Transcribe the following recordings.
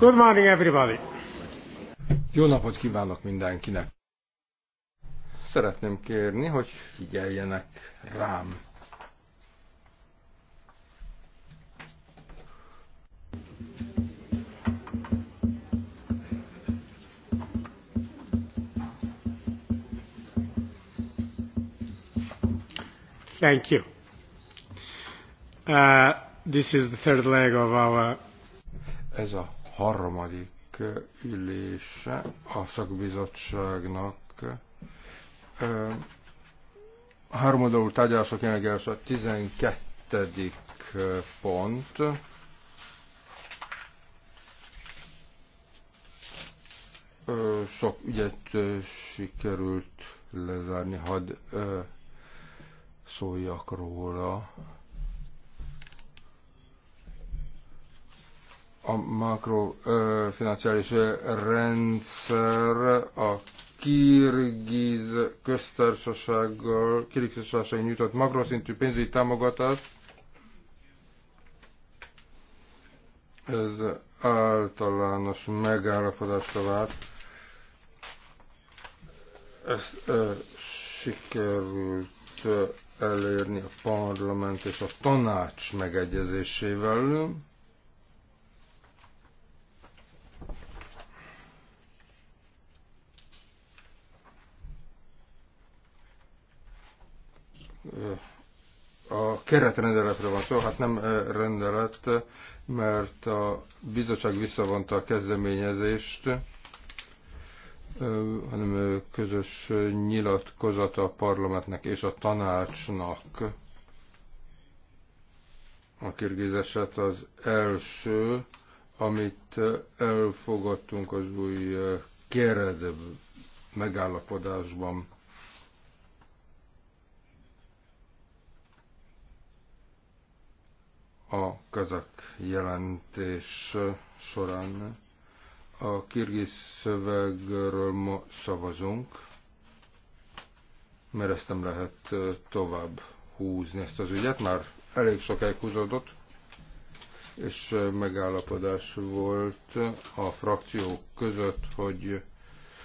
Good morning, everybody. Jó napot kívánok mindenkinek. Szeretném kérni, hogy figyeljenek rám. Thank you. Uh, this is the third leg of our ez a harmadik ülése a szakbizottságnak háromoldalú tárgyalások jelenleges a 12. pont. Sok ügyet sikerült lezárni, hadd szóljak róla. a makrofinanciális rendszer a Kirgiz köztársasággal, Kirgiz köztársaság nyújtott makroszintű pénzügyi támogatást. Ez általános megállapodásra vált. Ezt e, sikerült elérni a parlament és a tanács megegyezésével. a keretrendeletről van szó, hát nem rendelet, mert a bizottság visszavonta a kezdeményezést, hanem közös nyilatkozata a parlamentnek és a tanácsnak. A kirgiz eset az első, amit elfogadtunk az új kered megállapodásban. a kazak jelentés során. A kirgiz szövegről ma szavazunk, mert ezt nem lehet tovább húzni ezt az ügyet, már elég sokáig húzódott, és megállapodás volt a frakciók között, hogy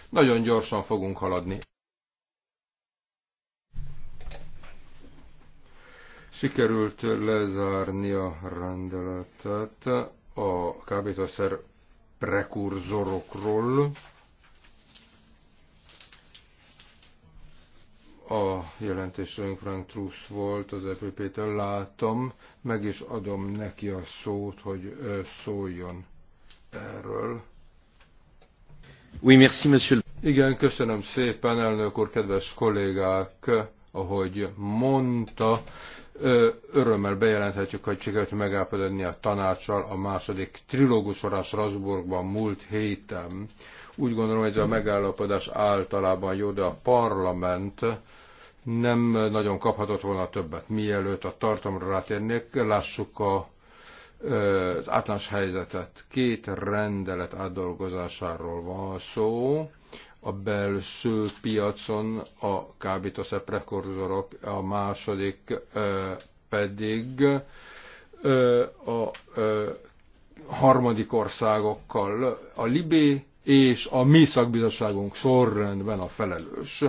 nagyon gyorsan fogunk haladni. Sikerült lezárni a rendeletet a kábítószer prekurzorokról, a jelentésünk Frank Truss volt, az EPP-től láttam, meg is adom neki a szót, hogy szóljon erről. Oui, merci, monsieur. Igen, köszönöm szépen, elnök úr, kedves kollégák, ahogy mondta, Örömmel bejelenthetjük, hogy sikerült megállapodni a tanácssal a második trilógus során Strasbourgban múlt héten. Úgy gondolom, hogy ez a megállapodás általában jó, de a parlament nem nagyon kaphatott volna többet. Mielőtt a tartalomra rátérnék, lássuk a az általános helyzetet. Két rendelet átdolgozásáról van szó, a belső piacon a kábítószer prekurzorok, a második pedig a harmadik országokkal. A Libé és a mi szakbizottságunk sorrendben a felelős.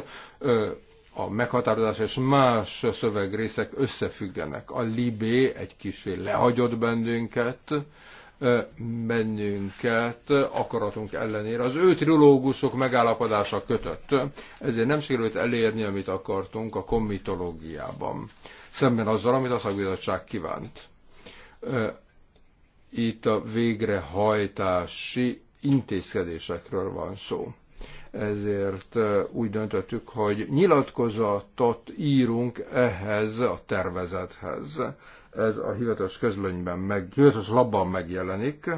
A meghatározás és más szövegrészek összefüggenek. A Libé egy kicsit lehagyott bennünket, bennünket akaratunk ellenére. Az ő trilógusok megállapodása kötött, ezért nem sikerült elérni, amit akartunk a komitológiában, szemben azzal, amit a szakbizottság kívánt. Itt a végrehajtási intézkedésekről van szó. Ezért úgy döntöttük, hogy nyilatkozatot írunk ehhez a tervezethez ez a hivatalos közlönyben, meg, hivatalos labban megjelenik,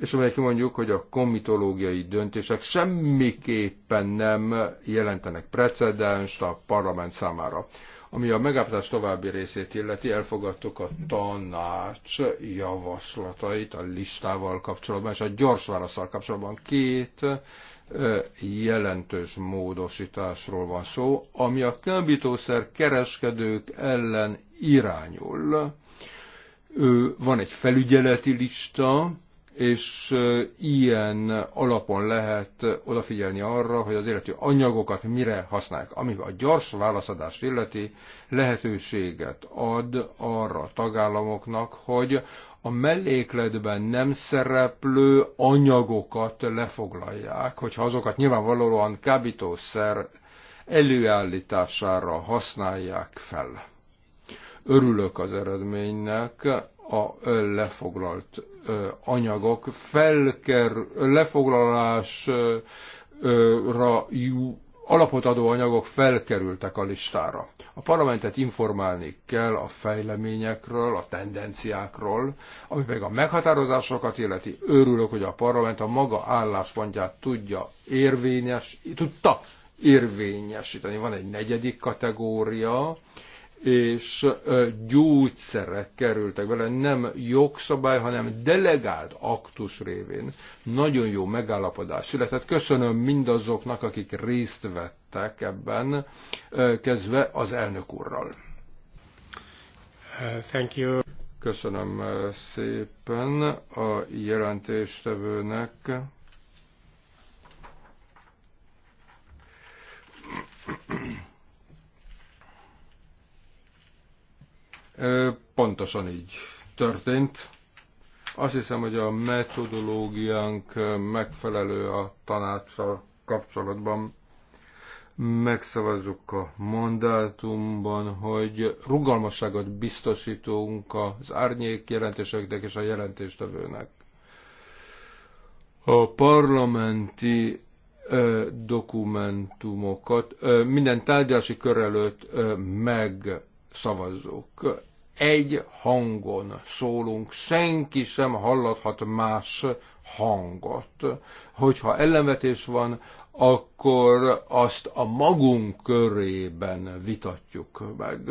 és amelyek mondjuk, hogy a komitológiai döntések semmiképpen nem jelentenek precedenst a parlament számára. Ami a megállapodás további részét illeti, elfogadtuk a tanács javaslatait a listával kapcsolatban és a gyors válaszsal kapcsolatban. Két jelentős módosításról van szó, ami a kábítószer kereskedők ellen irányul. Van egy felügyeleti lista, és ilyen alapon lehet odafigyelni arra, hogy az életű anyagokat mire használják. Ami a gyors válaszadás illeti, lehetőséget ad arra a tagállamoknak, hogy a mellékletben nem szereplő anyagokat lefoglalják, hogyha azokat nyilvánvalóan kábítószer előállítására használják fel. Örülök az eredménynek, a lefoglalt anyagok felker, lefoglalásra alapot adó anyagok felkerültek a listára. A parlamentet informálni kell a fejleményekről, a tendenciákról, ami pedig a meghatározásokat illeti. Örülök, hogy a parlament a maga álláspontját tudja érvényes, tudta érvényesíteni. Van egy negyedik kategória, és gyógyszerek kerültek vele, nem jogszabály, hanem delegált aktus révén. Nagyon jó megállapodás született. Köszönöm mindazoknak, akik részt vettek ebben, kezdve az elnök úrral. Uh, thank you. Köszönöm szépen a jelentéstevőnek. Pontosan így történt. Azt hiszem, hogy a metodológiánk megfelelő a tanácssal kapcsolatban. Megszavazzuk a mandátumban, hogy rugalmasságot biztosítunk az árnyék jelentéseknek és a jelentéstevőnek. A parlamenti ö, dokumentumokat ö, minden tárgyalási kör előtt ö, megszavazzuk egy hangon szólunk, senki sem hallathat más hangot. Hogyha ellenvetés van, akkor azt a magunk körében vitatjuk meg.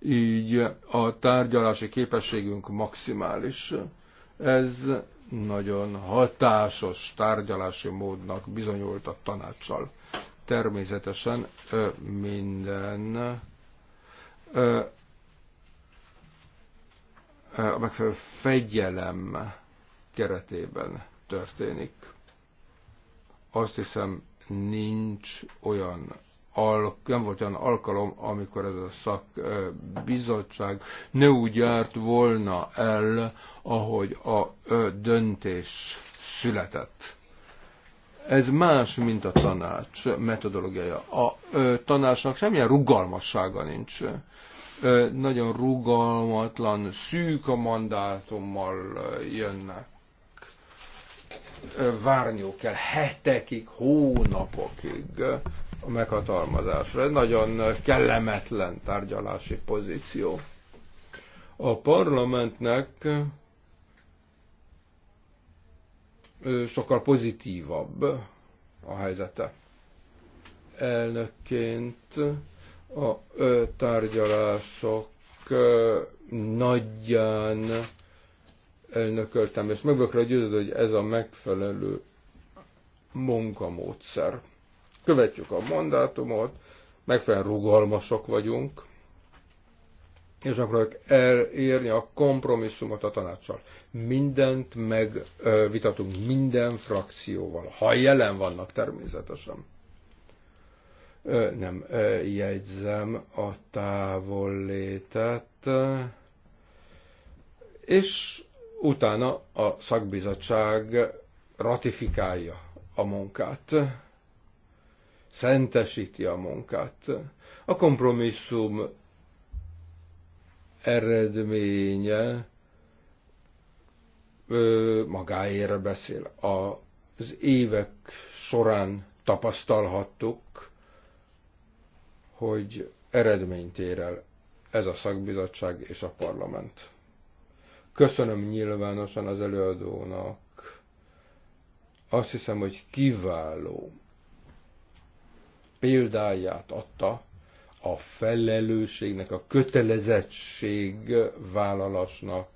Így a tárgyalási képességünk maximális. Ez nagyon hatásos tárgyalási módnak bizonyult a tanácssal. Természetesen minden a megfelelő fegyelem keretében történik. Azt hiszem, nincs olyan al, nem volt olyan alkalom, amikor ez a szakbizottság ne úgy járt volna el, ahogy a döntés született. Ez más, mint a tanács metodológiája. A tanácsnak semmilyen rugalmassága nincs nagyon rugalmatlan, szűk a mandátummal jönnek. Várniuk kell hetekig, hónapokig a meghatalmazásra. nagyon kellemetlen tárgyalási pozíció. A parlamentnek sokkal pozitívabb a helyzete. Elnökként a tárgyalások nagyján elnököltem, és meg vagyok győződve, hogy ez a megfelelő munkamódszer. Követjük a mandátumot, megfelelően rugalmasak vagyunk, és akkor elérni a kompromisszumot a tanácssal. Mindent megvitatunk minden frakcióval, ha jelen vannak természetesen nem jegyzem a távollétet, és utána a szakbizottság ratifikálja a munkát, szentesíti a munkát. A kompromisszum eredménye ö, magáért beszél. Az évek során tapasztalhattuk, hogy eredményt ér el ez a szakbizottság és a parlament. Köszönöm nyilvánosan az előadónak. Azt hiszem, hogy kiváló példáját adta a felelősségnek, a kötelezettség vállalásnak,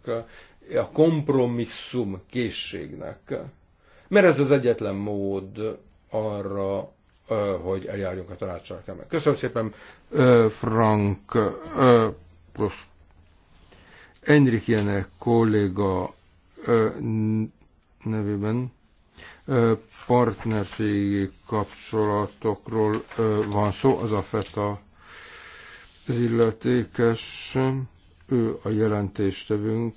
a kompromisszum készségnek. Mert ez az egyetlen mód arra, hogy eljárjunk a tanácssal Köszönöm szépen, Frank plusz Enrikének kolléga nevében partnerségi kapcsolatokról van szó, az a FETA az illetékes, ő a jelentéstevünk,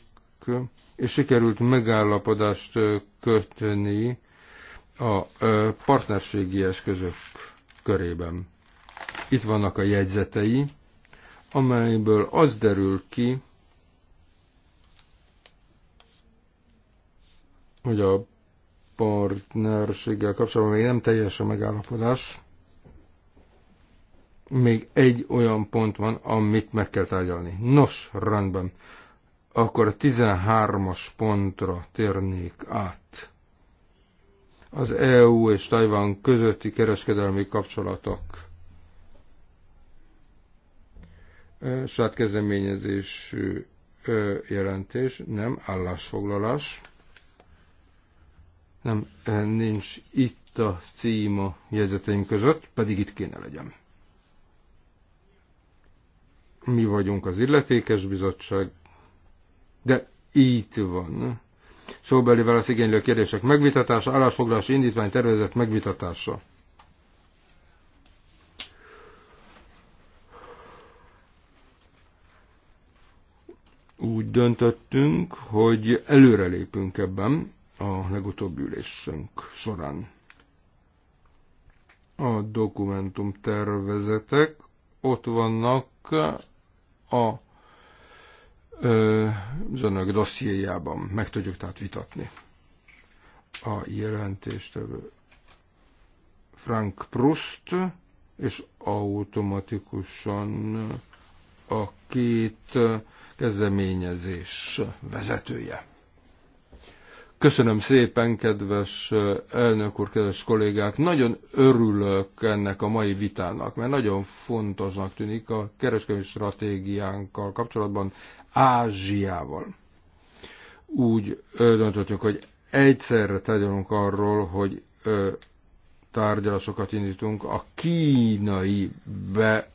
és sikerült megállapodást kötni a partnerségi eszközök körében. Itt vannak a jegyzetei, amelyből az derül ki, hogy a partnerséggel kapcsolatban még nem teljes a megállapodás. Még egy olyan pont van, amit meg kell tárgyalni. Nos, rendben. Akkor a 13-as pontra térnék át az EU és Tajvan közötti kereskedelmi kapcsolatok. Saját kezdeményezésű jelentés, nem állásfoglalás. Nem, nincs itt a cím a jegyzeteim között, pedig itt kéne legyen. Mi vagyunk az illetékes bizottság, de itt van szóbeli válasz igénylő kérdések megvitatása, állásfoglalási indítvány tervezett megvitatása. Úgy döntöttünk, hogy előrelépünk ebben a legutóbbi ülésünk során. A dokumentum tervezetek ott vannak a az önök dossziéjában. Meg tudjuk tehát vitatni. A jelentést Frank Prust és automatikusan a két kezdeményezés vezetője. Köszönöm szépen, kedves elnök úr, kedves kollégák. Nagyon örülök ennek a mai vitának, mert nagyon fontosnak tűnik a kereskedelmi stratégiánkkal kapcsolatban Ázsiával. Úgy döntöttünk, hogy egyszerre tárgyalunk arról, hogy tárgyalásokat indítunk a kínai be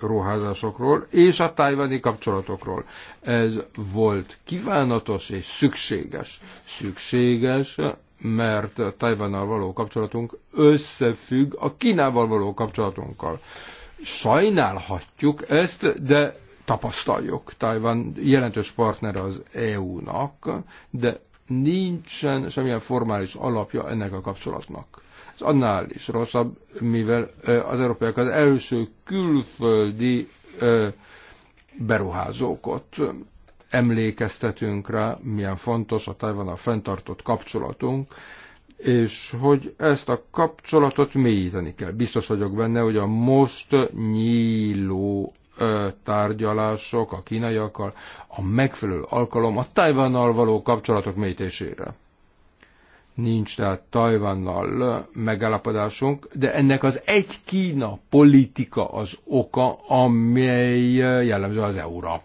beruházásokról és a tájvani kapcsolatokról. Ez volt kívánatos és szükséges. Szükséges, mert Tajvannal való kapcsolatunk összefügg a Kínával való kapcsolatunkkal. Sajnálhatjuk ezt, de tapasztaljuk. Tajvan jelentős partner az EU-nak, de nincsen semmilyen formális alapja ennek a kapcsolatnak. Ez annál is rosszabb, mivel az európaiak az első külföldi beruházókot emlékeztetünk rá, milyen fontos a a fenntartott kapcsolatunk, és hogy ezt a kapcsolatot mélyíteni kell. Biztos vagyok benne, hogy a most nyíló tárgyalások a kínaiakkal a megfelelő alkalom a Tajvannal való kapcsolatok mélyítésére. Nincs tehát Tajvannal megállapodásunk, de ennek az egy Kína politika az oka, amely jellemző az EU-ra.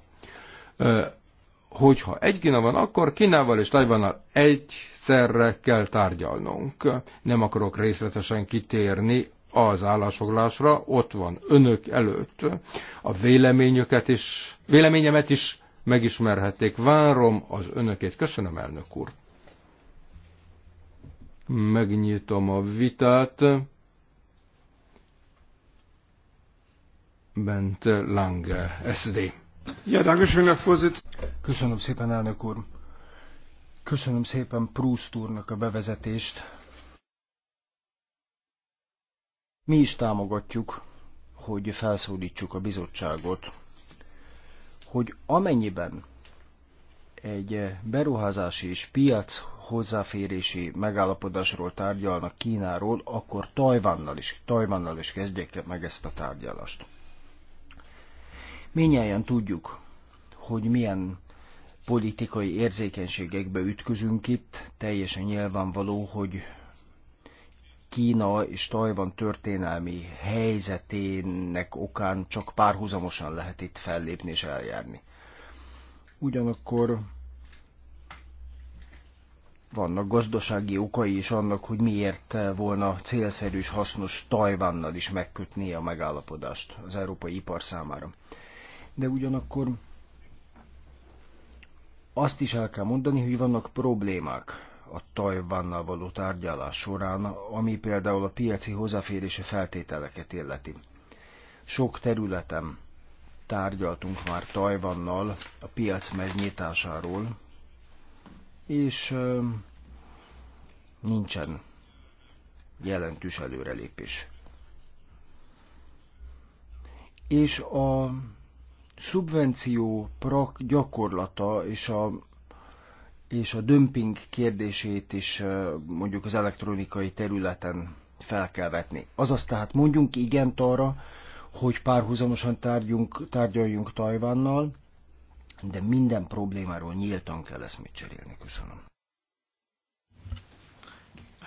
Hogyha egy Kína van, akkor Kínával és Tajvannal egyszerre kell tárgyalnunk. Nem akarok részletesen kitérni az állásfoglásra, ott van önök előtt. A véleményüket is, véleményemet is megismerhették. Várom az önökét. Köszönöm, elnök úr. Megnyitom a vitát. Bent Lange, SD. Ja, Köszönöm szépen, elnök úr. Köszönöm szépen Proust úrnak a bevezetést. Mi is támogatjuk, hogy felszólítsuk a bizottságot, hogy amennyiben egy eh, beruházási és piac hozzáférési megállapodásról tárgyalnak Kínáról, akkor Tajvannal is, Tajvannal is kezdjék meg ezt a tárgyalást. Minnyáján tudjuk, hogy milyen politikai érzékenységekbe ütközünk itt, teljesen nyilvánvaló, hogy Kína és Tajvan történelmi helyzetének okán csak párhuzamosan lehet itt fellépni és eljárni. Ugyanakkor vannak gazdasági okai is annak, hogy miért volna célszerű és hasznos Tajvannal is megkötni a megállapodást az európai ipar számára. De ugyanakkor azt is el kell mondani, hogy vannak problémák a Tajvannal való tárgyalás során, ami például a piaci hozzáférési feltételeket illeti. Sok területen tárgyaltunk már Tajvannal a piac megnyitásáról, és nincsen jelentős előrelépés. És a szubvenció prak gyakorlata és a, és a dömping kérdését is mondjuk az elektronikai területen fel kell vetni. Azaz tehát mondjunk igent arra, hogy párhuzamosan tárgyunk, tárgyaljunk Tajvánnal, de minden problémáról nyíltan kell eszmét cserélni. Köszönöm.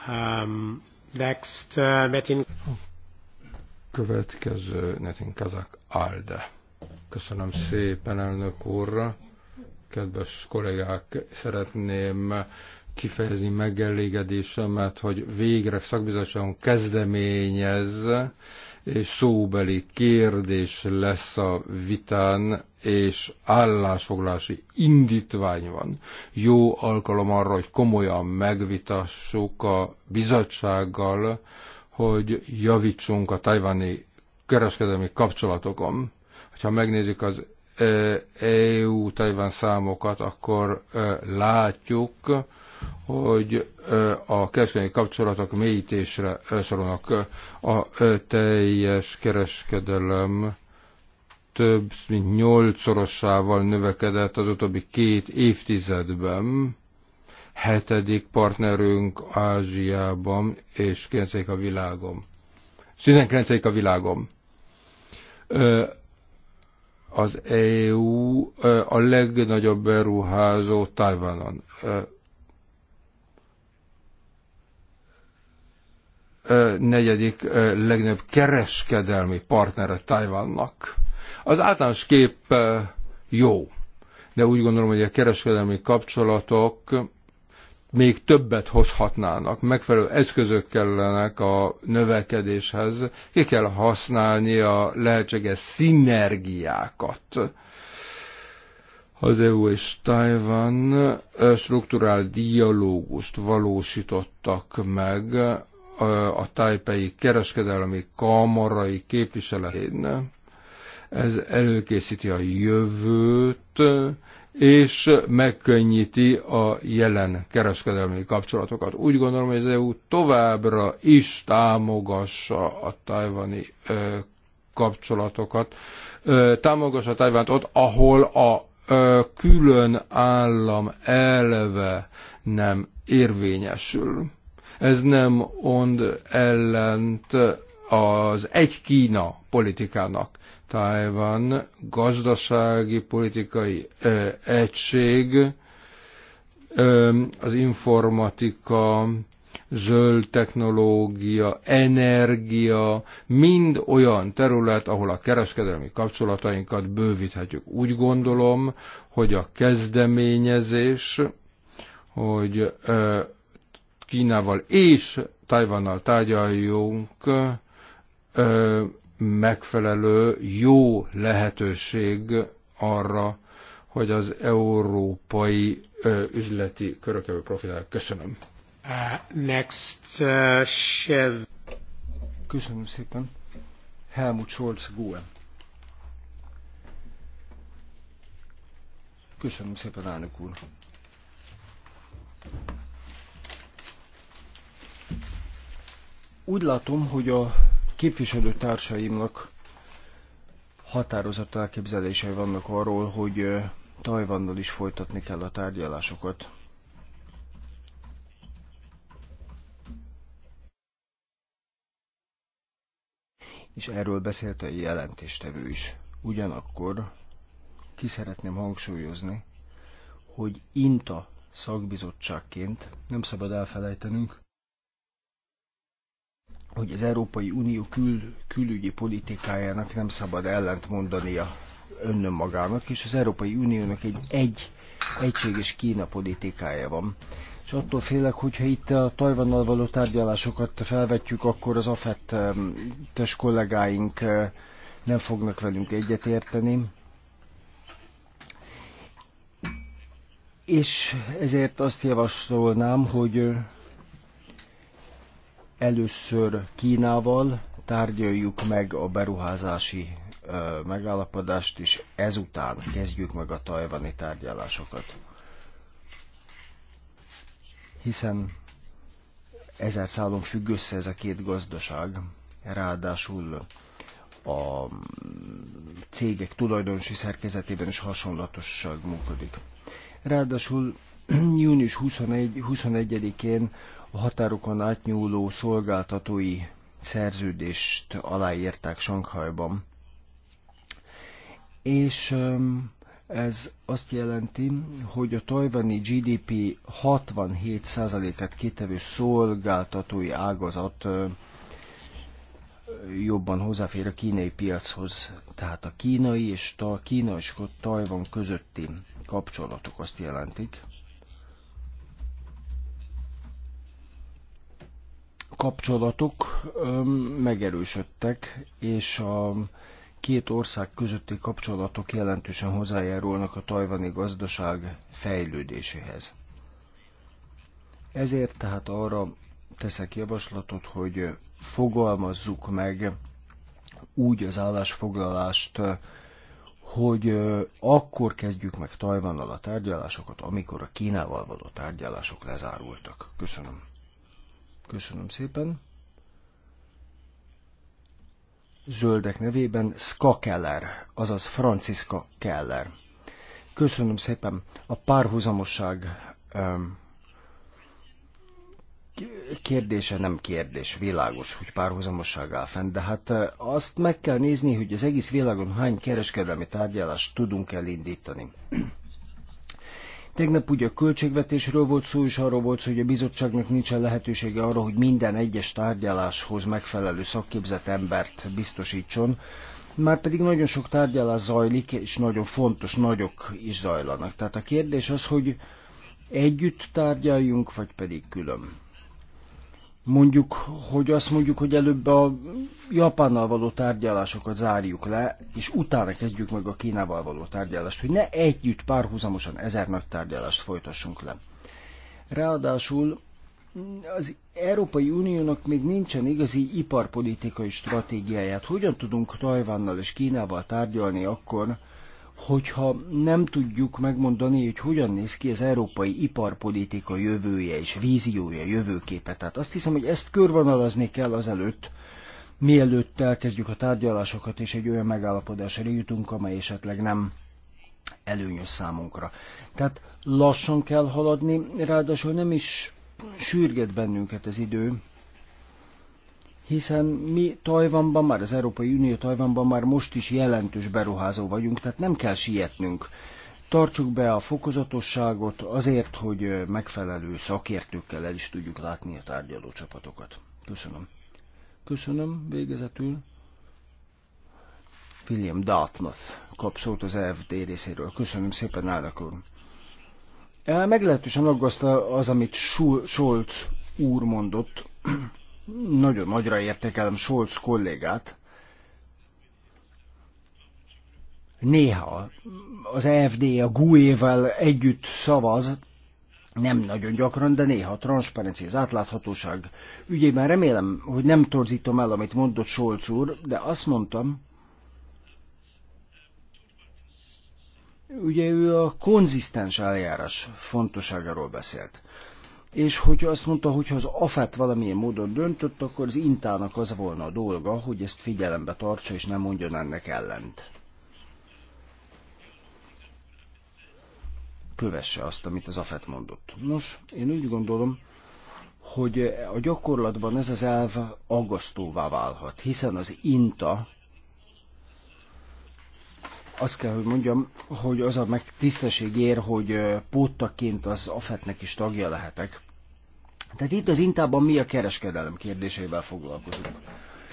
Um, next, uh, Metin. Következő Netin Kazak Alde. Köszönöm szépen, elnök úr. Kedves kollégák, szeretném kifejezni megelégedésemet, hogy végre szakbizottságunk kezdeményez szóbeli kérdés lesz a vitán, és állásfoglási indítvány van. Jó alkalom arra, hogy komolyan megvitassuk a bizottsággal, hogy javítsunk a tajvani kereskedelmi kapcsolatokon. Ha megnézzük az eu eh, e tajván számokat, akkor eh, látjuk, hogy a kereskedelmi kapcsolatok mélyítésre szorulnak. A teljes kereskedelem több mint nyolcszorossával növekedett az utóbbi két évtizedben. Hetedik partnerünk Ázsiában, és 9 a világom. 19 a világom. Az EU a legnagyobb beruházó Tajvanon. negyedik legnagyobb kereskedelmi partnere Tajvannak. Az általános kép jó, de úgy gondolom, hogy a kereskedelmi kapcsolatok még többet hozhatnának, megfelelő eszközök kellenek a növekedéshez, ki kell használni a lehetséges szinergiákat. Az EU és Tajvan strukturál dialógust valósítottak meg a tájpei kereskedelmi kamarai képviseletén. Ez előkészíti a jövőt, és megkönnyíti a jelen kereskedelmi kapcsolatokat. Úgy gondolom, hogy az EU továbbra is támogassa a tajvani kapcsolatokat, támogassa a Tajvánt ott, ahol a külön állam elve nem érvényesül ez nem ond ellent az egy Kína politikának. Tájvan gazdasági, politikai ö, egység, ö, az informatika, zöld technológia, energia, mind olyan terület, ahol a kereskedelmi kapcsolatainkat bővíthetjük. Úgy gondolom, hogy a kezdeményezés, hogy ö, Kínával és Tajvannal tárgyaljunk, megfelelő jó lehetőség arra, hogy az európai üzleti körökevő profilálják. Köszönöm. Uh, next, uh, Shev. Köszönöm szépen. Helmut Scholz, GUE. Köszönöm szépen, elnök úr. Úgy látom, hogy a képviselő társaimnak határozott elképzelései vannak arról, hogy Tajvannal is folytatni kell a tárgyalásokat. És erről beszélt a jelentéstevő is. Ugyanakkor ki szeretném hangsúlyozni, hogy INTA szakbizottságként nem szabad elfelejtenünk, hogy az Európai Unió kül, külügyi politikájának nem szabad önnön magának, és az Európai Uniónak egy, egy egységes Kína politikája van. És attól félek, hogyha itt a Tajvannal való tárgyalásokat felvetjük, akkor az AFET-es kollégáink eh, nem fognak velünk egyetérteni. És ezért azt javasolnám, hogy Először Kínával tárgyaljuk meg a beruházási megállapodást, és ezután kezdjük meg a tajvani tárgyalásokat. Hiszen ezer szálon függ össze ez a két gazdaság, ráadásul a cégek tulajdonosi szerkezetében is hasonlatosság működik. Ráadásul június 21-én a határokon átnyúló szolgáltatói szerződést aláírták Sankhajban. És ez azt jelenti, hogy a tajvani GDP 67%-át kitevő szolgáltatói ágazat jobban hozzáfér a kínai piachoz. Tehát a kínai és a kínai és Tajvan közötti kapcsolatok azt jelentik, kapcsolatok megerősödtek, és a két ország közötti kapcsolatok jelentősen hozzájárulnak a tajvani gazdaság fejlődéséhez. Ezért tehát arra teszek javaslatot, hogy fogalmazzuk meg úgy az állásfoglalást, hogy akkor kezdjük meg Tajvannal a tárgyalásokat, amikor a Kínával való tárgyalások lezárultak. Köszönöm. Köszönöm szépen. Zöldek nevében Ska Keller, azaz Franciska Keller. Köszönöm szépen a párhuzamosság kérdése nem kérdés, világos, hogy párhuzamosság áll fenn, de hát eh, azt meg kell nézni, hogy az egész világon hány kereskedelmi tárgyalást tudunk elindítani. Tegnap ugye a költségvetésről volt szó, és arról volt szó, hogy a bizottságnak nincsen lehetősége arra, hogy minden egyes tárgyaláshoz megfelelő szakképzett embert biztosítson. Már pedig nagyon sok tárgyalás zajlik, és nagyon fontos nagyok is zajlanak. Tehát a kérdés az, hogy együtt tárgyaljunk, vagy pedig külön mondjuk, hogy azt mondjuk, hogy előbb a Japánnal való tárgyalásokat zárjuk le, és utána kezdjük meg a Kínával való tárgyalást, hogy ne együtt párhuzamosan ezer nagy tárgyalást folytassunk le. Ráadásul az Európai Uniónak még nincsen igazi iparpolitikai stratégiáját. Hogyan tudunk Tajvannal és Kínával tárgyalni akkor, hogyha nem tudjuk megmondani, hogy hogyan néz ki az európai iparpolitika jövője és víziója, jövőképe. Tehát azt hiszem, hogy ezt körvonalazni kell azelőtt, mielőtt elkezdjük a tárgyalásokat, és egy olyan megállapodásra jutunk, amely esetleg nem előnyös számunkra. Tehát lassan kell haladni, ráadásul nem is sürget bennünket az idő, hiszen mi Tajvanban, már az Európai Unió Tajvanban már most is jelentős beruházó vagyunk, tehát nem kell sietnünk. Tartsuk be a fokozatosságot azért, hogy megfelelő szakértőkkel el is tudjuk látni a tárgyaló csapatokat. Köszönöm. Köszönöm végezetül. William Dartmouth kap szót az EFD részéről. Köszönöm szépen, Állak úr. Meglehetősen aggaszt az, amit Schulz úr mondott nagyon nagyra értékelem Scholz kollégát, néha az EFD a GUE-vel együtt szavaz, nem nagyon gyakran, de néha a transzparencia, az átláthatóság ügyében remélem, hogy nem torzítom el, amit mondott Solc úr, de azt mondtam, ugye ő a konzisztens eljárás fontosságáról beszélt és hogyha azt mondta, hogy ha az AFET valamilyen módon döntött, akkor az Intának az volna a dolga, hogy ezt figyelembe tartsa, és nem mondjon ennek ellent. Kövesse azt, amit az AFET mondott. Nos, én úgy gondolom, hogy a gyakorlatban ez az elv aggasztóvá válhat, hiszen az INTA azt kell, hogy mondjam, hogy az a meg tisztesség ér, hogy póttaként az AFET-nek is tagja lehetek. Tehát itt az intában mi a kereskedelem kérdéseivel foglalkozunk.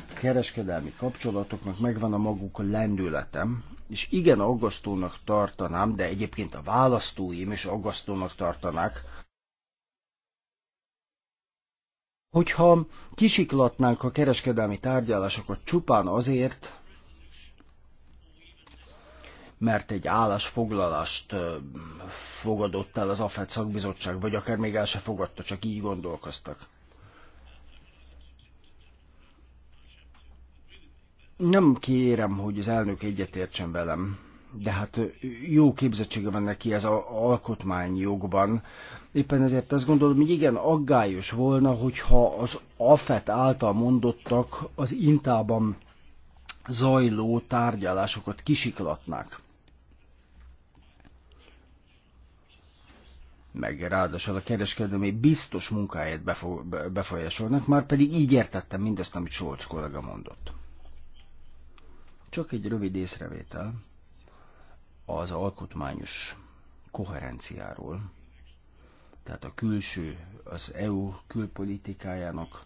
A kereskedelmi kapcsolatoknak megvan a maguk a lendületem, és igen aggasztónak tartanám, de egyébként a választóim is aggasztónak tartanák, hogyha kisiklatnánk a kereskedelmi tárgyalásokat csupán azért, mert egy állásfoglalást fogadott el az AFED szakbizottság, vagy akár még el se fogadta, csak így gondolkoztak. Nem kérem, hogy az elnök egyetértsen velem, de hát jó képzettsége van neki ez a alkotmányjogban. Éppen ezért azt gondolom, hogy igen, aggályos volna, hogyha az AFET által mondottak az intában zajló tárgyalásokat kisiklatnák. meg ráadásul a kereskedelmi biztos munkáját befolyásolnak, már pedig így értettem mindezt, amit Solcs kollega mondott. Csak egy rövid észrevétel az alkotmányos koherenciáról, tehát a külső, az EU külpolitikájának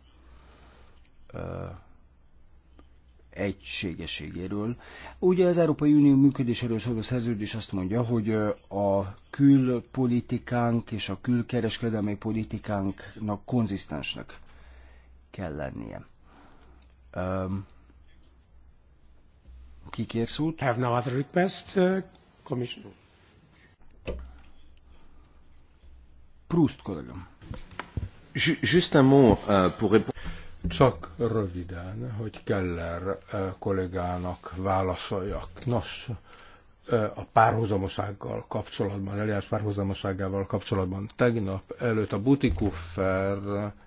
egységeségéről. Ugye az Európai Unió működéséről szóló szerződés azt mondja, hogy a külpolitikánk és a külkereskedelmi politikánknak konzisztensnek kell lennie. Um, ki kér szót? Have no other request, uh, commissioner. Proust kollégám. Just un mot euh, pour répondre csak röviden, hogy Keller eh, kollégának válaszoljak. Nos, eh, a párhuzamosággal kapcsolatban, eljárás párhuzamoságával kapcsolatban tegnap előtt a Butikuffer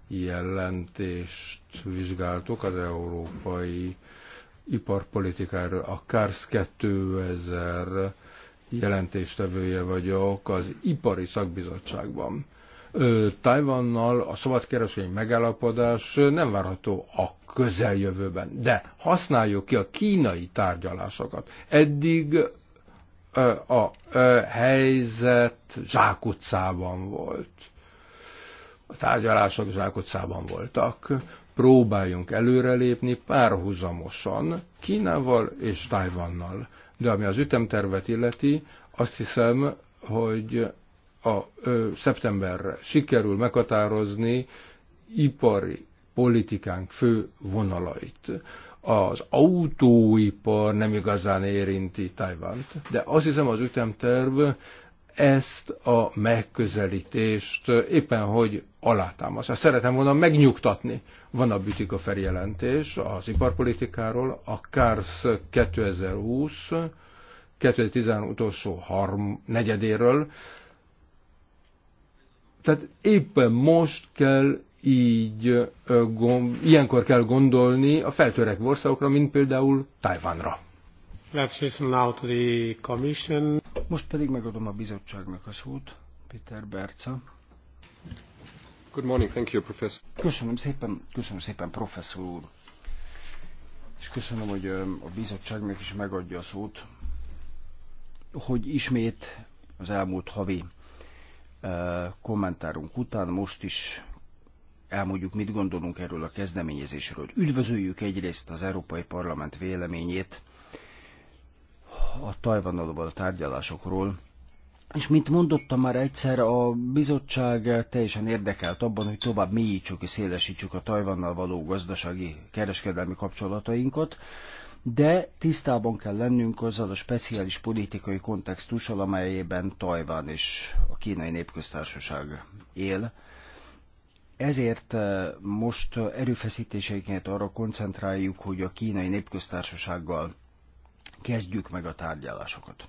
jelentést vizsgáltuk az európai iparpolitikáról. A KARS 2000 jelentéstevője vagyok az ipari szakbizottságban. Tajvannal a szabadkereskedelmi megállapodás nem várható a közeljövőben. De használjuk ki a kínai tárgyalásokat. Eddig a helyzet zsákutcában volt. A tárgyalások zsákutcában voltak. Próbáljunk előrelépni párhuzamosan Kínával és Tajvannal. De ami az ütemtervet illeti, azt hiszem, hogy a ö, szeptemberre sikerül meghatározni ipari politikánk fő vonalait. Az autóipar nem igazán érinti Tajvant, de azt hiszem az ütemterv ezt a megközelítést éppen hogy alátámasztja. Szeretem volna megnyugtatni. Van a Bütika feljelentés az iparpolitikáról, a KARS 2020, 2010 utolsó harm, negyedéről, tehát éppen most kell így, ilyenkor kell gondolni a feltörek országokra, mint például Tajvanra. Let's now to the commission. Most pedig megadom a bizottságnak a szót, Peter Berca. Good morning, thank you, professor. Köszönöm szépen, köszönöm szépen, professzor úr. És köszönöm, hogy a bizottságnak is megadja a szót, hogy ismét az elmúlt havi kommentárunk után most is elmondjuk, mit gondolunk erről a kezdeményezésről. Üdvözöljük egyrészt az Európai Parlament véleményét a Tajvannal való tárgyalásokról, és mint mondottam már egyszer, a bizottság teljesen érdekelt abban, hogy tovább mélyítsük és szélesítsük a Tajvannal való gazdasági kereskedelmi kapcsolatainkat de tisztában kell lennünk azzal a speciális politikai kontextussal, amelyében Tajvan és a kínai népköztársaság él. Ezért eh, most erőfeszítéseinket arra koncentráljuk, hogy a kínai népköztársasággal kezdjük meg a tárgyalásokat.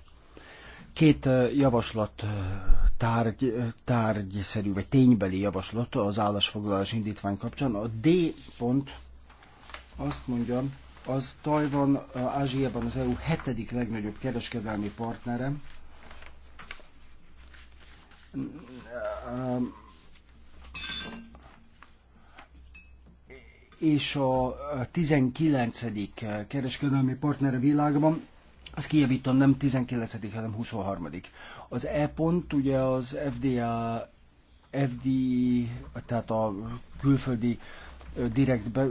Két eh, javaslat eh, tárgy, tárgyszerű, vagy ténybeli javaslat az állásfoglalás indítvány kapcsán. A D pont azt mondja, az Tajvan Ázsiában az EU hetedik legnagyobb kereskedelmi partnere. És a 19. kereskedelmi partnere világban, ezt kijavítom, nem 19. hanem 23. Az E-pont ugye az FDA, FD, tehát a külföldi direkt be,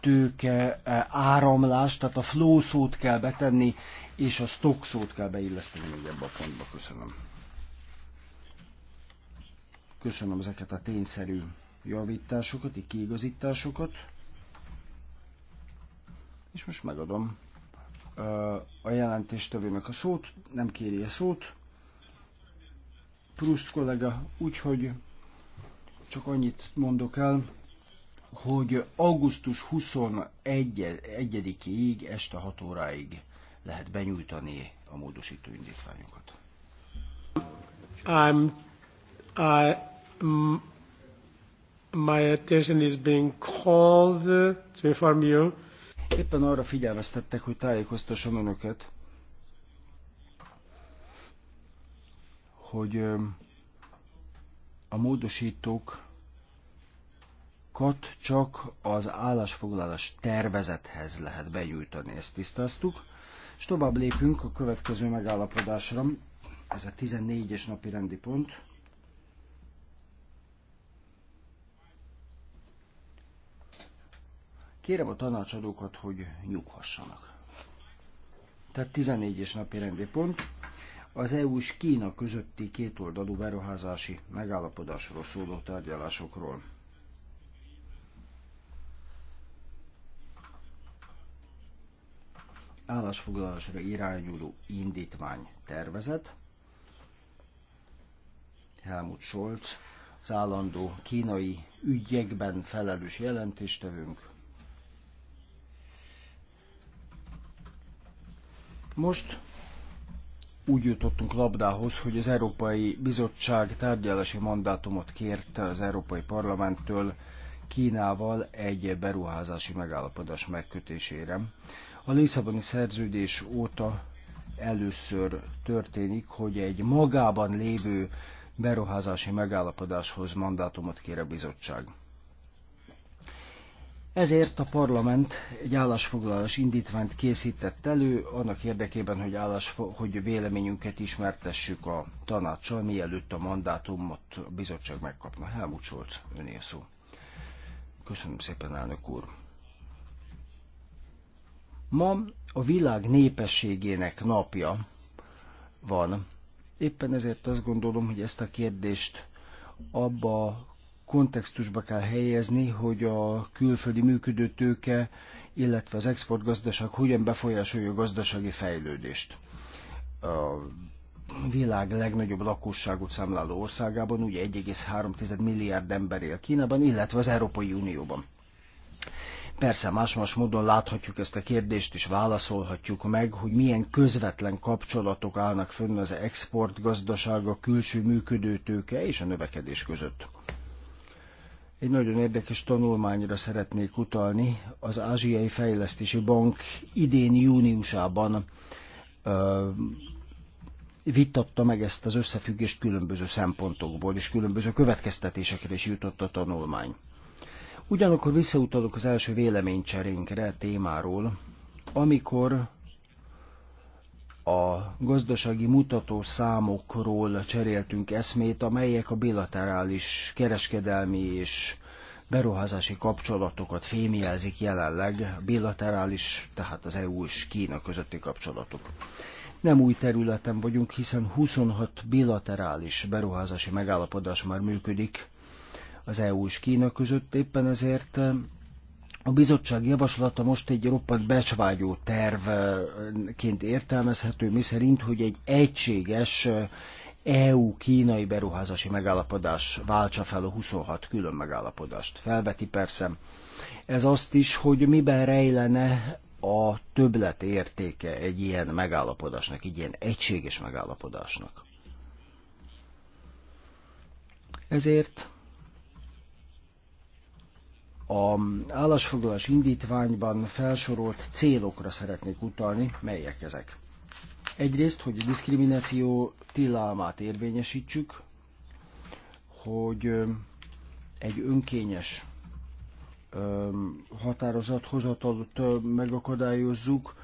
tőke eh, áramlás, tehát a flow szót kell betenni, és a stock szót kell beilleszteni még ebbe a pontba. Köszönöm. Köszönöm ezeket a tényszerű javításokat, kiigazításokat. És most megadom eh, a jelentéstevőnek a szót, nem kéri a szót. Proust kollega, úgyhogy csak annyit mondok el, hogy augusztus 21-ig este 6 óráig lehet benyújtani a módosító indítványokat. I'm, I, my attention is being called to inform you. Éppen arra figyelmeztettek, hogy tájékoztassam önöket, hogy a módosítók adatokat csak az állásfoglalás tervezethez lehet begyűjteni, ezt tisztáztuk. És tovább lépünk a következő megállapodásra, ez a 14-es napi rendi pont. Kérem a tanácsadókat, hogy nyughassanak. Tehát 14-es napi rendi pont az EU és Kína közötti kétoldalú beruházási megállapodásról szóló tárgyalásokról. állásfoglalásra irányuló indítvány tervezet. Helmut Scholz, az állandó kínai ügyekben felelős jelentéstevünk. Most úgy jutottunk labdához, hogy az Európai Bizottság tárgyalási mandátumot kért az Európai Parlamenttől Kínával egy beruházási megállapodás megkötésére. A Lisszaboni szerződés óta először történik, hogy egy magában lévő beruházási megállapodáshoz mandátumot kér a bizottság. Ezért a parlament egy állásfoglalás indítványt készített elő, annak érdekében, hogy, állás, hogy véleményünket ismertessük a tanácssal, mielőtt a mandátumot a bizottság megkapna. Helmut Scholz, önél szó. Köszönöm szépen, elnök úr. Ma a világ népességének napja van. Éppen ezért azt gondolom, hogy ezt a kérdést abba a kontextusba kell helyezni, hogy a külföldi működő tőke, illetve az exportgazdaság hogyan befolyásolja a gazdasági fejlődést. A világ legnagyobb lakosságot számláló országában, ugye 1,3 milliárd ember él Kínában, illetve az Európai Unióban. Persze más-más módon láthatjuk ezt a kérdést, és válaszolhatjuk meg, hogy milyen közvetlen kapcsolatok állnak fönn az export a külső működőtőke és a növekedés között. Egy nagyon érdekes tanulmányra szeretnék utalni. Az Ázsiai Fejlesztési Bank idén júniusában ö, vitatta meg ezt az összefüggést különböző szempontokból, és különböző következtetésekre is jutott a tanulmány. Ugyanakkor visszautalok az első véleménycserénkre témáról, amikor a gazdasági mutató számokról cseréltünk eszmét, amelyek a bilaterális kereskedelmi és beruházási kapcsolatokat fémjelzik jelenleg, bilaterális, tehát az EU és Kína közötti kapcsolatok. Nem új területen vagyunk, hiszen 26 bilaterális beruházási megállapodás már működik, az EU és Kína között. Éppen ezért eh, a bizottság javaslata most egy roppant becsvágyó tervként értelmezhető, miszerint, hogy egy egységes EU-kínai eh, e beruházási megállapodás váltsa fel a 26 külön megállapodást. Felveti persze ez azt is, hogy miben rejlene a többlet értéke egy ilyen megállapodásnak, egy ilyen egységes megállapodásnak. Ezért a állásfoglalás indítványban felsorolt célokra szeretnék utalni, melyek ezek. Egyrészt, hogy a diszkrimináció tilalmát érvényesítsük, hogy egy önkényes határozathozatatot megakadályozzuk,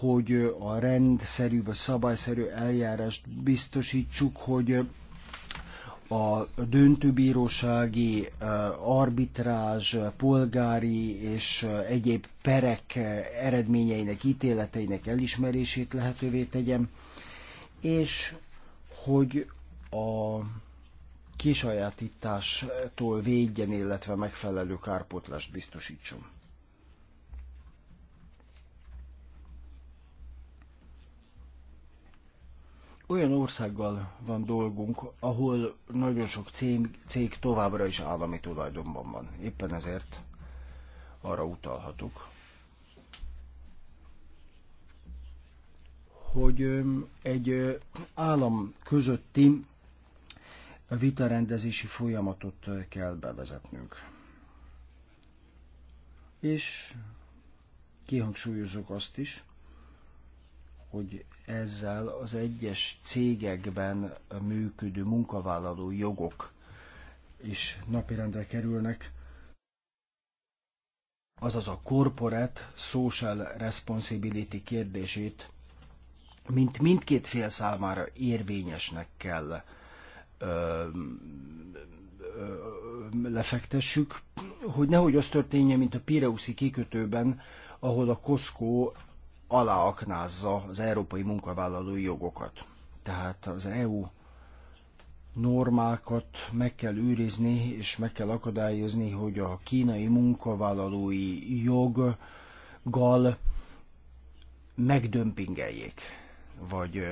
hogy a rendszerű vagy szabályszerű eljárást biztosítsuk, hogy a döntőbírósági, arbitrázs, polgári és egyéb perek eredményeinek, ítéleteinek elismerését lehetővé tegyem, és hogy a kisajátítástól védjen, illetve megfelelő kárpótlást biztosítson. olyan országgal van dolgunk, ahol nagyon sok cég, cég továbbra is állami tulajdonban van. Éppen ezért arra utalhatok, hogy egy állam közötti vitarendezési folyamatot kell bevezetnünk. És kihangsúlyozok azt is, hogy ezzel az egyes cégekben működő munkavállaló jogok is napirendre kerülnek, azaz a corporate social responsibility kérdését, mint mindkét fél számára érvényesnek kell ö, ö, lefektessük, hogy nehogy az történje, mint a Pireuszi kikötőben, ahol a Costco aláaknázza az európai munkavállalói jogokat. Tehát az EU normákat meg kell őrizni, és meg kell akadályozni, hogy a kínai munkavállalói joggal megdömpingeljék vagy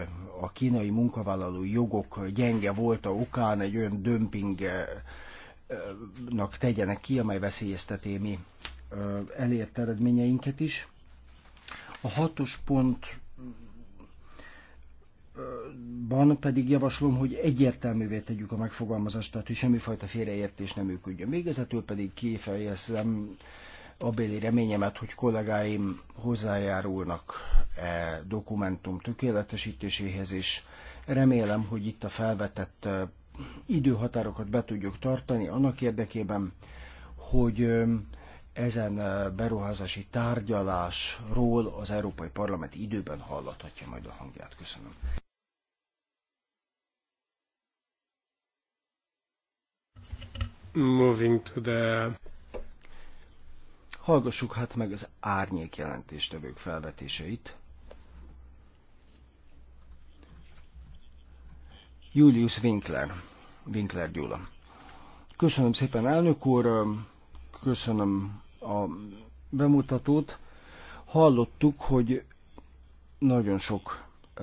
a kínai munkavállalói jogok gyenge volt a okán egy olyan dömpingnak tegyenek ki, amely veszélyezteti mi elért eredményeinket is. A hatos pont ban pedig javaslom, hogy egyértelművé tegyük a megfogalmazást, tehát hogy semmifajta félreértés nem működjön. Végezetül pedig kifejezem béli reményemet, hogy kollégáim hozzájárulnak e dokumentum tökéletesítéséhez, és remélem, hogy itt a felvetett e, időhatárokat be tudjuk tartani annak érdekében, hogy ezen beruházási tárgyalásról az Európai Parlament időben hallathatja majd a hangját. Köszönöm. Moving to the... Hallgassuk hát meg az árnyék jelentéstevők felvetéseit. Julius Winkler, Winkler Gyula. Köszönöm szépen, elnök úr, köszönöm a bemutatót, hallottuk, hogy nagyon sok e,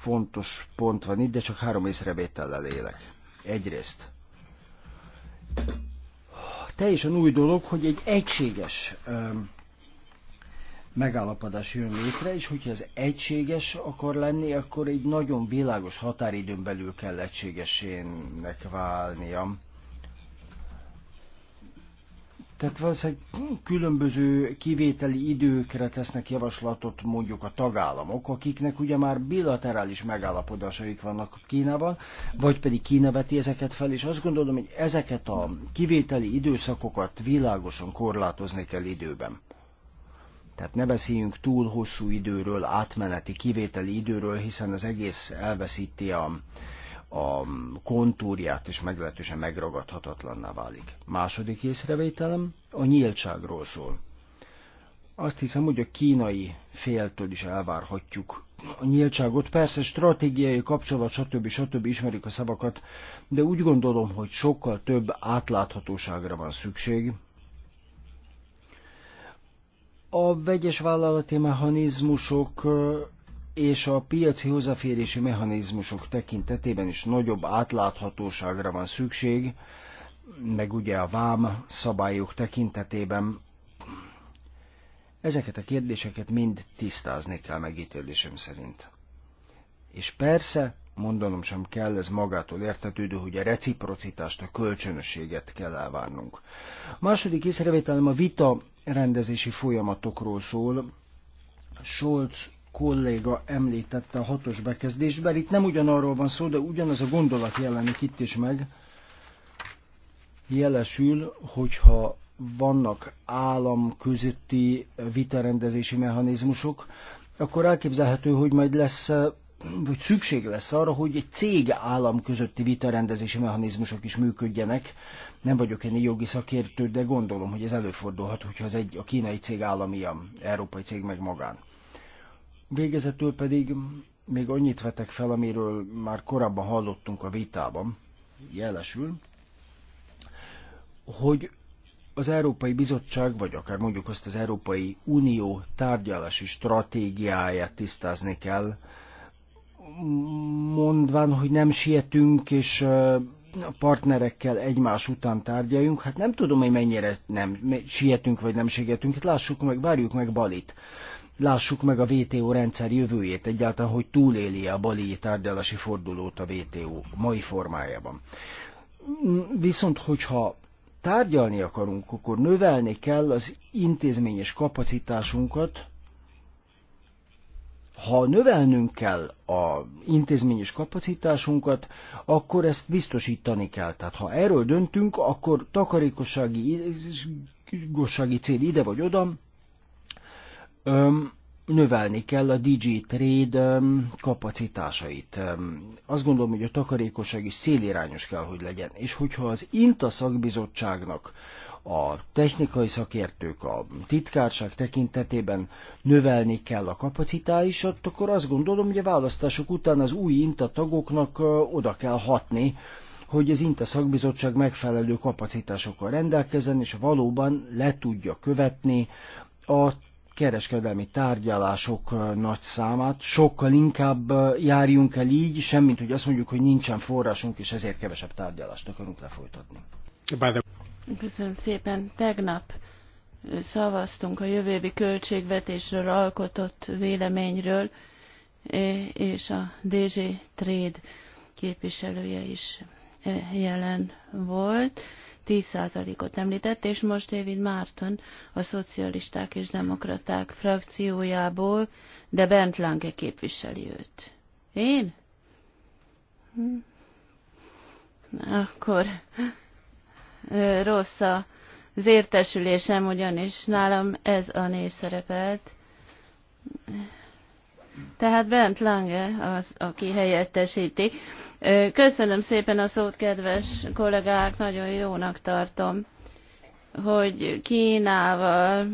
fontos pont van itt, de csak három észrevétellel élek. Egyrészt teljesen új dolog, hogy egy egységes e, megállapodás jön létre, és hogyha ez egységes akar lenni, akkor egy nagyon világos határidőn belül kell egységesének válnia. Tehát valószínűleg különböző kivételi időkre tesznek javaslatot mondjuk a tagállamok, akiknek ugye már bilaterális megállapodásaik vannak Kínában, vagy pedig Kína veti ezeket fel, és azt gondolom, hogy ezeket a kivételi időszakokat világosan korlátozni kell időben. Tehát ne beszéljünk túl hosszú időről, átmeneti kivételi időről, hiszen az egész elveszíti a a kontúrját is meglehetősen megragadhatatlanná válik. Második észrevételem a nyíltságról szól. Azt hiszem, hogy a kínai féltől is elvárhatjuk a nyíltságot. Persze stratégiai kapcsolat, stb. stb. ismerik a szavakat, de úgy gondolom, hogy sokkal több átláthatóságra van szükség. A vegyes vállalati mechanizmusok és a piaci hozzáférési mechanizmusok tekintetében is nagyobb átláthatóságra van szükség, meg ugye a vám szabályok tekintetében. Ezeket a kérdéseket mind tisztázni kell megítélésem szerint. És persze, mondanom sem kell, ez magától értetődő, hogy a reciprocitást, a kölcsönösséget kell elvárnunk. A második észrevételem a vita rendezési folyamatokról szól. Scholz kolléga említette a hatos bekezdésben. Itt nem ugyanarról van szó, de ugyanaz a gondolat jelenik itt is meg. Jelesül, hogyha vannak állam közötti vitarendezési mechanizmusok, akkor elképzelhető, hogy majd lesz, vagy szükség lesz arra, hogy egy cég állam közötti vitarendezési mechanizmusok is működjenek. Nem vagyok ennyi jogi szakértő, de gondolom, hogy ez előfordulhat, hogyha az egy, a kínai cég állami, európai cég meg magán. Végezetül pedig még annyit vetek fel, amiről már korábban hallottunk a vitában, jelesül, hogy az Európai Bizottság, vagy akár mondjuk azt az Európai Unió tárgyalási stratégiáját tisztázni kell, mondván, hogy nem sietünk, és a partnerekkel egymás után tárgyaljunk. Hát nem tudom, hogy mennyire nem sietünk, vagy nem sietünk. Hát lássuk meg, várjuk meg Balit lássuk meg a VTO rendszer jövőjét, egyáltalán, hogy túléli a bali tárgyalási fordulót a VTO mai formájában. Viszont, hogyha tárgyalni akarunk, akkor növelni kell az intézményes kapacitásunkat, ha növelnünk kell a intézményes kapacitásunkat, akkor ezt biztosítani kell. Tehát ha erről döntünk, akkor takarékossági cél ide vagy oda, öm, növelni kell a DG Trade kapacitásait. Azt gondolom, hogy a takarékosság is szélirányos kell, hogy legyen. És hogyha az INTA szakbizottságnak a technikai szakértők a titkárság tekintetében növelni kell a kapacitását, akkor azt gondolom, hogy a választások után az új INTA tagoknak oda kell hatni, hogy az INTA szakbizottság megfelelő kapacitásokkal rendelkezzen, és valóban le tudja követni a kereskedelmi tárgyalások nagy számát, sokkal inkább járjunk el így, semmint hogy azt mondjuk, hogy nincsen forrásunk, és ezért kevesebb tárgyalást akarunk lefolytatni. Köszönöm szépen. Tegnap szavaztunk a jövővi költségvetésről alkotott véleményről, és a DG Trade képviselője is jelen volt 10%-ot említett, és most David Márton a szocialisták és demokraták frakciójából, de Bent Lange képviseli őt. Én? Hm. Akkor rossz az értesülésem, ugyanis nálam ez a név szerepelt. Tehát Bent Lange, az, aki helyettesíti. Köszönöm szépen a szót, kedves kollégák, nagyon jónak tartom, hogy Kínával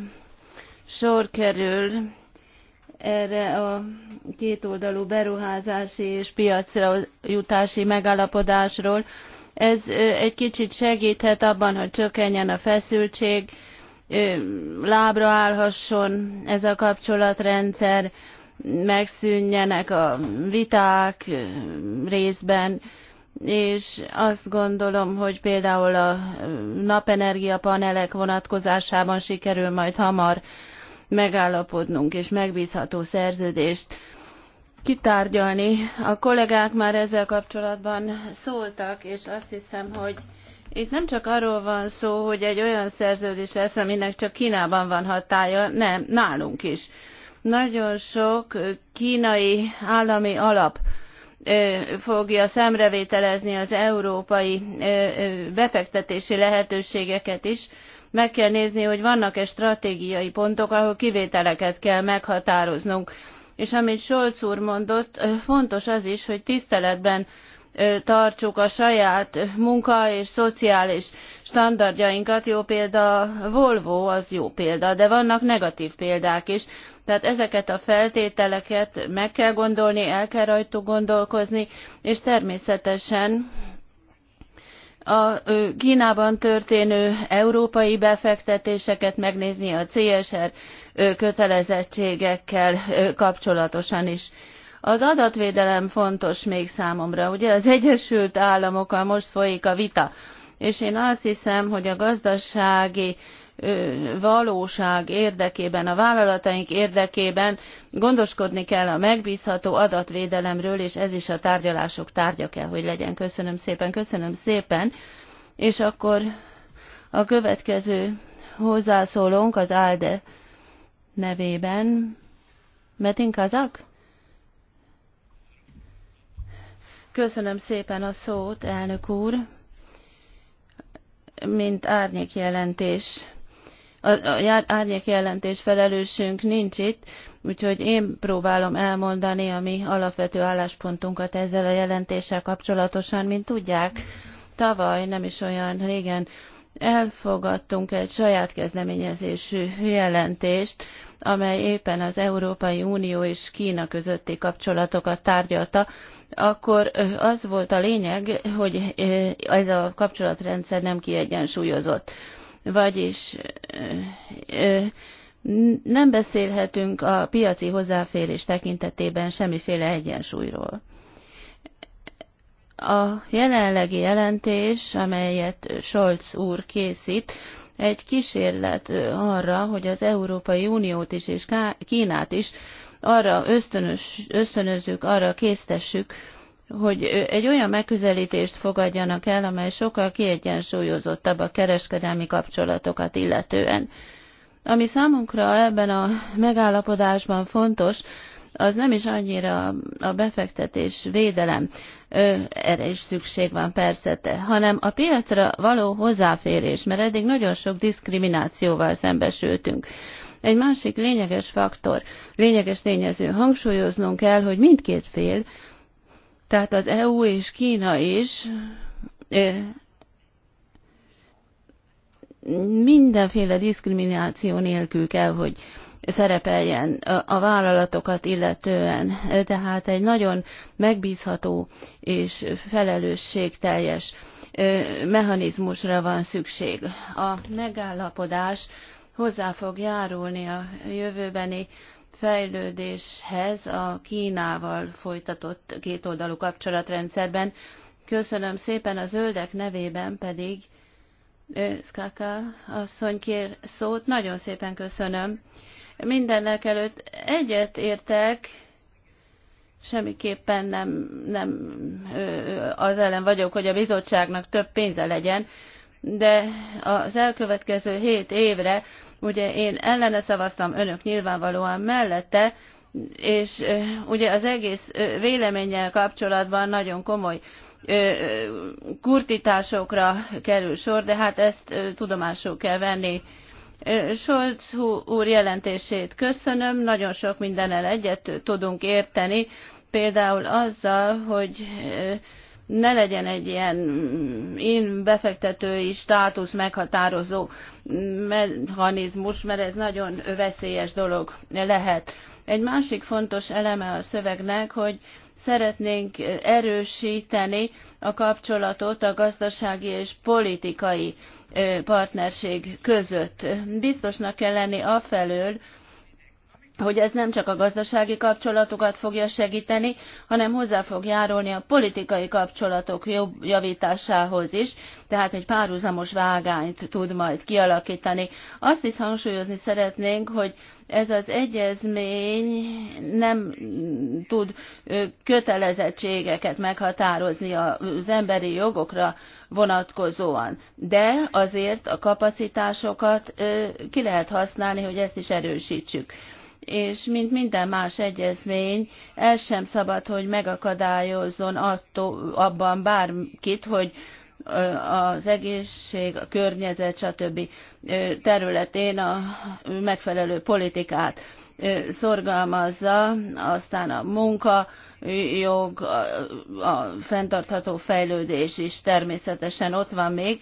sor kerül erre a kétoldalú beruházási és piacra jutási megállapodásról. Ez egy kicsit segíthet abban, hogy csökkenjen a feszültség, lábra állhasson ez a kapcsolatrendszer, megszűnjenek a viták részben, és azt gondolom, hogy például a napenergia panelek vonatkozásában sikerül majd hamar megállapodnunk és megbízható szerződést kitárgyalni. A kollégák már ezzel kapcsolatban szóltak, és azt hiszem, hogy itt nem csak arról van szó, hogy egy olyan szerződés lesz, aminek csak Kínában van hatája, nem, nálunk is nagyon sok kínai állami alap fogja szemrevételezni az európai befektetési lehetőségeket is. Meg kell nézni, hogy vannak-e stratégiai pontok, ahol kivételeket kell meghatároznunk. És amit Solc úr mondott, fontos az is, hogy tiszteletben tartsuk a saját munka és szociális standardjainkat. Jó példa a Volvo, az jó példa, de vannak negatív példák is. Tehát ezeket a feltételeket meg kell gondolni, el kell rajtuk gondolkozni, és természetesen a Kínában történő európai befektetéseket megnézni a CSR kötelezettségekkel kapcsolatosan is. Az adatvédelem fontos még számomra, ugye az Egyesült Államokkal most folyik a vita, és én azt hiszem, hogy a gazdasági valóság érdekében, a vállalataink érdekében gondoskodni kell a megbízható adatvédelemről, és ez is a tárgyalások tárgya kell, hogy legyen. Köszönöm szépen, köszönöm szépen. És akkor a következő hozzászólónk az ALDE nevében. Metin Kazak? Köszönöm szépen a szót, elnök úr. Mint árnyék jelentés a, a árnyék jelentés felelősünk nincs itt, úgyhogy én próbálom elmondani a mi alapvető álláspontunkat ezzel a jelentéssel kapcsolatosan, mint tudják. Tavaly nem is olyan régen elfogadtunk egy saját kezdeményezésű jelentést, amely éppen az Európai Unió és Kína közötti kapcsolatokat tárgyalta, akkor az volt a lényeg, hogy ez a kapcsolatrendszer nem kiegyensúlyozott. Vagyis nem beszélhetünk a piaci hozzáférés tekintetében semmiféle egyensúlyról. A jelenlegi jelentés, amelyet Scholz úr készít, egy kísérlet arra, hogy az Európai Uniót is és Kínát is arra ösztönös, ösztönözzük, arra késztessük, hogy egy olyan megközelítést fogadjanak el, amely sokkal kiegyensúlyozottabb a kereskedelmi kapcsolatokat illetően. Ami számunkra ebben a megállapodásban fontos, az nem is annyira a befektetés védelem, ö, erre is szükség van persze, te, hanem a piacra való hozzáférés, mert eddig nagyon sok diszkriminációval szembesültünk. Egy másik lényeges faktor, lényeges tényező, hangsúlyoznunk kell, hogy mindkét fél tehát az EU és Kína is mindenféle diszkrimináció nélkül kell, hogy szerepeljen a vállalatokat illetően. Tehát egy nagyon megbízható és felelősségteljes mechanizmusra van szükség. A megállapodás hozzá fog járulni a jövőbeni fejlődéshez a Kínával folytatott kétoldalú kapcsolatrendszerben. Köszönöm szépen a zöldek nevében pedig Skaka asszony kér szót. Nagyon szépen köszönöm. Mindennek előtt egyet értek, semmiképpen nem, nem az ellen vagyok, hogy a bizottságnak több pénze legyen, de az elkövetkező hét évre Ugye én ellene szavaztam, önök nyilvánvalóan mellette, és ugye az egész véleménnyel kapcsolatban nagyon komoly kurtításokra kerül sor, de hát ezt tudomásul kell venni. Scholz úr jelentését köszönöm, nagyon sok mindennel egyet tudunk érteni, például azzal, hogy ne legyen egy ilyen mm, én befektetői státusz meghatározó mechanizmus, mert ez nagyon veszélyes dolog lehet. Egy másik fontos eleme a szövegnek, hogy szeretnénk erősíteni a kapcsolatot a gazdasági és politikai partnerség között. Biztosnak kell lenni afelől, hogy ez nem csak a gazdasági kapcsolatokat fogja segíteni, hanem hozzá fog járulni a politikai kapcsolatok jobb javításához is, tehát egy párhuzamos vágányt tud majd kialakítani. Azt is hangsúlyozni szeretnénk, hogy ez az egyezmény nem tud kötelezettségeket meghatározni az emberi jogokra vonatkozóan, de azért a kapacitásokat ki lehet használni, hogy ezt is erősítsük és mint minden más egyezmény, el sem szabad, hogy megakadályozzon attól, abban bárkit, hogy az egészség, a környezet, stb. területén a megfelelő politikát szorgalmazza, aztán a munka, jog, a fenntartható fejlődés is természetesen ott van még,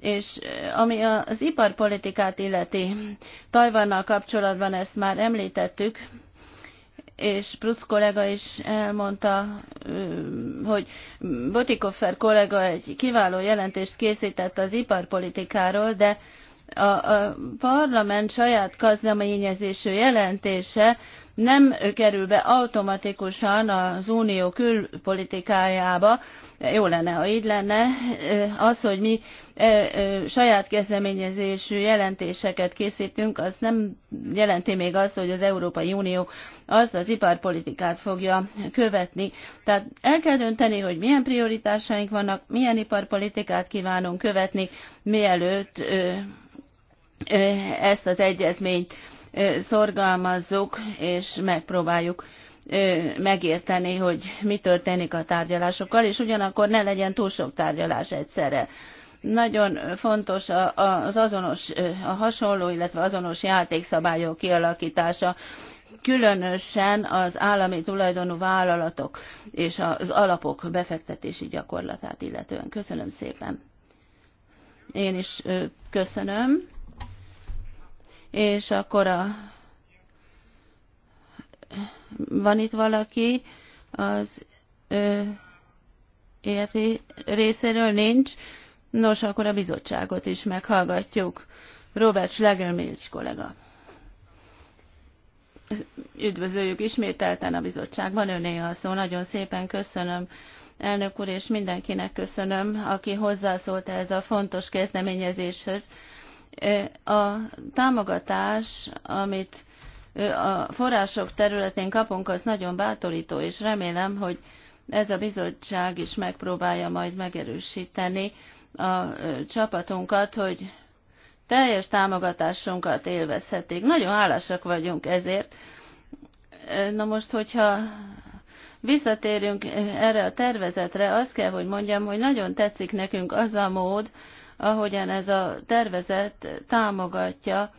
és eh, ami az iparpolitikát illeti, Tajvannal kapcsolatban ezt már említettük, és Prusz kollega is elmondta, hogy Botikoffer kollega egy kiváló jelentést készített az iparpolitikáról, de a, a parlament saját kezdeményezésű jelentése nem kerül be automatikusan az unió külpolitikájába. Jó lenne, ha így lenne. Az, hogy mi saját kezdeményezésű jelentéseket készítünk, az nem jelenti még azt, hogy az Európai Unió azt az iparpolitikát fogja követni. Tehát el kell dönteni, hogy milyen prioritásaink vannak, milyen iparpolitikát kívánunk követni, mielőtt ezt az egyezményt szorgalmazzuk, és megpróbáljuk megérteni, hogy mi történik a tárgyalásokkal, és ugyanakkor ne legyen túl sok tárgyalás egyszerre. Nagyon fontos az azonos, a hasonló, illetve azonos játékszabályok kialakítása, különösen az állami tulajdonú vállalatok és az alapok befektetési gyakorlatát illetően. Köszönöm szépen. Én is köszönöm és akkor a... Van itt valaki az ö, EFT részéről? Nincs. Nos, akkor a bizottságot is meghallgatjuk. Robert Schlegelmilch kollega. Üdvözöljük ismételten a bizottságban, öné a szó. Nagyon szépen köszönöm, elnök úr, és mindenkinek köszönöm, aki hozzászólt ehhez a fontos kezdeményezéshez. A támogatás, amit a források területén kapunk, az nagyon bátorító, és remélem, hogy ez a bizottság is megpróbálja majd megerősíteni a csapatunkat, hogy teljes támogatásunkat élvezhetik. Nagyon hálásak vagyunk ezért. Na most, hogyha visszatérünk erre a tervezetre, azt kell, hogy mondjam, hogy nagyon tetszik nekünk az a mód, ahogyan ez a tervezet támogatja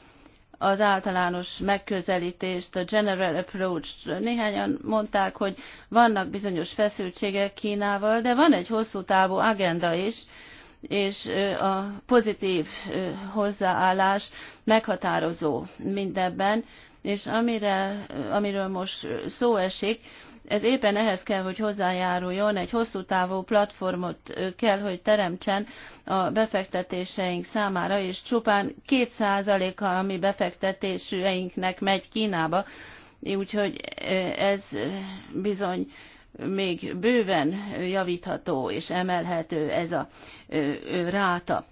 az általános megközelítést, a general approach. Néhányan mondták, hogy vannak bizonyos feszültségek Kínával, de van egy hosszú távú agenda is, és a pozitív hozzáállás meghatározó mindebben, és amire, amiről most szó esik, ez éppen ehhez kell, hogy hozzájáruljon, egy hosszú távú platformot kell, hogy teremtsen a befektetéseink számára, és csupán 2%-a a mi befektetéseinknek megy Kínába, úgyhogy ez bizony még bőven javítható és emelhető ez a ráta.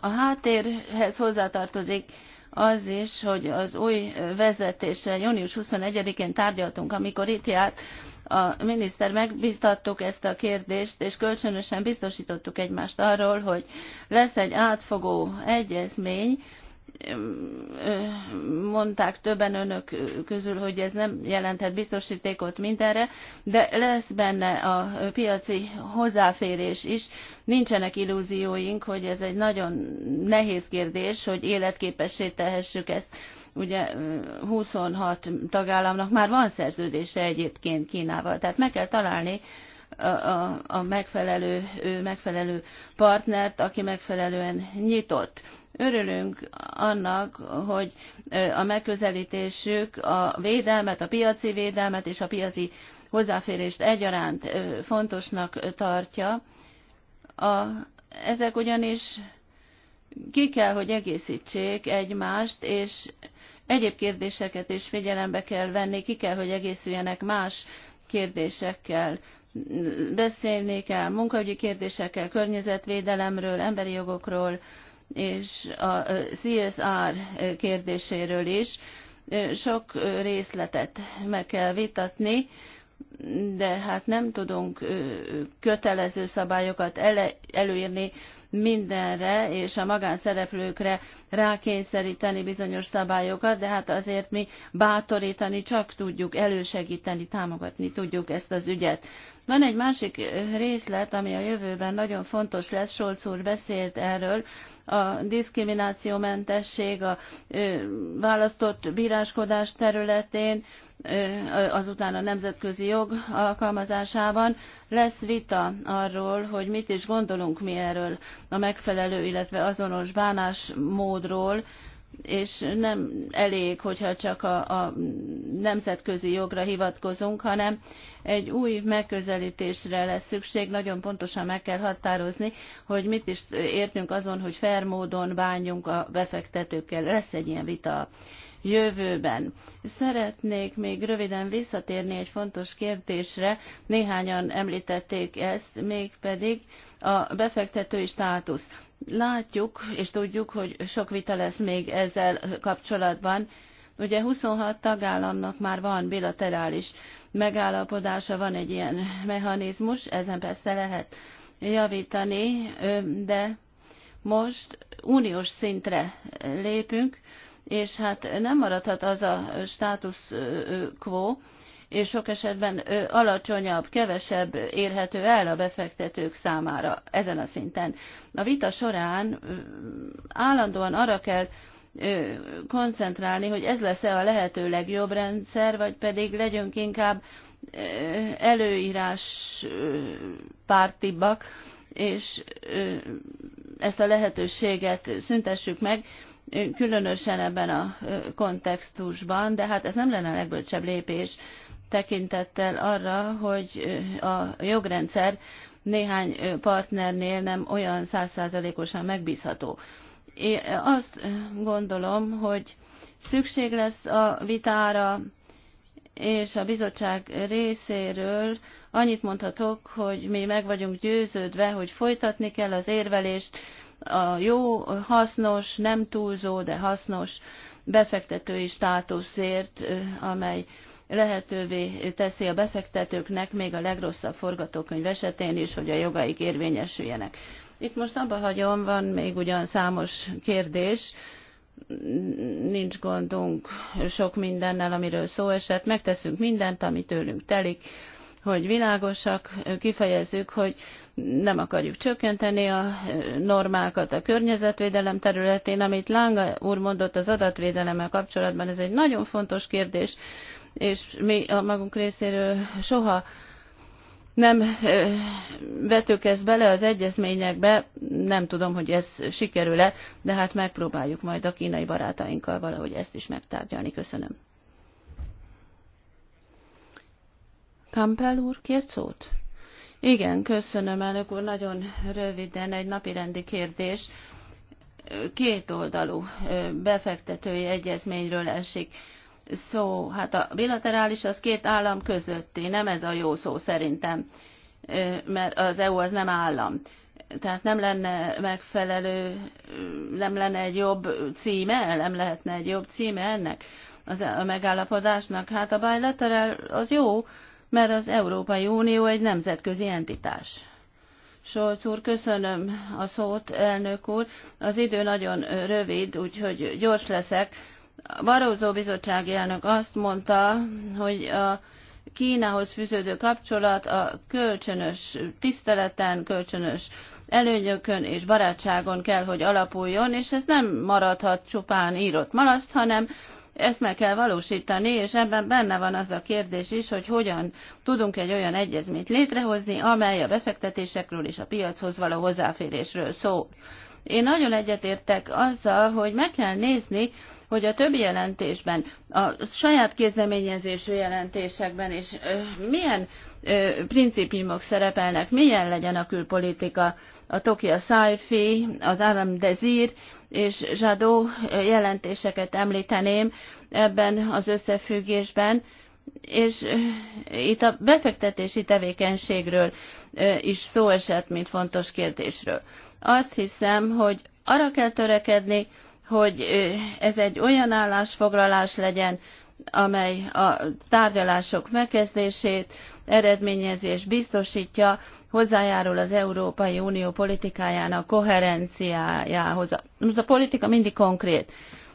A háttérhez hozzátartozik az is, hogy az új vezetéssel június 21-én tárgyaltunk, amikor itt járt a miniszter, megbiztattuk ezt a kérdést, és kölcsönösen biztosítottuk egymást arról, hogy lesz egy átfogó egyezmény, mondták többen önök közül, hogy ez nem jelenthet biztosítékot mindenre, de lesz benne a piaci hozzáférés is. Nincsenek illúzióink, hogy ez egy nagyon nehéz kérdés, hogy életképessé tehessük ezt. Ugye 26 tagállamnak már van szerződése egyébként Kínával, tehát meg kell találni a, a, a megfelelő, megfelelő partnert, aki megfelelően nyitott Örülünk annak, hogy a megközelítésük a védelmet, a piaci védelmet és a piaci hozzáférést egyaránt fontosnak tartja. A, ezek ugyanis ki kell, hogy egészítsék egymást, és egyéb kérdéseket is figyelembe kell venni, ki kell, hogy egészüljenek más kérdésekkel. Beszélni kell munkaügyi kérdésekkel, környezetvédelemről, emberi jogokról, és a CSR kérdéséről is sok részletet meg kell vitatni, de hát nem tudunk kötelező szabályokat ele, előírni mindenre, és a magánszereplőkre rákényszeríteni bizonyos szabályokat, de hát azért mi bátorítani csak tudjuk, elősegíteni, támogatni tudjuk ezt az ügyet. Van egy másik részlet, ami a jövőben nagyon fontos lesz, Solc úr beszélt erről, a diszkriminációmentesség a választott bíráskodás területén, azután a nemzetközi jog alkalmazásában lesz vita arról, hogy mit is gondolunk mi erről a megfelelő, illetve azonos bánásmódról, és nem elég, hogyha csak a, a nemzetközi jogra hivatkozunk, hanem egy új megközelítésre lesz szükség, nagyon pontosan meg kell határozni, hogy mit is értünk azon, hogy fermódon módon bánjunk a befektetőkkel. Lesz egy ilyen vita jövőben. Szeretnék még röviden visszatérni egy fontos kérdésre, néhányan említették ezt, mégpedig a befektetői státusz. Látjuk és tudjuk, hogy sok vita lesz még ezzel kapcsolatban. Ugye 26 tagállamnak már van bilaterális megállapodása, van egy ilyen mechanizmus, ezen persze lehet javítani, de most uniós szintre lépünk, és hát nem maradhat az a status quo, és sok esetben alacsonyabb, kevesebb érhető el a befektetők számára ezen a szinten. A vita során állandóan arra kell koncentrálni, hogy ez lesz-e a lehető legjobb rendszer, vagy pedig legyünk inkább előírás pártibbak, és ezt a lehetőséget szüntessük meg, különösen ebben a kontextusban, de hát ez nem lenne a legbölcsebb lépés, tekintettel arra, hogy a jogrendszer néhány partnernél nem olyan százszázalékosan megbízható. Én azt gondolom, hogy szükség lesz a vitára, és a bizottság részéről annyit mondhatok, hogy mi meg vagyunk győződve, hogy folytatni kell az érvelést, a jó, hasznos, nem túlzó, de hasznos befektetői státuszért, amely lehetővé teszi a befektetőknek még a legrosszabb forgatókönyv esetén is, hogy a jogaik érvényesüljenek. Itt most abba hagyom, van még ugyan számos kérdés, nincs gondunk sok mindennel, amiről szó esett, megteszünk mindent, ami tőlünk telik, hogy világosak, kifejezzük, hogy nem akarjuk csökkenteni a normákat a környezetvédelem területén. Amit Lánga úr mondott az adatvédelemmel kapcsolatban, ez egy nagyon fontos kérdés, és mi a magunk részéről soha nem vetők ezt bele az egyezményekbe, nem tudom, hogy ez sikerül-e, de hát megpróbáljuk majd a kínai barátainkkal valahogy ezt is megtárgyalni. Köszönöm. Kampel úr kért szót? Igen, köszönöm, elnök úr. Nagyon röviden egy napirendi kérdés. Két oldalú befektetői egyezményről esik szó. Hát a bilaterális az két állam közötti, nem ez a jó szó szerintem, mert az EU az nem állam. Tehát nem lenne megfelelő, nem lenne egy jobb címe, nem lehetne egy jobb címe ennek az e- a megállapodásnak. Hát a bilateral az jó, mert az Európai Unió egy nemzetközi entitás. Solc úr, köszönöm a szót, elnök úr. Az idő nagyon rövid, úgyhogy gyors leszek a Barózó bizottsági elnök azt mondta, hogy a Kínához fűződő kapcsolat a kölcsönös tiszteleten, kölcsönös előnyökön és barátságon kell, hogy alapuljon, és ez nem maradhat csupán írott malaszt, hanem ezt meg kell valósítani, és ebben benne van az a kérdés is, hogy hogyan tudunk egy olyan egyezményt létrehozni, amely a befektetésekről és a piachoz való hozzáférésről szól. Én nagyon egyetértek azzal, hogy meg kell nézni, hogy a többi jelentésben, a saját kezdeményezésű jelentésekben is milyen principiumok szerepelnek, milyen legyen a külpolitika, a Tokia Saifi, az Alam Dezir és Zsadó jelentéseket említeném ebben az összefüggésben, és itt a befektetési tevékenységről is szó esett, mint fontos kérdésről. Azt hiszem, hogy arra kell törekedni, hogy ez egy olyan állásfoglalás legyen, amely a tárgyalások megkezdését eredményezi és biztosítja, hozzájárul az Európai Unió politikájának koherenciájához. Most a politika mindig konkrét.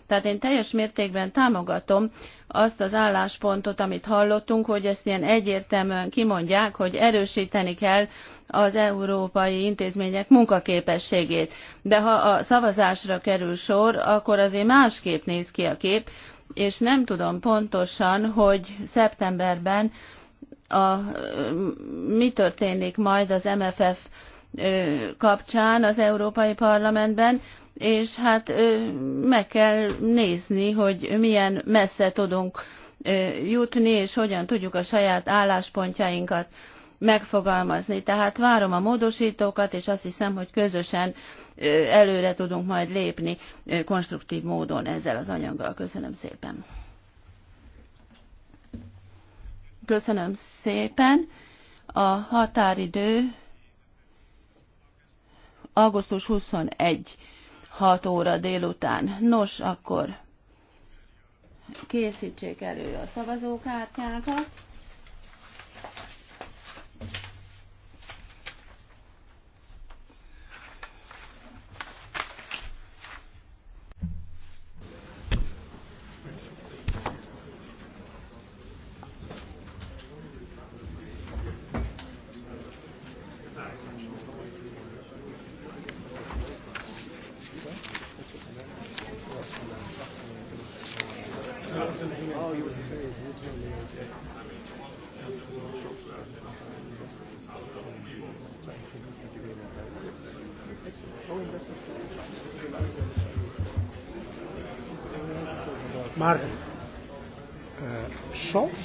Tehát én teljes mértékben támogatom azt az álláspontot, amit hallottunk, hogy ezt ilyen egyértelműen kimondják, hogy erősíteni kell az európai intézmények munkaképességét. De ha a szavazásra kerül sor, akkor azért másképp néz ki a kép, és nem tudom pontosan, hogy szeptemberben a, mi történik majd az MFF kapcsán az Európai Parlamentben, és hát meg kell nézni, hogy milyen messze tudunk jutni, és hogyan tudjuk a saját álláspontjainkat megfogalmazni. Tehát várom a módosítókat, és azt hiszem, hogy közösen előre tudunk majd lépni konstruktív módon ezzel az anyaggal. Köszönöm szépen. Köszönöm szépen. A határidő augusztus 21, 6 óra délután. Nos, akkor készítsék elő a szavazókártyákat.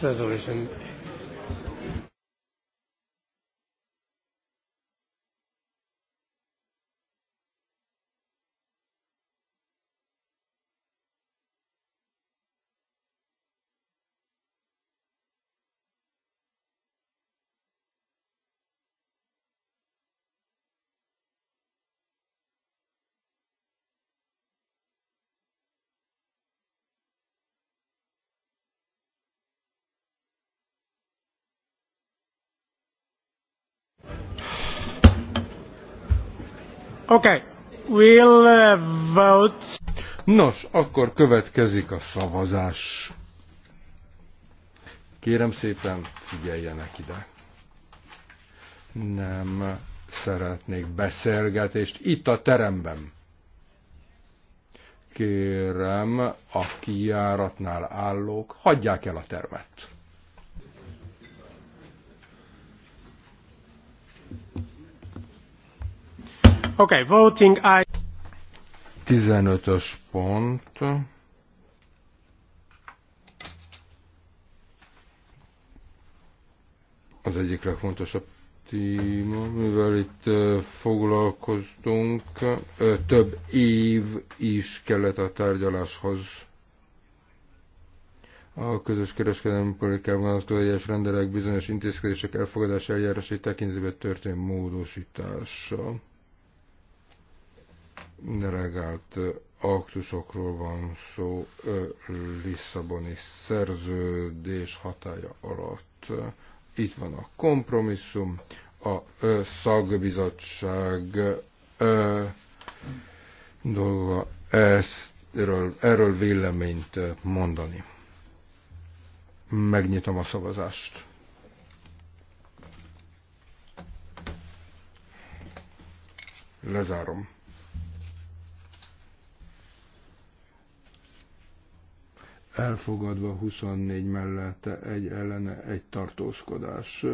resolution Okay. We'll uh, vote. Nos, akkor következik a szavazás. Kérem szépen, figyeljenek ide. Nem szeretnék beszélgetést itt a teremben. Kérem, a kijáratnál állók, hagyják el a termet. Okay, voting I... 15-ös pont. Az egyik legfontosabb téma, mivel itt foglalkoztunk, több év is kellett a tárgyaláshoz. A közös kereskedelmi politikával vonatkozó egyes rendelek bizonyos intézkedések elfogadás eljárásai tekintetében történő módosítása delegált aktusokról van szó Lisszaboni szerződés hatája alatt. Itt van a kompromisszum, a szagbizottság dolga ezt, erről, erről véleményt mondani. Megnyitom a szavazást. Lezárom. elfogadva 24 mellette egy ellene egy tartózkodás.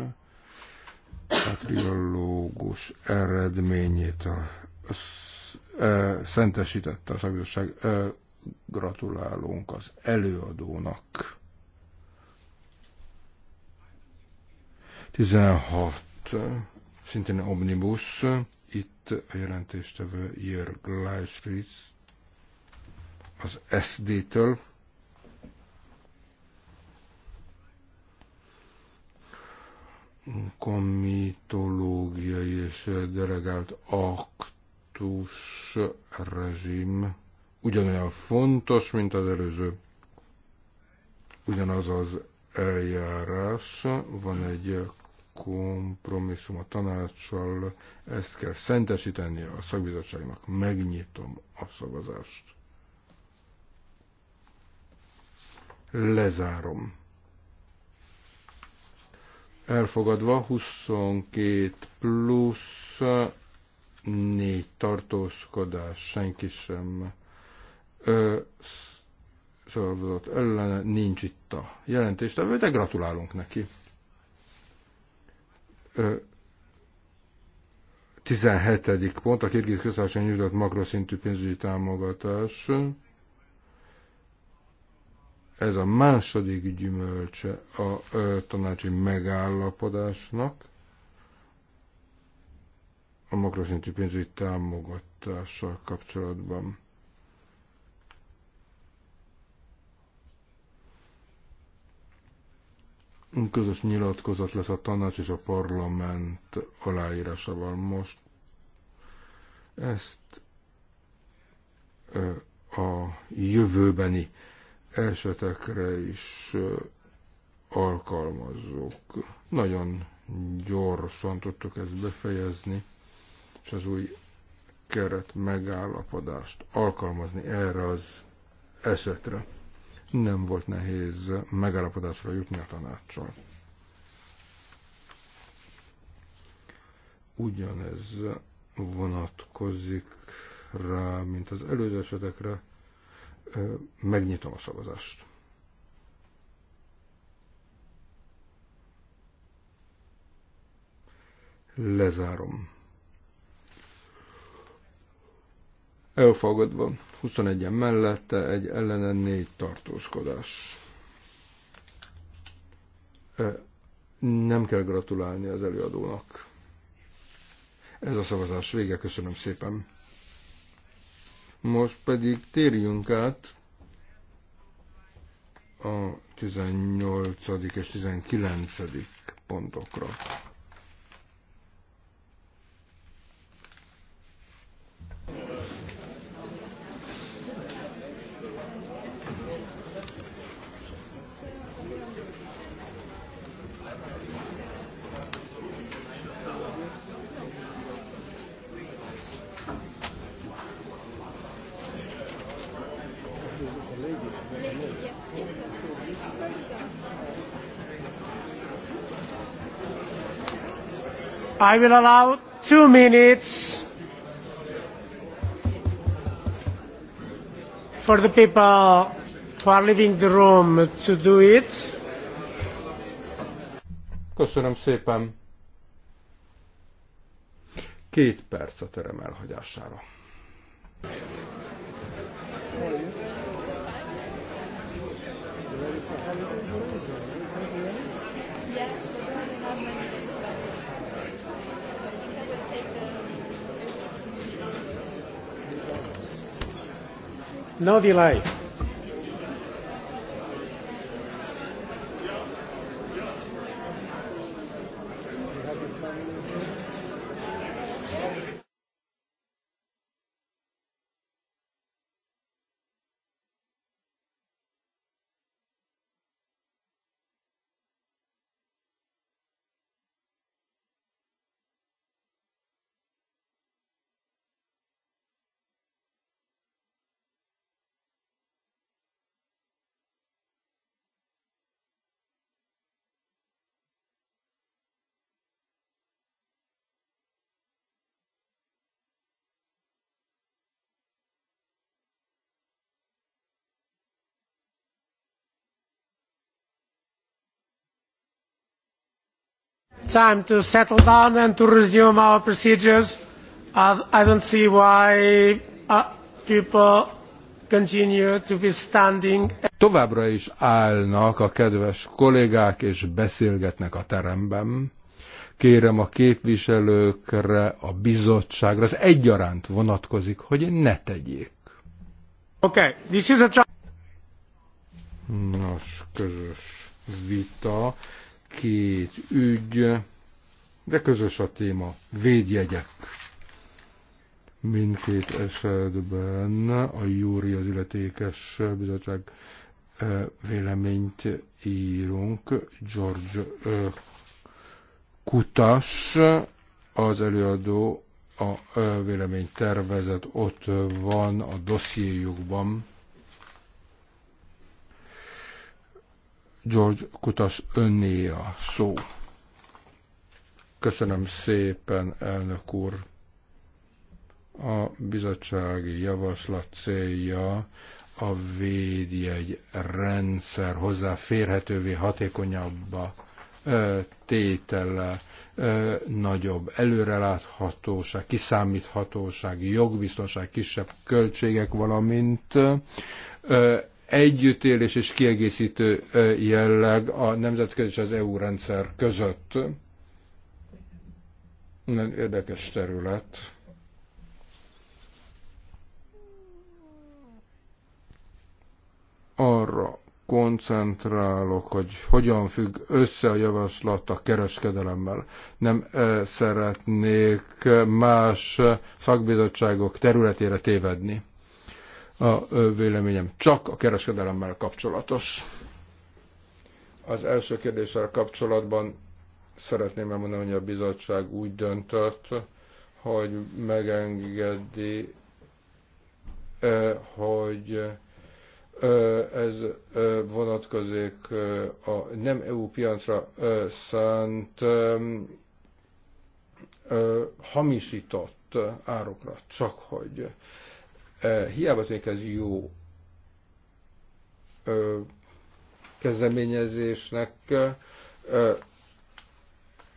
A trilógus eredményét a, e, szentesítette a szakbizottság. gratulálunk az előadónak. 16. Szintén Omnibus. Itt a jelentéstevő Jörg Leisritz az SD-től komitológiai és delegált aktus rezsim ugyanolyan fontos, mint az előző. Ugyanaz az eljárás, van egy kompromisszum a tanácssal, ezt kell szentesíteni a szakbizottságnak. Megnyitom a szavazást. Lezárom elfogadva, 22 plusz 4 tartózkodás, senki sem ö, szavazott ellene, nincs itt a jelentést, de gratulálunk neki. Ö, 17. pont, a kirgiz köztársaság nyújtott makroszintű pénzügyi támogatás. Ez a második gyümölcse a tanácsi megállapodásnak, a makroszintű pénzügyi támogatással kapcsolatban. Közös nyilatkozat lesz a tanács és a parlament aláírásával most. Ezt a jövőbeni esetekre is alkalmazzuk. Nagyon gyorsan tudtuk ezt befejezni, és az új keret megállapodást alkalmazni erre az esetre. Nem volt nehéz megállapodásra jutni a tanácssal. Ugyanez vonatkozik rá, mint az előző esetekre, Megnyitom a szavazást. Lezárom. Elfogadva 21-en mellette egy ellene négy tartózkodás. Nem kell gratulálni az előadónak. Ez a szavazás vége, köszönöm szépen. Most pedig térjünk át a 18. és 19. pontokra. I will allow two minutes for the people who are leaving the room to do it. Köszönöm szépen. Két perc a terem elhagyására. no Life. time to settle down and to resume our procedures. Uh, I don't see why uh, people continue to be standing. Továbbra is állnak a kedves kollégák és beszélgetnek a teremben. Kérem a képviselőkre, a bizottságra, az egyaránt vonatkozik, hogy ne tegyék. Okay, this is a... Nos, közös vita két ügy, de közös a téma, védjegyek. Mindkét esetben a júri az illetékes bizottság véleményt írunk. George Kutas az előadó a véleménytervezet ott van a dossziéjukban. George Kutas önné a szó. Köszönöm szépen, elnök úr. A bizottsági javaslat célja a védjegy rendszer hozzáférhetővé, hatékonyabbá tétele, nagyobb előreláthatóság, kiszámíthatóság, jogbiztonság, kisebb költségek, valamint együttélés és kiegészítő jelleg a nemzetközi és az EU rendszer között. Nagyon érdekes terület. Arra koncentrálok, hogy hogyan függ össze a javaslat a kereskedelemmel. Nem szeretnék más szakbizottságok területére tévedni a véleményem csak a kereskedelemmel kapcsolatos. Az első kérdéssel kapcsolatban szeretném elmondani, hogy a bizottság úgy döntött, hogy megengedi, hogy ez vonatkozik a nem EU piacra szánt hamisított árukra, csak hogy Hiába tűnik ez jó kezdeményezésnek,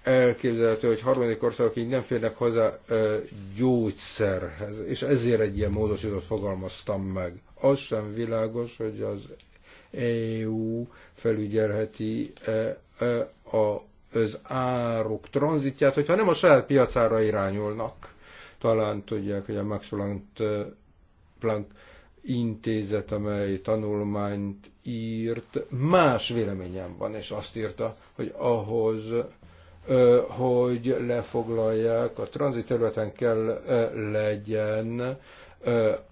elképzelhető, hogy harmadik országok így nem férnek hozzá ö, gyógyszerhez, és ezért egy ilyen módosított fogalmaztam meg. Az sem világos, hogy az EU felügyelheti ö, ö, a, az áruk tranzitját, hogyha nem a saját piacára irányulnak. Talán tudják, hogy a Max Planck intézet, amely tanulmányt írt, más véleményem van, és azt írta, hogy ahhoz, hogy lefoglalják, a tranzit területen kell legyen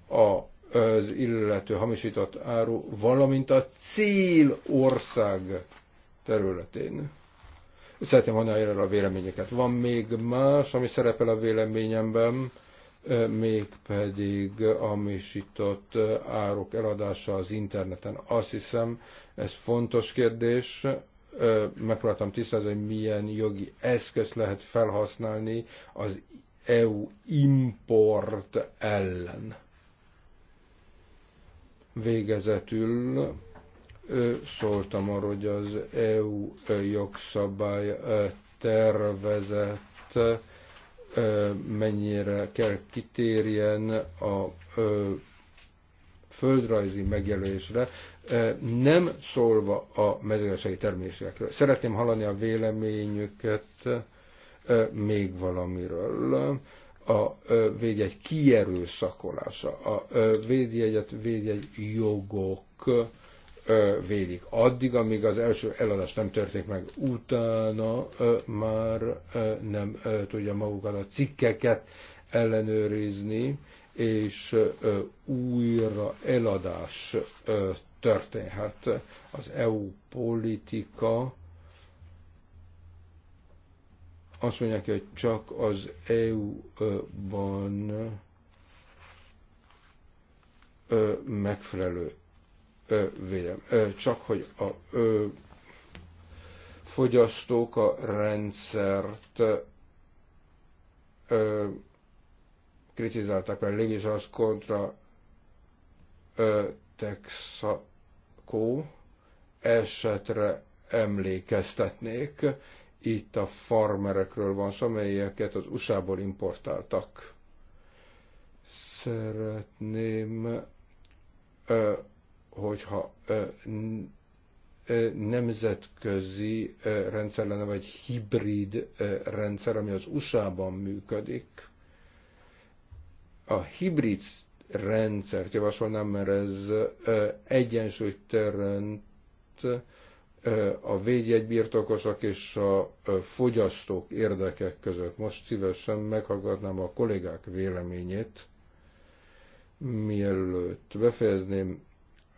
az illető hamisított áru, valamint a cél ország területén. Szeretném mondani erre a véleményeket. Van még más, ami szerepel a véleményemben, mégpedig a misított áruk eladása az interneten. Azt hiszem, ez fontos kérdés, megpróbáltam tisztázni, hogy milyen jogi eszközt lehet felhasználni az EU import ellen. Végezetül szóltam arról, hogy az EU jogszabály tervezett mennyire kell kitérjen a földrajzi megjelölésre, nem szólva a mezőgazdasági termésekről. Szeretném hallani a véleményüket még valamiről. A védjegy kierőszakolása, a védjegyet védjegy jogok védik. Addig, amíg az első eladás nem történik meg, utána már nem tudja magukat a cikkeket ellenőrizni, és újra eladás történhet. Az EU politika azt mondják, hogy csak az EU-ban megfelelő védelem. Csak hogy a fogyasztók a rendszert kritizálták, mert Légis az kontra Texaco esetre emlékeztetnék. Itt a farmerekről van szó, amelyeket az USA-ból importáltak. Szeretném hogyha nemzetközi rendszer lenne, vagy hibrid rendszer, ami az USA-ban működik. A hibrid rendszert javasolnám, mert ez egyensúlyt teremt a védjegybirtokosok és a fogyasztók érdekek között. Most szívesen meghallgatnám a kollégák véleményét, mielőtt befejezném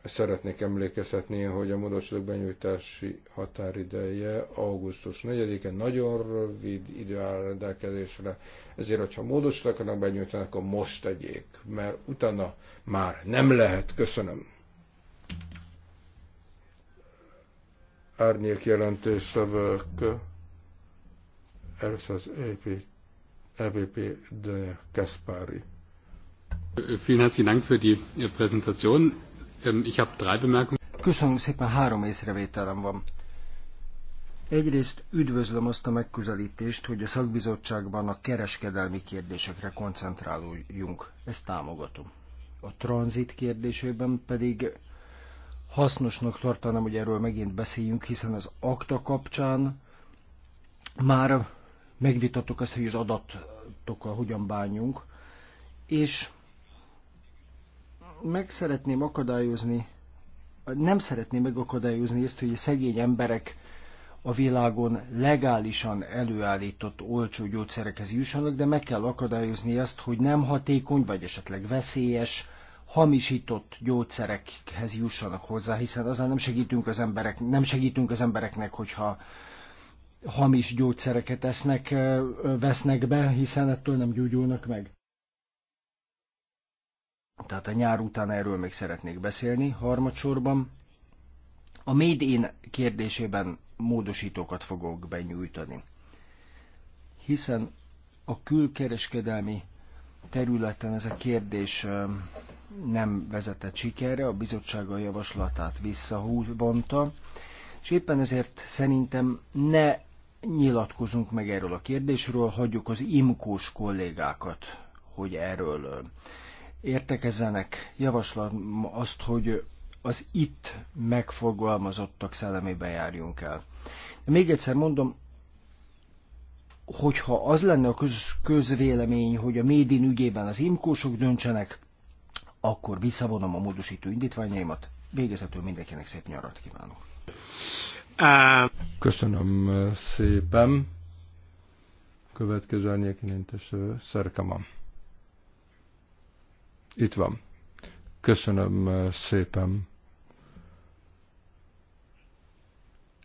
Szeretnék emlékezhetni, hogy a módosítók benyújtási határideje augusztus 4-e nagyon rövid idő áll rendelkezésre, ezért, hogyha módosítók akarnak benyújtani, akkor most tegyék, mert utána már nem lehet. Köszönöm. Árnyék jelentéstevők először az EP, e de Kaspari. Vielen herzlichen Dank für die Präsentation. Ich habe drei Bemerkungen. Köszönöm szépen, három észrevételem van. Egyrészt üdvözlöm azt a megközelítést, hogy a szakbizottságban a kereskedelmi kérdésekre koncentráljunk. Ezt támogatom. A tranzit kérdésében pedig hasznosnak tartanám, hogy erről megint beszéljünk, hiszen az akta kapcsán már megvitattuk azt, hogy az adatokkal hogyan bánjunk, és meg szeretném akadályozni, nem szeretném megakadályozni ezt, hogy a szegény emberek a világon legálisan előállított olcsó gyógyszerekhez jussanak, de meg kell akadályozni ezt, hogy nem hatékony, vagy esetleg veszélyes, hamisított gyógyszerekhez jussanak hozzá, hiszen azzal nem segítünk az, emberek, nem segítünk az embereknek, hogyha hamis gyógyszereket esznek, vesznek be, hiszen ettől nem gyógyulnak meg. Tehát a nyár után erről még szeretnék beszélni. Harmadsorban a Made in kérdésében módosítókat fogok benyújtani. Hiszen a külkereskedelmi területen ez a kérdés nem vezetett sikerre, a bizottság a javaslatát visszahúzvonta, és éppen ezért szerintem ne nyilatkozunk meg erről a kérdésről, hagyjuk az imkós kollégákat, hogy erről értekezzenek. Javaslom azt, hogy az itt megfogalmazottak szellemében járjunk el. De még egyszer mondom, hogyha az lenne a köz, közvélemény, hogy a médin ügyében az imkósok döntsenek, akkor visszavonom a módosító indítványaimat. Végezetül mindenkinek szép nyarat kívánok. Köszönöm szépen. Következő elnyékintéző szerkemem. Itt van. Köszönöm eh, szépen.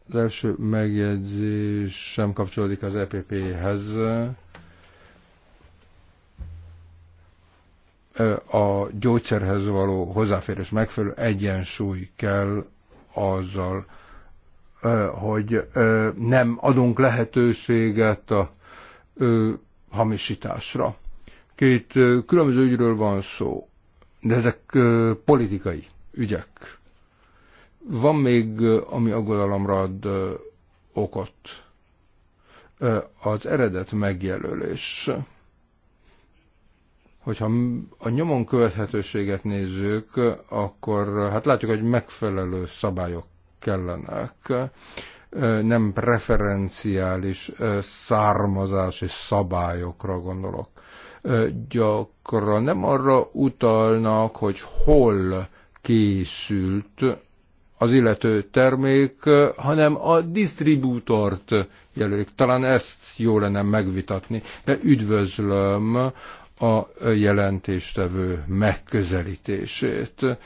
Az első megjegyzés sem kapcsolódik az EPP-hez. Eh, a gyógyszerhez való hozzáférés megfelelő egyensúly kell azzal, eh, hogy nem adunk lehetőséget a hamisításra. Két különböző ügyről van szó, de ezek politikai ügyek. Van még, ami aggodalomra ad okot. Az eredet megjelölés hogyha a nyomon követhetőséget nézzük, akkor hát látjuk, hogy megfelelő szabályok kellenek, nem preferenciális származási szabályokra gondolok gyakran nem arra utalnak, hogy hol készült az illető termék, hanem a disztribútort jelölik. Talán ezt jó lenne megvitatni, de üdvözlöm a jelentéstevő megközelítését.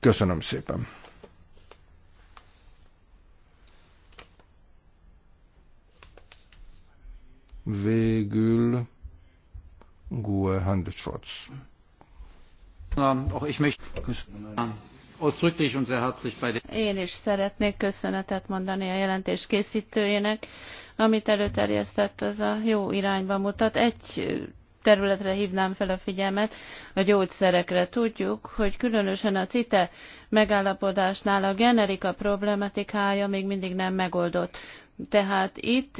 Köszönöm szépen! Végül Gue Handelsschutz. Én is szeretnék köszönetet mondani a jelentés készítőjének. Amit előterjesztett, az a jó irányba mutat. Egy területre hívnám fel a figyelmet, a gyógyszerekre. Tudjuk, hogy különösen a CITE megállapodásnál a generika problematikája még mindig nem megoldott. Tehát itt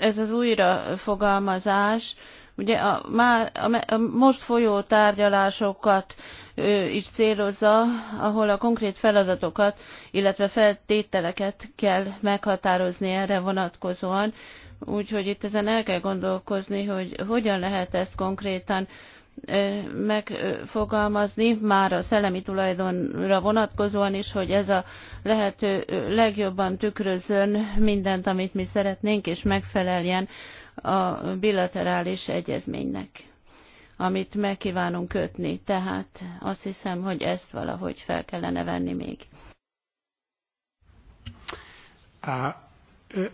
ez az újrafogalmazás, ugye a, már, a, a most folyó tárgyalásokat ö, is célozza, ahol a konkrét feladatokat, illetve feltételeket kell meghatározni erre vonatkozóan, úgyhogy itt ezen el kell gondolkozni, hogy hogyan lehet ezt konkrétan megfogalmazni, már a szellemi tulajdonra vonatkozóan is, hogy ez a lehető legjobban tükrözzön mindent, amit mi szeretnénk, és megfeleljen a bilaterális egyezménynek, amit megkívánunk kötni. Tehát azt hiszem, hogy ezt valahogy fel kellene venni még. Uh, uh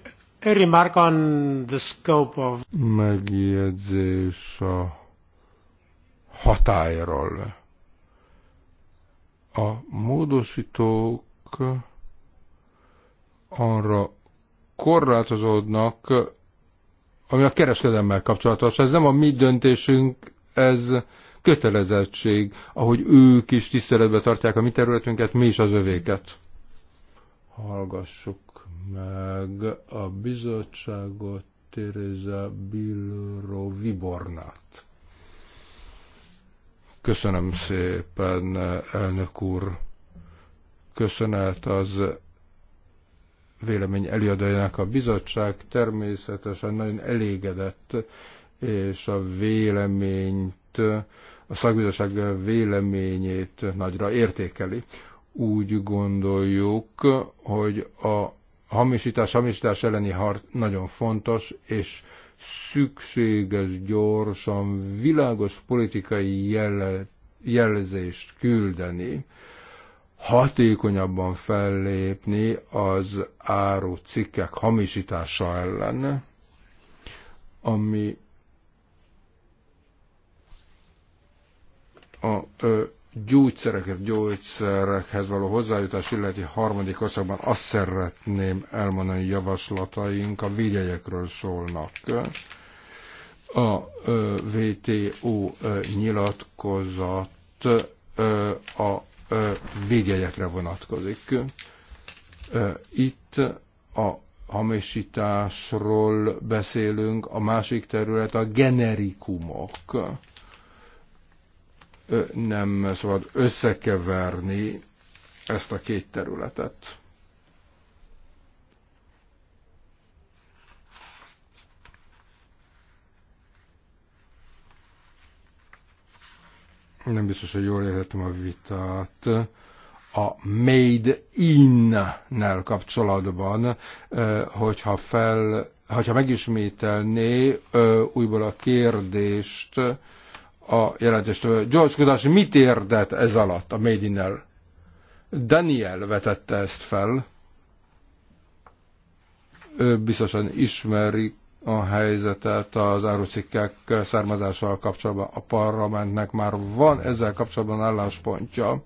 a remark on the scope of... Megjegyzés a hatályról. A módosítók arra korlátozódnak, ami a kereskedelmmel kapcsolatos. Ez nem a mi döntésünk, ez kötelezettség, ahogy ők is tiszteletbe tartják a mi területünket, mi is az övéket. Hallgassuk meg a bizottságot Tereza Bilro Vibornát. Köszönöm szépen, elnök úr. Köszönet az vélemény előadójának a bizottság természetesen nagyon elégedett, és a véleményt, a szakbizottság véleményét nagyra értékeli. Úgy gondoljuk, hogy a hamisítás, hamisítás elleni harc nagyon fontos, és szükséges gyorsan világos politikai jelle, jelzést küldeni, hatékonyabban fellépni az áru cikkek hamisítása ellen, ami a ö, gyógyszerekhez, gyógyszerekhez való hozzájutás illeti harmadik országban azt szeretném elmondani, javaslataink a vigyelyekről szólnak. A VTO nyilatkozat a végjegyekre vonatkozik. Itt a hamisításról beszélünk, a másik terület a generikumok nem szabad összekeverni ezt a két területet. Nem biztos, hogy jól értettem a vitát. A made in-nel kapcsolatban, hogyha fel, hogyha megismételné újból a kérdést, a jelentéstől. George Kudas mit érdett ez alatt a Made in -el? Daniel vetette ezt fel. Ő biztosan ismeri a helyzetet az árucikkek származással kapcsolatban. A parlamentnek már van ezzel kapcsolatban álláspontja,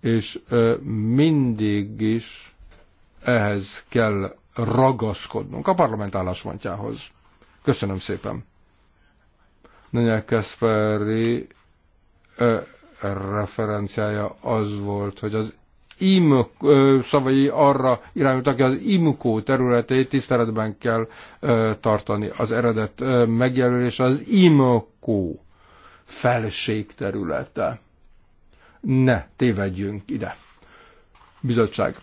és mindig is ehhez kell ragaszkodnunk a parlament álláspontjához. Köszönöm szépen! Daniel Kaspari referenciája az volt, hogy az im szavai arra irányultak, hogy az imkó területét tiszteletben kell tartani. Az eredet megjelölés az imkó felség területe. Ne tévedjünk ide. Bizottság.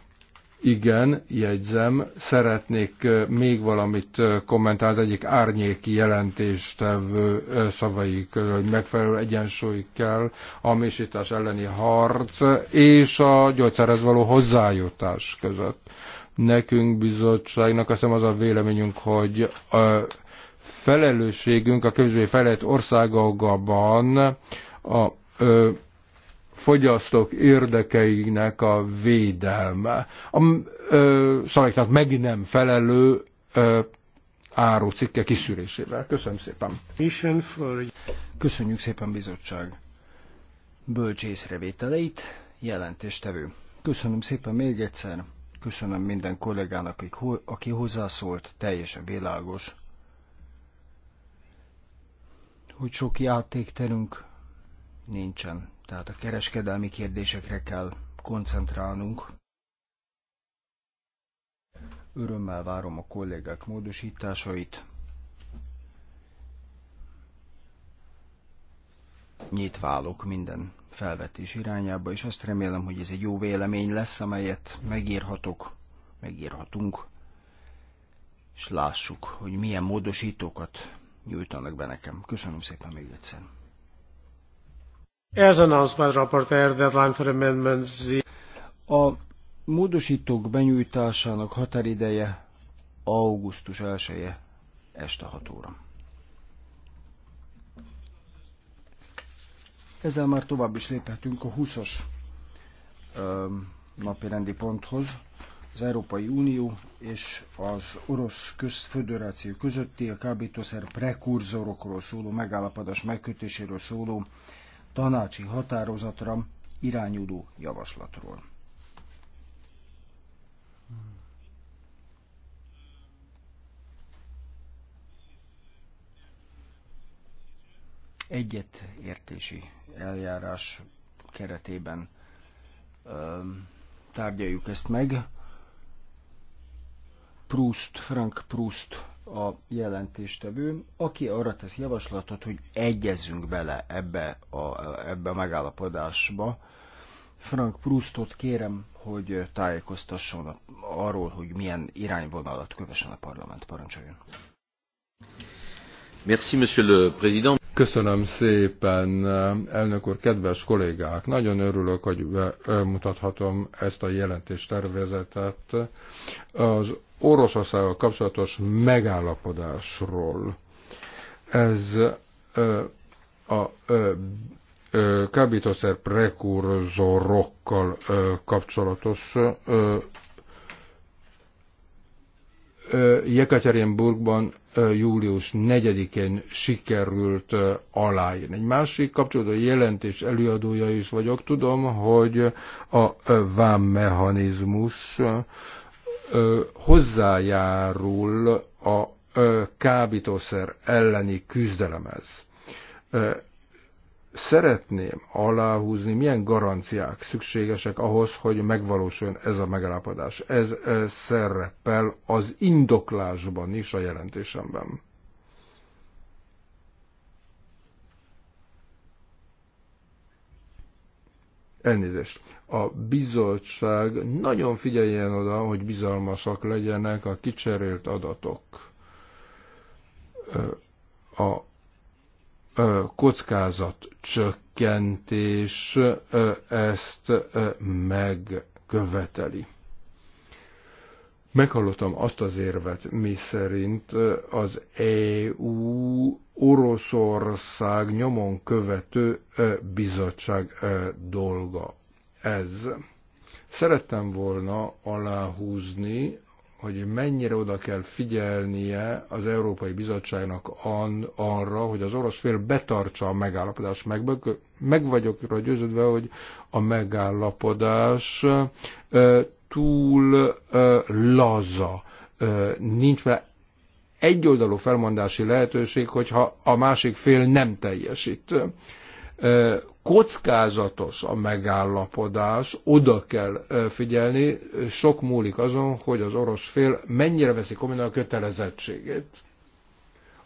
Igen, jegyzem, szeretnék még valamit kommentálni az egyik árnyéki jelentéstevő szavai közül, hogy megfelelő egyensúly kell a misítás elleni harc és a gyógyszerhez való hozzájutás között. Nekünk bizottságnak azt az a véleményünk, hogy a felelősségünk a közvé felett országokban a, a fogyasztók érdekeinek a védelme. A ö, szavaknak meg nem felelő ö, árucikke kiszűrésével. Köszönöm szépen. Köszönjük szépen bizottság bölcs észrevételeit, jelentéstevő. Köszönöm szépen még egyszer, köszönöm minden kollégának, aki hozzászólt, teljesen világos, hogy sok játékterünk nincsen tehát a kereskedelmi kérdésekre kell koncentrálnunk. Örömmel várom a kollégák módosításait. Nyitválok minden felvetés irányába, és azt remélem, hogy ez egy jó vélemény lesz, amelyet megírhatok, megírhatunk, és lássuk, hogy milyen módosítókat nyújtanak be nekem. Köszönöm szépen még egyszer. As announced by the rapporteur, deadline for amendments A módosítók benyújtásának határideje augusztus 1-e este 6 óra. Ezzel már tovább is léphetünk a 20-as napi rendi ponthoz, az Európai Unió és az Orosz Közföderáció közötti a kábítószer prekurzorokról szóló megállapodás megkötéséről szóló tanácsi határozatra irányuló javaslatról. Egyet értési eljárás keretében tárgyaljuk ezt meg. Proust, Frank Proust a jelentéstevő, aki arra tesz javaslatot, hogy egyezzünk bele ebbe a, ebbe a megállapodásba. Frank Prustot kérem, hogy tájékoztasson arról, hogy milyen irányvonalat kövesen a parlament. Parancsoljon. Merci, monsieur le président. Köszönöm szépen, elnök úr, kedves kollégák! Nagyon örülök, hogy mutathatom ezt a jelentéstervezetet. Az Oroszországgal kapcsolatos megállapodásról. Ez a kábítószer prekurzorokkal kapcsolatos Jekaterinburgban július 4-én sikerült aláírni. Egy másik kapcsolódó jelentés előadója is vagyok. Tudom, hogy a vámmechanizmus hozzájárul a kábítószer elleni küzdelemhez. Szeretném aláhúzni, milyen garanciák szükségesek ahhoz, hogy megvalósuljon ez a megállapodás. Ez szerepel az indoklásban is a jelentésemben. Elnézést. A bizottság nagyon figyeljen oda, hogy bizalmasak legyenek a kicserélt adatok. A kockázat csökkentés ezt megköveteli. Meghallottam azt az érvet, mi szerint az EU Oroszország nyomon követő bizottság dolga ez. Szerettem volna aláhúzni, hogy mennyire oda kell figyelnie az Európai Bizottságnak an, arra, hogy az orosz fél betartsa a megállapodást. Meg, meg vagyok rá győződve, hogy a megállapodás e, túl e, laza, e, nincs már egyoldalú felmondási lehetőség, hogyha a másik fél nem teljesít. Kockázatos a megállapodás, oda kell figyelni, sok múlik azon, hogy az orosz fél mennyire veszi komolyan a kötelezettségét.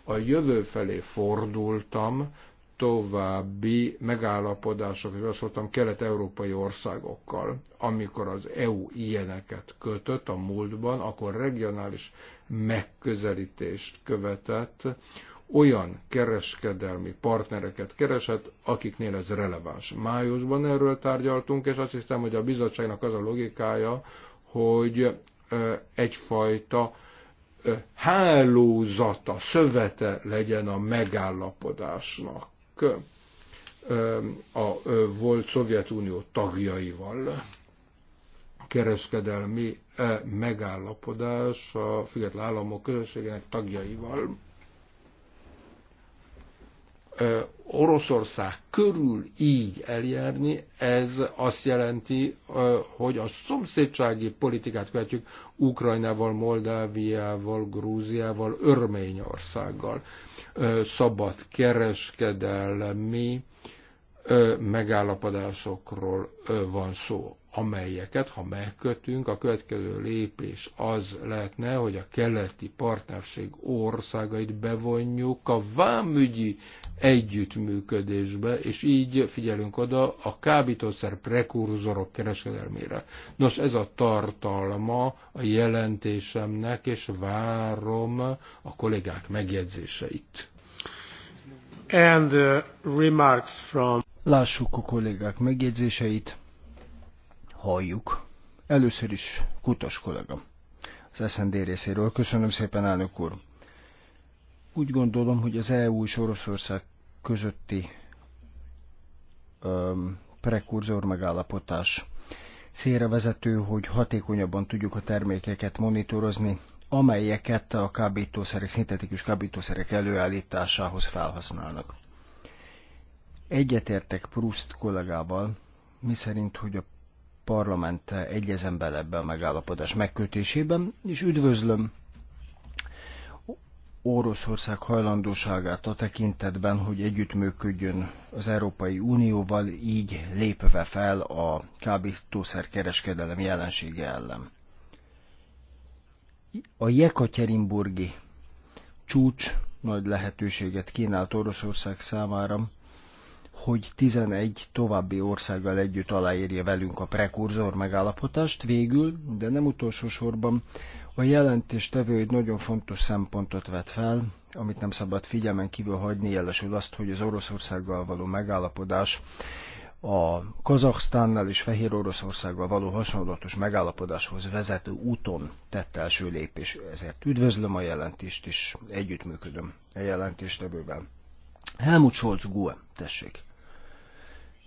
A jövő felé fordultam, további megállapodások, és azt mondtam, kelet-európai országokkal. Amikor az EU ilyeneket kötött a múltban, akkor regionális megközelítést követett, olyan kereskedelmi partnereket keresett, akiknél ez releváns. Májusban erről tárgyaltunk, és azt hiszem, hogy a bizottságnak az a logikája, hogy egyfajta hálózata, szövete legyen a megállapodásnak a volt Szovjetunió tagjaival kereskedelmi e, megállapodás a független államok közösségének tagjaival. E, Oroszország körül így eljárni, ez azt jelenti, e, hogy a szomszédsági politikát követjük Ukrajnával, Moldáviával, Grúziával, Örményországgal. Szabad kereskedelmi megállapodásokról van szó amelyeket, ha megkötünk, a következő lépés az lehetne, hogy a keleti partnerség országait bevonjuk a vámügyi együttműködésbe, és így figyelünk oda a kábítószer prekurzorok kereskedelmére. Nos, ez a tartalma a jelentésemnek, és várom a kollégák megjegyzéseit. And the uh, remarks from... Lássuk a kollégák megjegyzéseit halljuk. Először is Kutas kollega az SND részéről. Köszönöm szépen, elnök úr. Úgy gondolom, hogy az EU és Oroszország közötti öm, prekurzor megállapotás célra vezető, hogy hatékonyabban tudjuk a termékeket monitorozni, amelyeket a kábítószerek, szintetikus kábítószerek előállításához felhasználnak. Egyetértek Proust kollégával, miszerint, hogy a parlament egyezem bele ebbe a megállapodás megkötésében, és üdvözlöm Oroszország hajlandóságát a tekintetben, hogy együttműködjön az Európai Unióval, így lépve fel a kábítószer kereskedelem jelensége ellen. A Jekaterinburgi csúcs nagy lehetőséget kínált Oroszország számára, hogy 11 további országgal együtt aláírja velünk a prekurzor megállapotást. Végül, de nem utolsó sorban, a jelentéstevő egy nagyon fontos szempontot vet fel, amit nem szabad figyelmen kívül hagyni, jelesül azt, hogy az Oroszországgal való megállapodás a Kazaksztánnal és Fehér Oroszországgal való hasonlatos megállapodáshoz vezető úton tett első lépés. Ezért üdvözlöm a jelentést, és együttműködöm a jelentéstevővel. Helmut Scholz Gue, tessék.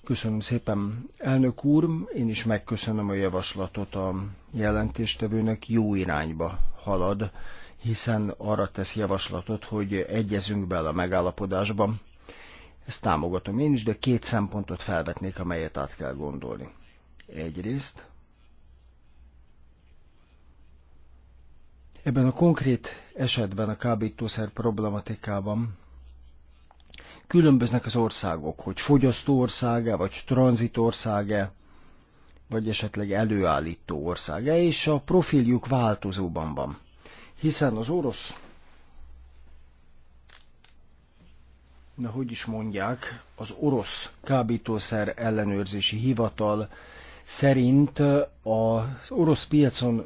Köszönöm szépen, elnök úr, én is megköszönöm a javaslatot a jelentéstevőnek, jó irányba halad, hiszen arra tesz javaslatot, hogy egyezünk bele a megállapodásban. Ezt támogatom én is, de két szempontot felvetnék, amelyet át kell gondolni. Egyrészt, ebben a konkrét esetben a kábítószer problematikában Különböznek az országok, hogy fogyasztó országe, vagy tranzit országe, vagy esetleg előállító országe, és a profiljuk változóban van. Hiszen az orosz, na hogy is mondják, az orosz kábítószer ellenőrzési hivatal szerint az orosz piacon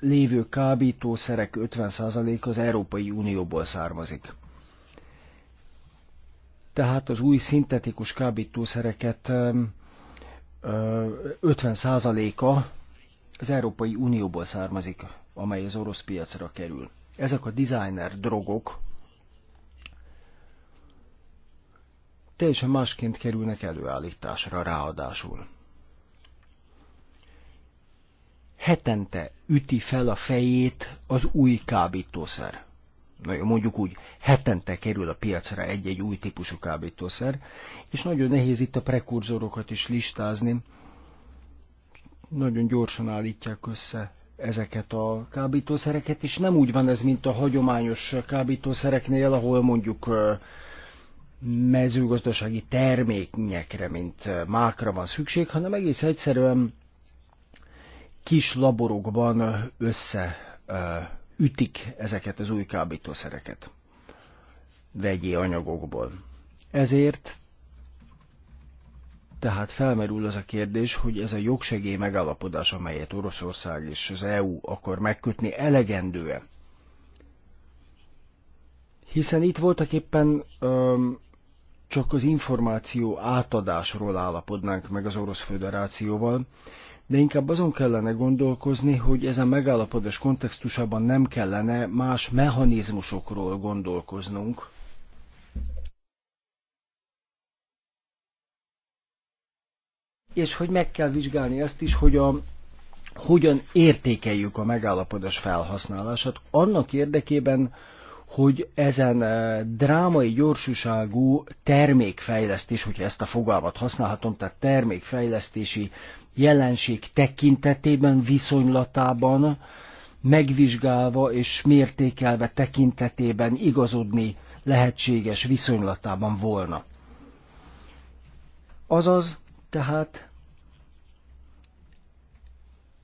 lévő kábítószerek 50% az Európai Unióból származik tehát az új szintetikus kábítószereket 50%-a az Európai Unióból származik, amely az orosz piacra kerül. Ezek a designer drogok teljesen másként kerülnek előállításra ráadásul. Hetente üti fel a fejét az új kábítószer mondjuk úgy, hetente kerül a piacra egy-egy új típusú kábítószer, és nagyon nehéz itt a prekurzorokat is listázni. Nagyon gyorsan állítják össze ezeket a kábítószereket, és nem úgy van ez, mint a hagyományos kábítószereknél, ahol mondjuk mezőgazdasági terméknyekre, mint mákra van szükség, hanem egész egyszerűen kis laborokban össze ütik ezeket az új kábítószereket vegyi anyagokból. Ezért tehát felmerül az a kérdés, hogy ez a jogsegély megállapodás, amelyet Oroszország és az EU akar megkötni, elegendő-e? Hiszen itt voltak éppen öm, csak az információ átadásról állapodnánk meg az Orosz Föderációval, de inkább azon kellene gondolkozni, hogy ezen megállapodás kontextusában nem kellene más mechanizmusokról gondolkoznunk, és hogy meg kell vizsgálni ezt is, hogy a, hogyan értékeljük a megállapodás felhasználását annak érdekében, hogy ezen drámai gyorsúságú termékfejlesztés, hogyha ezt a fogalmat használhatom, tehát termékfejlesztési jelenség tekintetében, viszonylatában, megvizsgálva és mértékelve tekintetében igazodni lehetséges viszonylatában volna. Azaz, tehát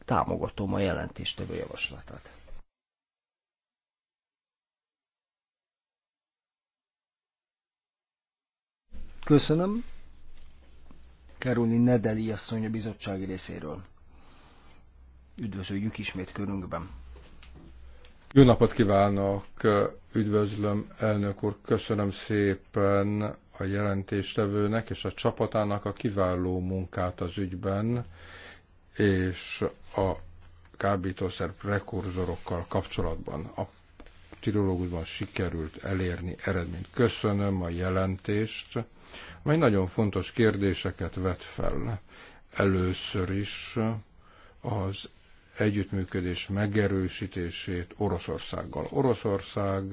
támogatom a jelentéstevő javaslatát. Köszönöm. Karolin Nedeli asszony a bizottság részéről. Üdvözöljük ismét körünkben. Jó napot kívánok, üdvözlöm elnök úr, köszönöm szépen a jelentéstevőnek és a csapatának a kiváló munkát az ügyben, és a kábítószer prekurzorokkal kapcsolatban. A tirológusban sikerült elérni eredményt. Köszönöm a jelentést, mely nagyon fontos kérdéseket vet fel. Először is az együttműködés megerősítését Oroszországgal. Oroszország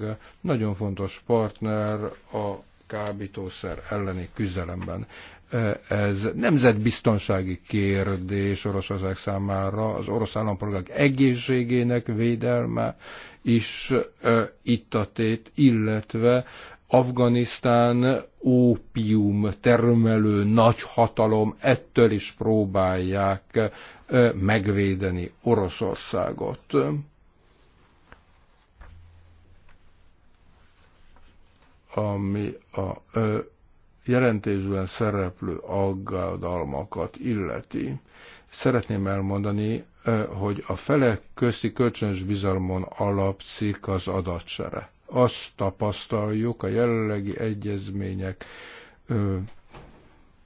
nagyon fontos partner a kábítószer elleni küzdelemben. Ez nemzetbiztonsági kérdés Oroszország számára, az orosz állampolgárok egészségének védelme is itt a tét, illetve Afganisztán ópium termelő nagyhatalom, ettől is próbálják megvédeni Oroszországot. Ami a jelentésben szereplő aggodalmakat illeti. Szeretném elmondani, hogy a felek közti kölcsönös bizalmon alapszik az adatsere azt tapasztaljuk a jelenlegi egyezmények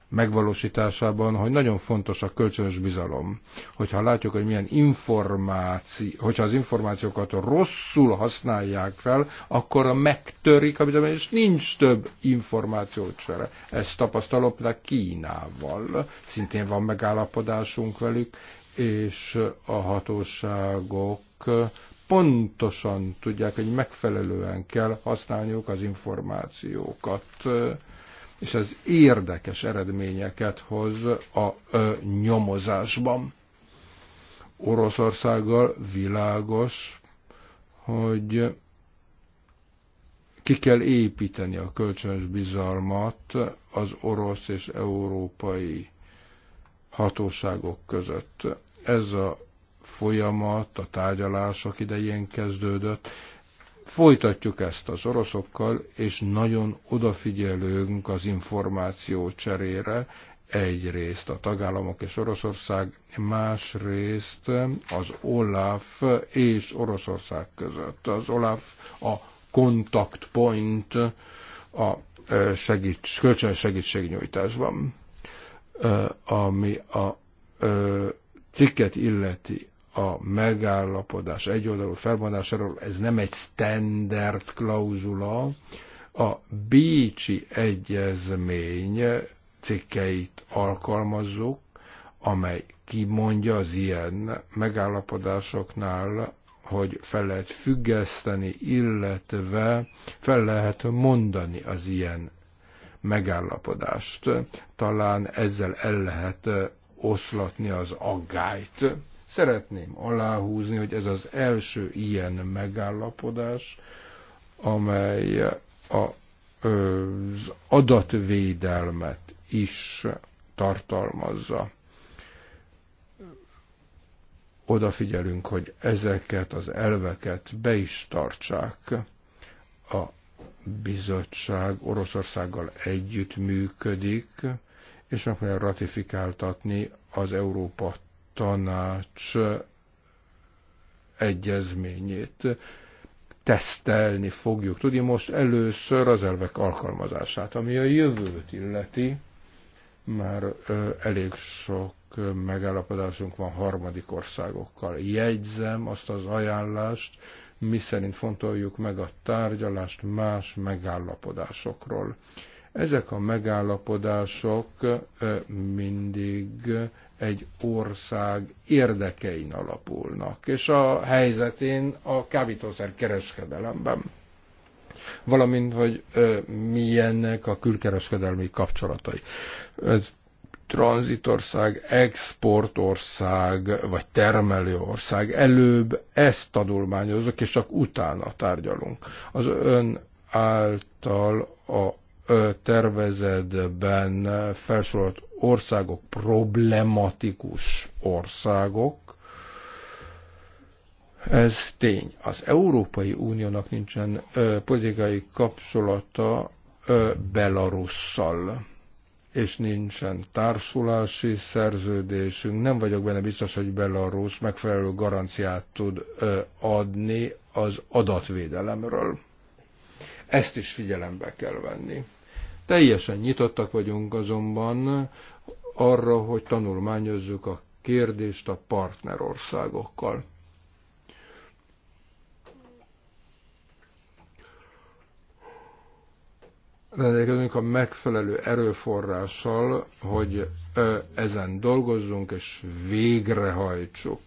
megvalósításában, hogy nagyon fontos a kölcsönös bizalom. Hogyha látjuk, hogy milyen információ, hogyha az információkat rosszul használják fel, akkor megtörik a bizalom, és nincs több információcsere. Ezt tapasztalom de Kínával. Szintén van megállapodásunk velük, és a hatóságok pontosan tudják, hogy megfelelően kell használniuk az információkat, és ez érdekes eredményeket hoz a nyomozásban. Oroszországgal világos, hogy ki kell építeni a kölcsönös bizalmat az orosz és európai hatóságok között. Ez a folyamat a tárgyalások idején kezdődött. Folytatjuk ezt az oroszokkal, és nagyon odafigyelünk az információ cserére, egyrészt a tagállamok és Oroszország, másrészt az OLAF és Oroszország között. Az OLAF a contact point a e, segíts, kölcsönös segítségnyújtásban, e, ami a e, cikket illeti a megállapodás egyoldalú felmondásáról, ez nem egy standard klauzula, a Bécsi Egyezmény cikkeit alkalmazzuk, amely kimondja az ilyen megállapodásoknál, hogy fel lehet függeszteni, illetve fel lehet mondani az ilyen megállapodást. Talán ezzel el lehet oszlatni az aggályt Szeretném aláhúzni, hogy ez az első ilyen megállapodás, amely a, az adatvédelmet is tartalmazza. Odafigyelünk, hogy ezeket az elveket be is tartsák a bizottság Oroszországgal együtt működik, és kell ratifikáltatni az Európa tanács egyezményét tesztelni fogjuk tudni most először az elvek alkalmazását, ami a jövőt illeti, már elég sok megállapodásunk van harmadik országokkal. Jegyzem azt az ajánlást, szerint fontoljuk meg a tárgyalást más megállapodásokról. Ezek a megállapodások mindig egy ország érdekein alapulnak, és a helyzetén a kábítószer kereskedelemben, valamint, hogy ö, milyennek a külkereskedelmi kapcsolatai. Ez tranzitország, exportország vagy termelőország. Előbb ezt tanulmányozok, és csak utána tárgyalunk. Az ön által a tervezetben felsorolt országok, problematikus országok, ez tény. Az Európai Uniónak nincsen ö, politikai kapcsolata ö, Belarusszal, és nincsen társulási szerződésünk. Nem vagyok benne biztos, hogy Belarus megfelelő garanciát tud ö, adni az adatvédelemről. Ezt is figyelembe kell venni. Teljesen nyitottak vagyunk azonban arra, hogy tanulmányozzuk a kérdést a partnerországokkal. rendelkezünk a megfelelő erőforrással, hogy ezen dolgozzunk és végrehajtsuk.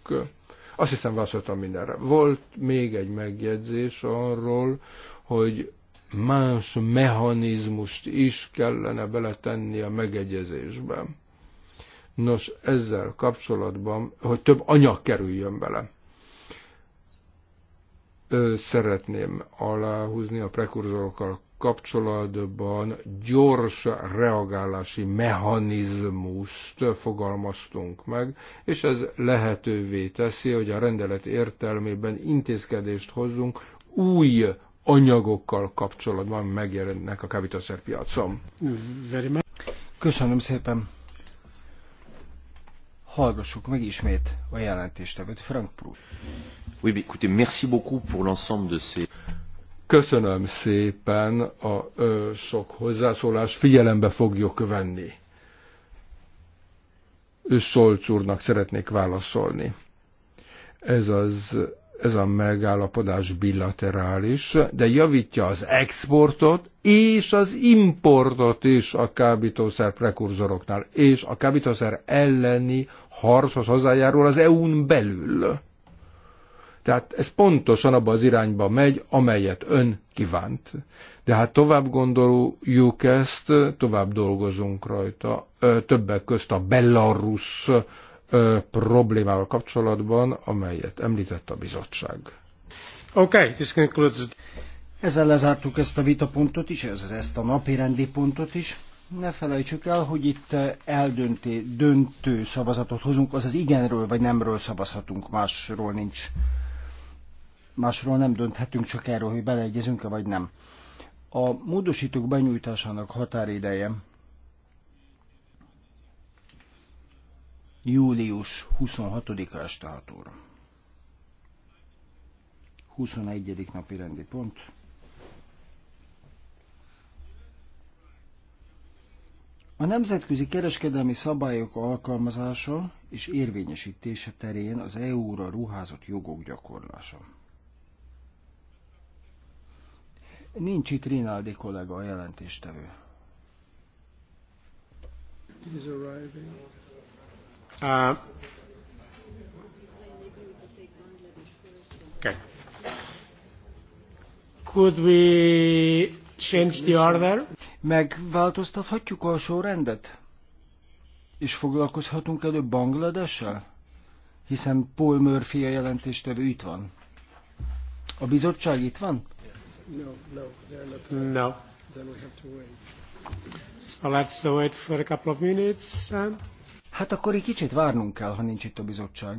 Azt hiszem válaszoltam mindenre. Volt még egy megjegyzés arról, hogy más mechanizmust is kellene beletenni a megegyezésbe. Nos, ezzel kapcsolatban, hogy több anyag kerüljön bele. Szeretném aláhúzni a prekurzorokkal kapcsolatban gyors reagálási mechanizmust fogalmaztunk meg, és ez lehetővé teszi, hogy a rendelet értelmében intézkedést hozzunk új anyagokkal kapcsolatban megjelennek a kábítószerpiacon. Köszönöm szépen. Hallgassuk meg ismét a jelentéstevőt, Frank Proof. Oui, mais écoutez, merci beaucoup pour l'ensemble de ces... Köszönöm szépen a ö, sok hozzászólás, figyelembe fogjuk venni. Solc úrnak szeretnék válaszolni. Ez az ez a megállapodás bilaterális, de javítja az exportot és az importot is a kábítószer prekurzoroknál, és a kábítószer elleni harchoz hozzájárul az EU-n belül. Tehát ez pontosan abba az irányba megy, amelyet ön kívánt. De hát tovább gondoljuk ezt, tovább dolgozunk rajta, többek közt a Belarus ö, problémával kapcsolatban, amelyet említett a bizottság. Okay, this concludes. Ezzel lezártuk ezt a vitapontot is, ez, ezt a napi rendi pontot is. Ne felejtsük el, hogy itt eldönti, döntő szavazatot hozunk, azaz igenről vagy nemről szavazhatunk, másról nincs. Másról nem dönthetünk, csak erről, hogy beleegyezünk-e vagy nem. A módosítók benyújtásának határideje július 26-a este 6 óra. 21. napi rendi pont. A nemzetközi kereskedelmi szabályok alkalmazása és érvényesítése terén az EU-ra ruházott jogok gyakorlása. Nincs itt Rinaldi kollega a jelentéstevő. He's arriving. Uh, okay. Could we change the order? Megváltoztathatjuk a sorrendet? És foglalkozhatunk előbb Bangladessel? Hiszen Paul Murphy a jelentéstevő itt van. A bizottság itt van? No, no, they're not there. No. Then we have to wait. So let's wait for a couple of minutes. And... Uh, Hát akkor egy kicsit várnunk kell, ha nincs itt a bizottság.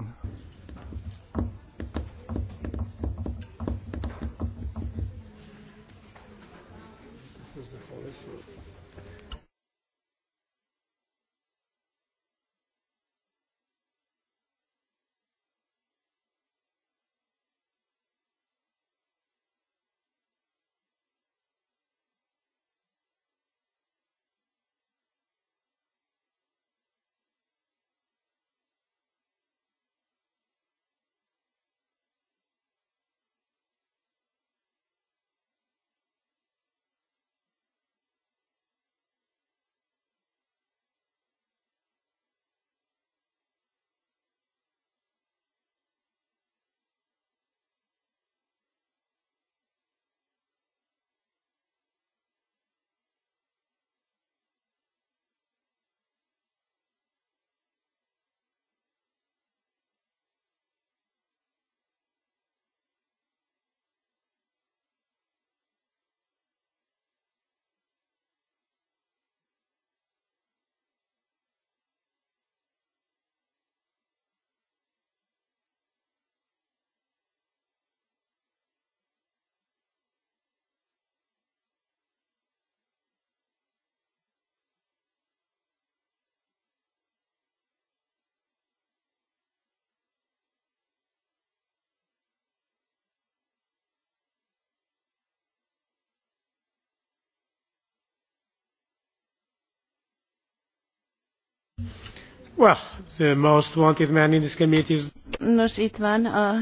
Nos, itt van a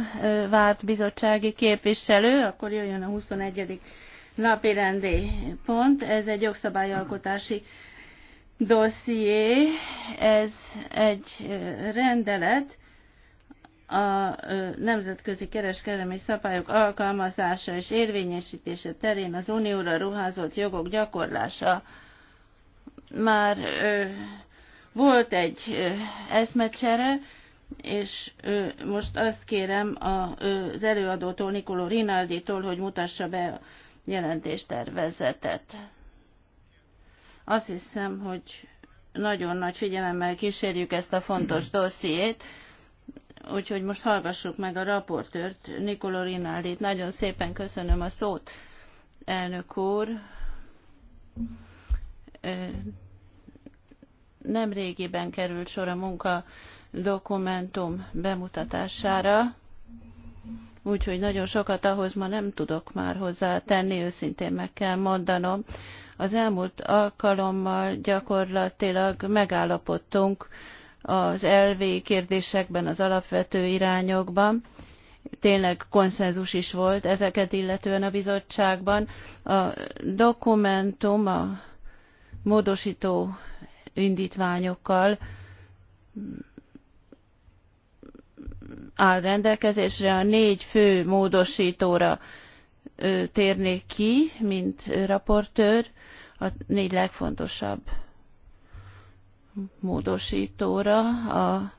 várt bizottsági képviselő, akkor jöjjön a 21. napi rendi pont. Ez egy jogszabályalkotási dosszié, ez egy rendelet, a nemzetközi kereskedelmi szabályok alkalmazása és érvényesítése terén az unióra ruházott jogok gyakorlása már volt egy eszmecsere, és most azt kérem az előadótól, Nikoló Rinaldi-tól, hogy mutassa be a jelentéstervezetet. Azt hiszem, hogy nagyon nagy figyelemmel kísérjük ezt a fontos dossziét, úgyhogy most hallgassuk meg a raportőrt, Nikoló Rinaldit. Nagyon szépen köszönöm a szót, elnök úr nem régiben került sor a munka dokumentum bemutatására, úgyhogy nagyon sokat ahhoz ma nem tudok már hozzá tenni, őszintén meg kell mondanom. Az elmúlt alkalommal gyakorlatilag megállapodtunk az elvi kérdésekben, az alapvető irányokban, tényleg konszenzus is volt ezeket illetően a bizottságban. A dokumentum, a módosító indítványokkal áll rendelkezésre. A négy fő módosítóra térnék ki, mint raportőr, a négy legfontosabb módosítóra a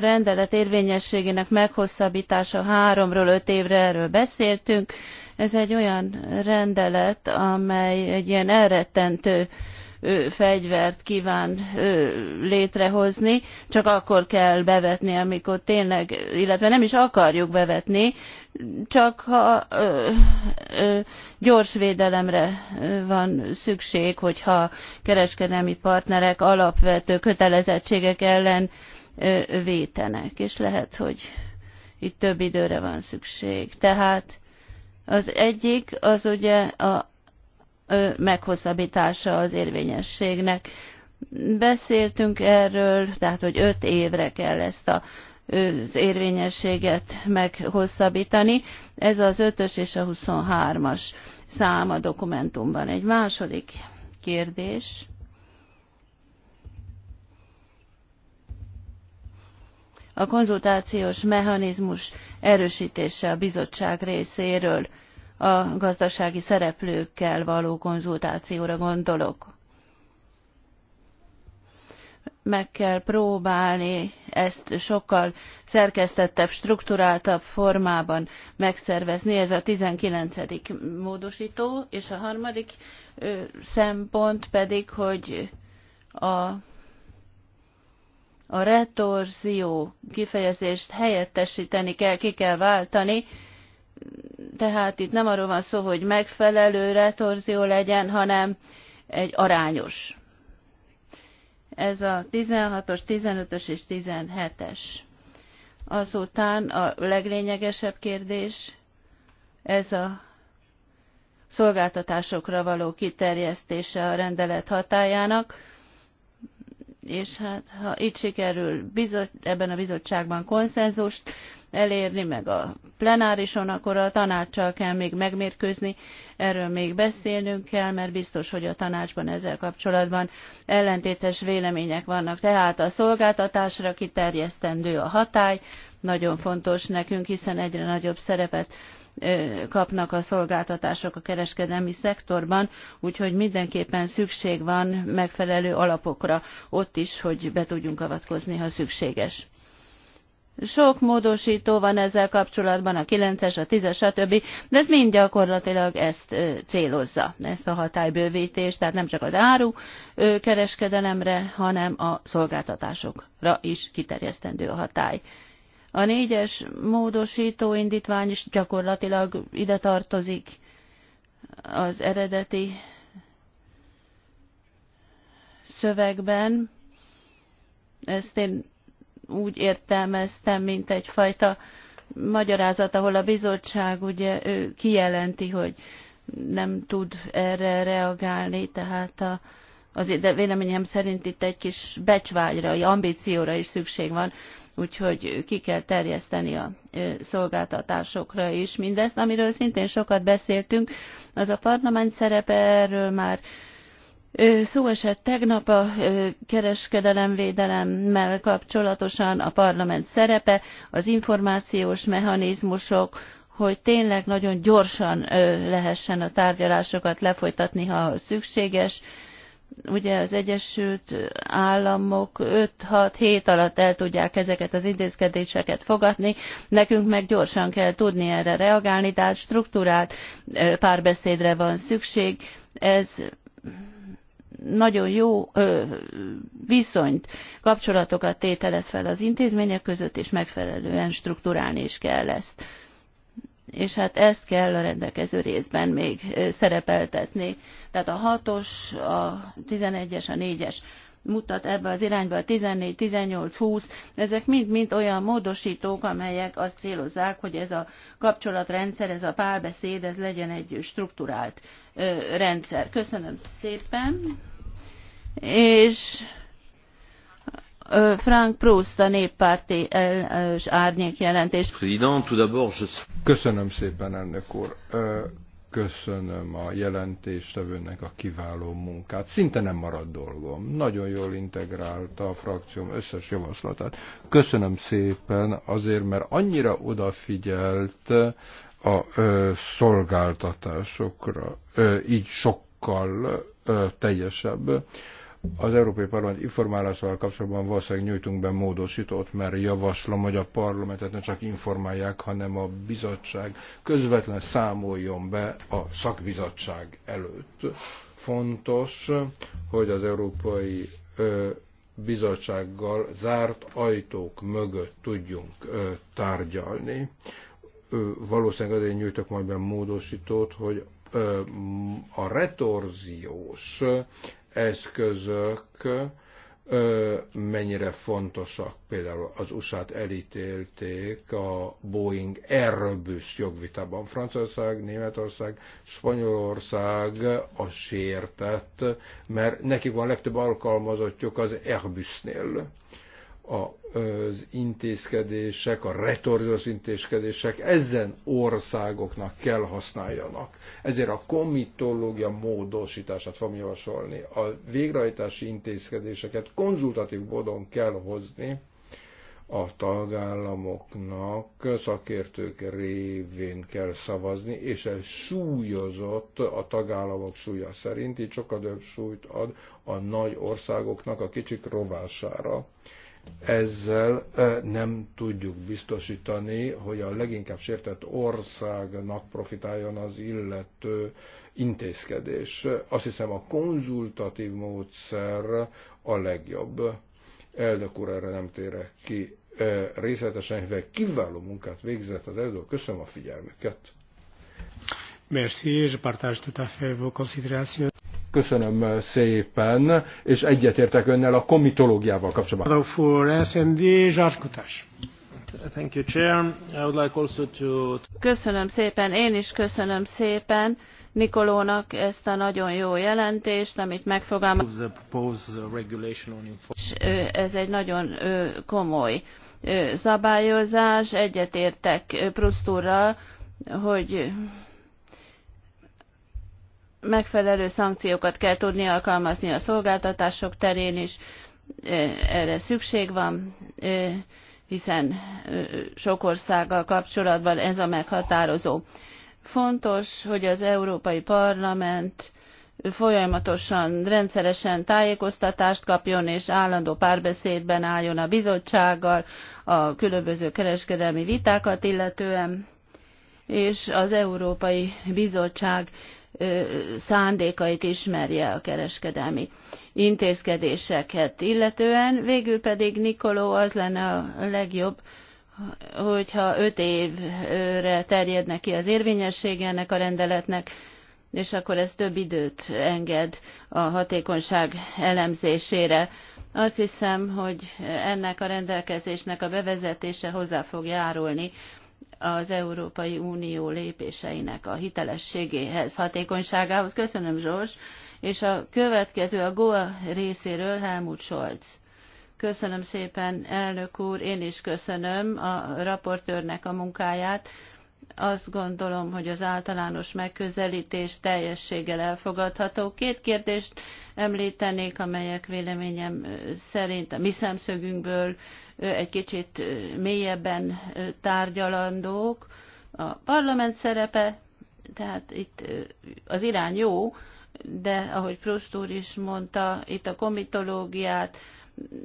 rendelet érvényességének meghosszabbítása háromról öt évre erről beszéltünk. Ez egy olyan rendelet, amely egy ilyen elrettentő fegyvert kíván létrehozni, csak akkor kell bevetni, amikor tényleg, illetve nem is akarjuk bevetni, csak ha gyors védelemre van szükség, hogyha kereskedelmi partnerek alapvető kötelezettségek ellen vétenek, és lehet, hogy itt több időre van szükség. Tehát az egyik, az ugye a meghosszabbítása az érvényességnek. Beszéltünk erről, tehát hogy öt évre kell ezt a az érvényességet meghosszabbítani. Ez az 5-ös és a 23-as szám a dokumentumban. Egy második kérdés. A konzultációs mechanizmus erősítése a bizottság részéről a gazdasági szereplőkkel való konzultációra gondolok. Meg kell próbálni ezt sokkal szerkesztettebb, strukturáltabb formában megszervezni. Ez a 19. módosító, és a harmadik szempont pedig, hogy a a retorzió kifejezést helyettesíteni kell, ki kell váltani, tehát itt nem arról van szó, hogy megfelelő retorzió legyen, hanem egy arányos. Ez a 16-os, 15-ös és 17-es. Azután a leglényegesebb kérdés, ez a szolgáltatásokra való kiterjesztése a rendelet hatájának és hát ha itt sikerül bizot, ebben a bizottságban konszenzust elérni, meg a plenárison, akkor a tanácssal kell még megmérkőzni, erről még beszélnünk kell, mert biztos, hogy a tanácsban ezzel kapcsolatban ellentétes vélemények vannak. Tehát a szolgáltatásra kiterjesztendő a hatály, nagyon fontos nekünk, hiszen egyre nagyobb szerepet kapnak a szolgáltatások a kereskedelmi szektorban, úgyhogy mindenképpen szükség van megfelelő alapokra ott is, hogy be tudjunk avatkozni, ha szükséges. Sok módosító van ezzel kapcsolatban, a 9-es, a 10-es, stb., de ez mind gyakorlatilag ezt célozza, ezt a hatálybővítést, tehát nem csak az áru kereskedelemre, hanem a szolgáltatásokra is kiterjesztendő a hatály. A négyes módosító indítvány is gyakorlatilag ide tartozik az eredeti szövegben. Ezt én úgy értelmeztem, mint egyfajta magyarázat, ahol a bizottság ugye ő kijelenti, hogy nem tud erre reagálni, tehát a, azért de véleményem szerint itt egy kis becsvágyra, ambícióra is szükség van úgyhogy ki kell terjeszteni a szolgáltatásokra is mindezt. Amiről szintén sokat beszéltünk, az a parlament szerepe, erről már Szó esett tegnap a kereskedelemvédelemmel kapcsolatosan a parlament szerepe, az információs mechanizmusok, hogy tényleg nagyon gyorsan lehessen a tárgyalásokat lefolytatni, ha szükséges ugye az Egyesült Államok 5-6 hét alatt el tudják ezeket az intézkedéseket fogadni, nekünk meg gyorsan kell tudni erre reagálni, tehát struktúrált párbeszédre van szükség. Ez nagyon jó ö, viszonyt, kapcsolatokat tételez fel az intézmények között, és megfelelően strukturálni is kell ezt és hát ezt kell a rendelkező részben még szerepeltetni. Tehát a 6-os, a 11-es, a 4-es mutat ebbe az irányba, a 14, 18, 20, ezek mind-mind olyan módosítók, amelyek azt célozzák, hogy ez a kapcsolatrendszer, ez a párbeszéd, ez legyen egy strukturált ö, rendszer. Köszönöm szépen, és Frank Proust, a néppárti árnyék jelentés. Köszönöm szépen, elnök úr. Köszönöm a jelentéstevőnek a kiváló munkát. Szinte nem maradt dolgom. Nagyon jól integrálta a frakcióm összes javaslatát. Köszönöm szépen azért, mert annyira odafigyelt a ö, szolgáltatásokra, ö, így sokkal ö, teljesebb. Az Európai Parlament informálásával kapcsolatban valószínűleg nyújtunk be módosítót, mert javaslom, hogy a parlamentet ne csak informálják, hanem a bizottság közvetlen számoljon be a szakbizottság előtt. Fontos, hogy az Európai Bizottsággal zárt ajtók mögött tudjunk tárgyalni. Valószínűleg azért nyújtok majd be módosítót, hogy a retorziós eszközök mennyire fontosak. Például az USA-t elítélték a Boeing Airbus jogvitában. Franciaország, Németország, Spanyolország a sértett, mert nekik van legtöbb alkalmazottjuk az Airbusnél az intézkedések, a retorziós intézkedések ezen országoknak kell használjanak. Ezért a komitológia módosítását fogom javasolni. A végrehajtási intézkedéseket konzultatív módon kell hozni a tagállamoknak szakértők révén kell szavazni, és ez súlyozott a tagállamok súlya szerint, így sokkal több súlyt ad a nagy országoknak a kicsik rovására ezzel nem tudjuk biztosítani, hogy a leginkább sértett országnak profitáljon az illető intézkedés. Azt hiszem a konzultatív módszer a legjobb. Elnök úr, erre nem térek ki részletesen, mivel kiváló munkát végzett az előadó. Köszönöm a figyelmüket. Merci, je partage tout à fait vos considérations. Köszönöm szépen, és egyetértek önnel a komitológiával kapcsolatban. Thank you, Chair. I would like also to... Köszönöm szépen, én is köszönöm szépen Nikolónak ezt a nagyon jó jelentést, amit megfogalmaz. Ez egy nagyon komoly szabályozás, egyetértek Prusztúrral, hogy megfelelő szankciókat kell tudni alkalmazni a szolgáltatások terén is, erre szükség van, hiszen sok országgal kapcsolatban ez a meghatározó. Fontos, hogy az Európai Parlament folyamatosan, rendszeresen tájékoztatást kapjon és állandó párbeszédben álljon a bizottsággal a különböző kereskedelmi vitákat illetően, és az Európai Bizottság szándékait ismerje a kereskedelmi intézkedéseket. Illetően végül pedig Nikoló az lenne a legjobb, hogyha öt évre terjedne ki az érvényessége ennek a rendeletnek, és akkor ez több időt enged a hatékonyság elemzésére. Azt hiszem, hogy ennek a rendelkezésnek a bevezetése hozzá fog járulni az Európai Unió lépéseinek a hitelességéhez, hatékonyságához. Köszönöm, Zsors. És a következő a GOA részéről Helmut Scholz. Köszönöm szépen, elnök úr, én is köszönöm a raportőrnek a munkáját azt gondolom, hogy az általános megközelítés teljességgel elfogadható. Két kérdést említenék, amelyek véleményem szerint a mi szemszögünkből egy kicsit mélyebben tárgyalandók. A parlament szerepe, tehát itt az irány jó, de ahogy Prost úr is mondta, itt a komitológiát,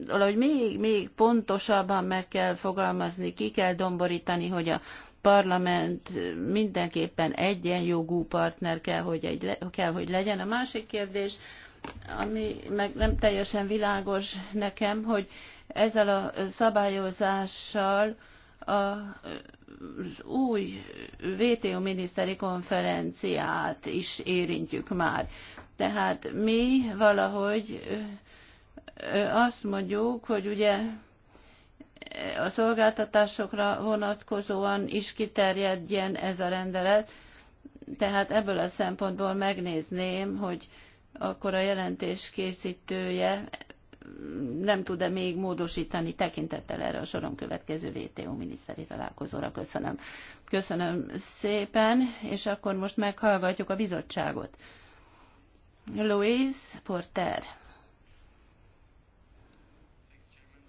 valahogy még, még pontosabban meg kell fogalmazni, ki kell domborítani, hogy a parlament mindenképpen egyenjogú partner kell, hogy, egy, kell, hogy legyen. A másik kérdés, ami meg nem teljesen világos nekem, hogy ezzel a szabályozással az új VTO miniszteri konferenciát is érintjük már. Tehát mi valahogy azt mondjuk, hogy ugye a szolgáltatásokra vonatkozóan is kiterjedjen ez a rendelet, tehát ebből a szempontból megnézném, hogy akkor a jelentés készítője nem tud-e még módosítani tekintettel erre a soron következő VTO miniszteri találkozóra. Köszönöm. Köszönöm szépen, és akkor most meghallgatjuk a bizottságot. Louise Porter.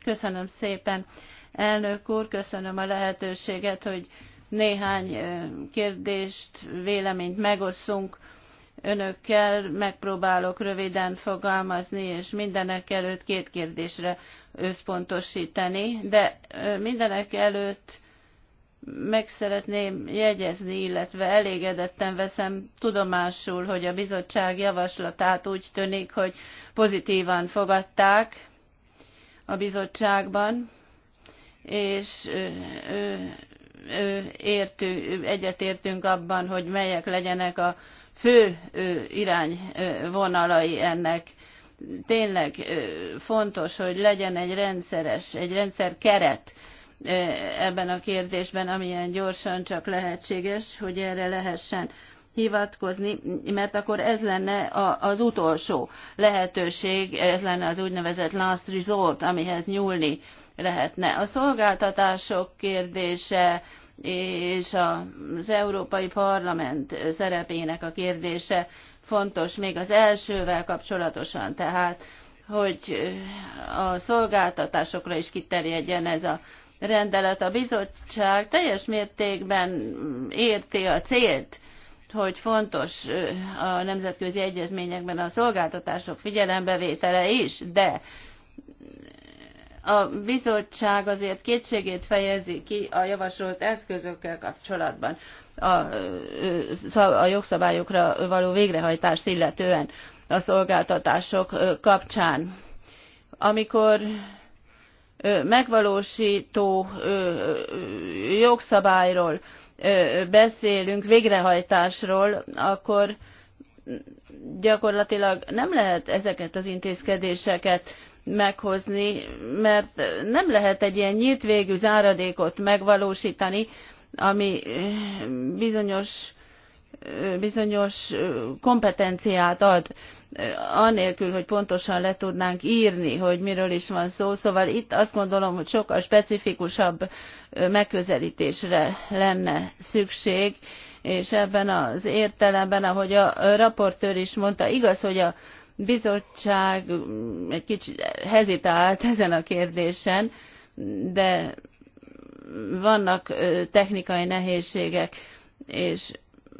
Köszönöm szépen, elnök úr, köszönöm a lehetőséget, hogy néhány kérdést, véleményt megosszunk önökkel, megpróbálok röviden fogalmazni, és mindenek előtt két kérdésre összpontosítani, de mindenek előtt meg szeretném jegyezni, illetve elégedetten veszem tudomásul, hogy a bizottság javaslatát úgy tűnik, hogy pozitívan fogadták, a bizottságban, és értő, egyetértünk abban, hogy melyek legyenek a fő irányvonalai ennek. Tényleg fontos, hogy legyen egy rendszeres, egy rendszer keret ebben a kérdésben, amilyen gyorsan csak lehetséges, hogy erre lehessen hivatkozni, mert akkor ez lenne a, az utolsó lehetőség, ez lenne az úgynevezett last resort, amihez nyúlni lehetne. A szolgáltatások kérdése és az Európai Parlament szerepének a kérdése fontos még az elsővel kapcsolatosan, tehát hogy a szolgáltatásokra is kiterjedjen ez a rendelet. A bizottság teljes mértékben érti a célt, hogy fontos a nemzetközi egyezményekben a szolgáltatások figyelembevétele is, de a bizottság azért kétségét fejezi ki a javasolt eszközökkel kapcsolatban a, a jogszabályokra való végrehajtást illetően a szolgáltatások kapcsán. Amikor megvalósító jogszabályról beszélünk végrehajtásról, akkor gyakorlatilag nem lehet ezeket az intézkedéseket meghozni, mert nem lehet egy ilyen nyílt végű záradékot megvalósítani, ami bizonyos bizonyos kompetenciát ad, anélkül, hogy pontosan le tudnánk írni, hogy miről is van szó. Szóval itt azt gondolom, hogy sokkal specifikusabb megközelítésre lenne szükség, és ebben az értelemben, ahogy a raportőr is mondta, igaz, hogy a bizottság egy kicsit hezitált ezen a kérdésen, de vannak technikai nehézségek, és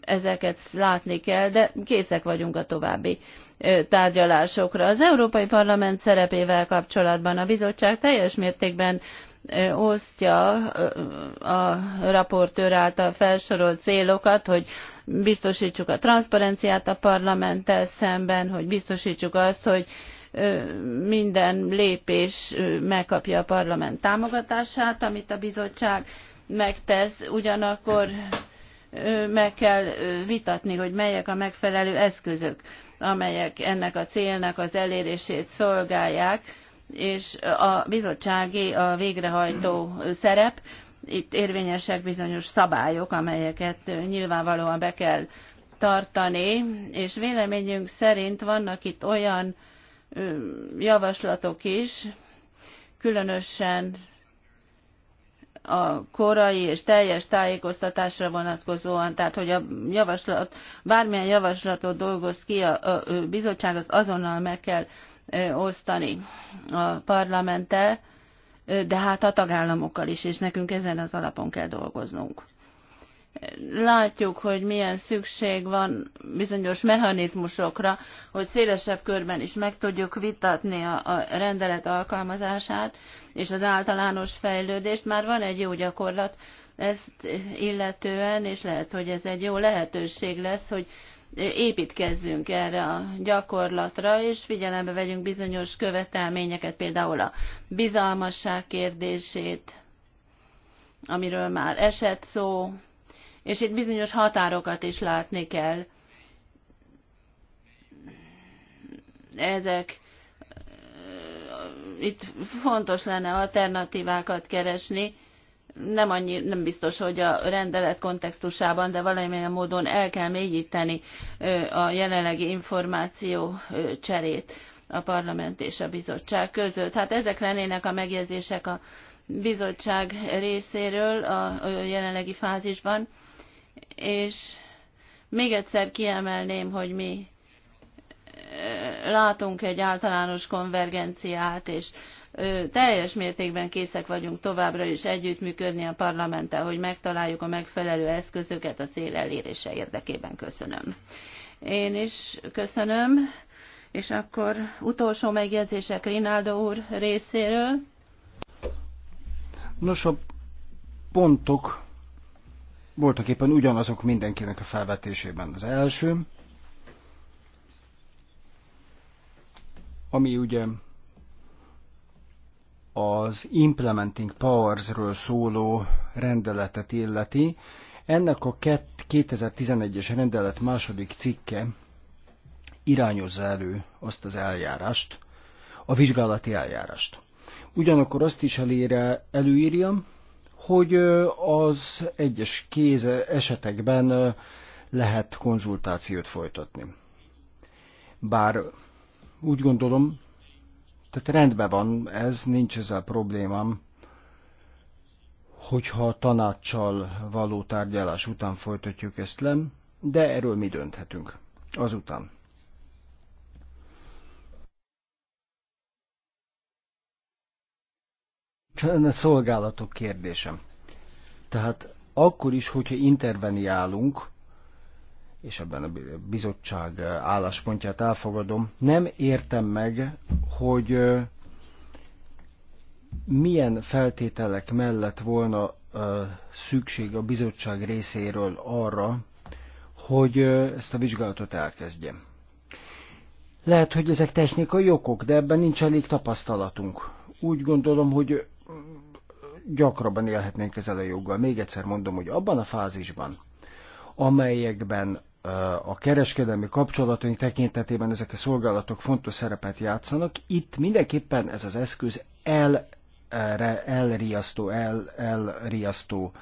ezeket látni kell, de készek vagyunk a további tárgyalásokra. Az Európai Parlament szerepével kapcsolatban a bizottság teljes mértékben osztja a raportőr által felsorolt célokat, hogy biztosítsuk a transzparenciát a parlamenttel szemben, hogy biztosítsuk azt, hogy minden lépés megkapja a parlament támogatását, amit a bizottság megtesz, ugyanakkor meg kell vitatni, hogy melyek a megfelelő eszközök, amelyek ennek a célnak az elérését szolgálják, és a bizottsági, a végrehajtó szerep, itt érvényesek bizonyos szabályok, amelyeket nyilvánvalóan be kell tartani, és véleményünk szerint vannak itt olyan javaslatok is, különösen a korai és teljes tájékoztatásra vonatkozóan, tehát hogy a javaslat, bármilyen javaslatot dolgoz ki a, a, a bizottság, az azonnal meg kell ö, osztani a parlamenttel, de hát a tagállamokkal is, és nekünk ezen az alapon kell dolgoznunk látjuk, hogy milyen szükség van bizonyos mechanizmusokra, hogy szélesebb körben is meg tudjuk vitatni a, a rendelet alkalmazását és az általános fejlődést. Már van egy jó gyakorlat ezt illetően, és lehet, hogy ez egy jó lehetőség lesz, hogy építkezzünk erre a gyakorlatra, és figyelembe vegyünk bizonyos követelményeket, például a bizalmasság kérdését, amiről már esett szó, és itt bizonyos határokat is látni kell. Ezek eh, itt fontos lenne alternatívákat keresni. Nem, annyi, nem biztos, hogy a rendelet kontextusában, de valamilyen módon el kell mélyíteni eh, a jelenlegi információ eh, cserét a parlament és a bizottság között. Hát ezek lennének a megjegyzések a bizottság részéről a jelenlegi fázisban, és még egyszer kiemelném, hogy mi látunk egy általános konvergenciát, és teljes mértékben készek vagyunk továbbra is együttműködni a parlamenttel, hogy megtaláljuk a megfelelő eszközöket a cél elérése érdekében. Köszönöm. Én is köszönöm, és akkor utolsó megjegyzések Rinaldo úr részéről. Nos, a pontok voltak éppen ugyanazok mindenkinek a felvetésében. Az első, ami ugye az Implementing Powers-ről szóló rendeletet illeti. Ennek a 2011-es rendelet második cikke irányozza elő azt az eljárást, a vizsgálati eljárást. Ugyanakkor azt is elére, előírja, hogy az egyes kéz esetekben lehet konzultációt folytatni. Bár úgy gondolom, tehát rendben van ez, nincs ezzel problémám, hogyha a tanácssal való tárgyalás után folytatjuk ezt le, de erről mi dönthetünk azután. szolgálatok kérdésem. Tehát akkor is, hogyha interveniálunk, és ebben a bizottság álláspontját elfogadom, nem értem meg, hogy milyen feltételek mellett volna szükség a bizottság részéről arra, hogy ezt a vizsgálatot elkezdjem. Lehet, hogy ezek technikai okok, de ebben nincs elég tapasztalatunk. Úgy gondolom, hogy gyakrabban élhetnénk ezzel a joggal. Még egyszer mondom, hogy abban a fázisban, amelyekben a kereskedelmi kapcsolataink tekintetében ezek a szolgálatok fontos szerepet játszanak. Itt mindenképpen ez az eszköz el, elriasztó, el, elriasztó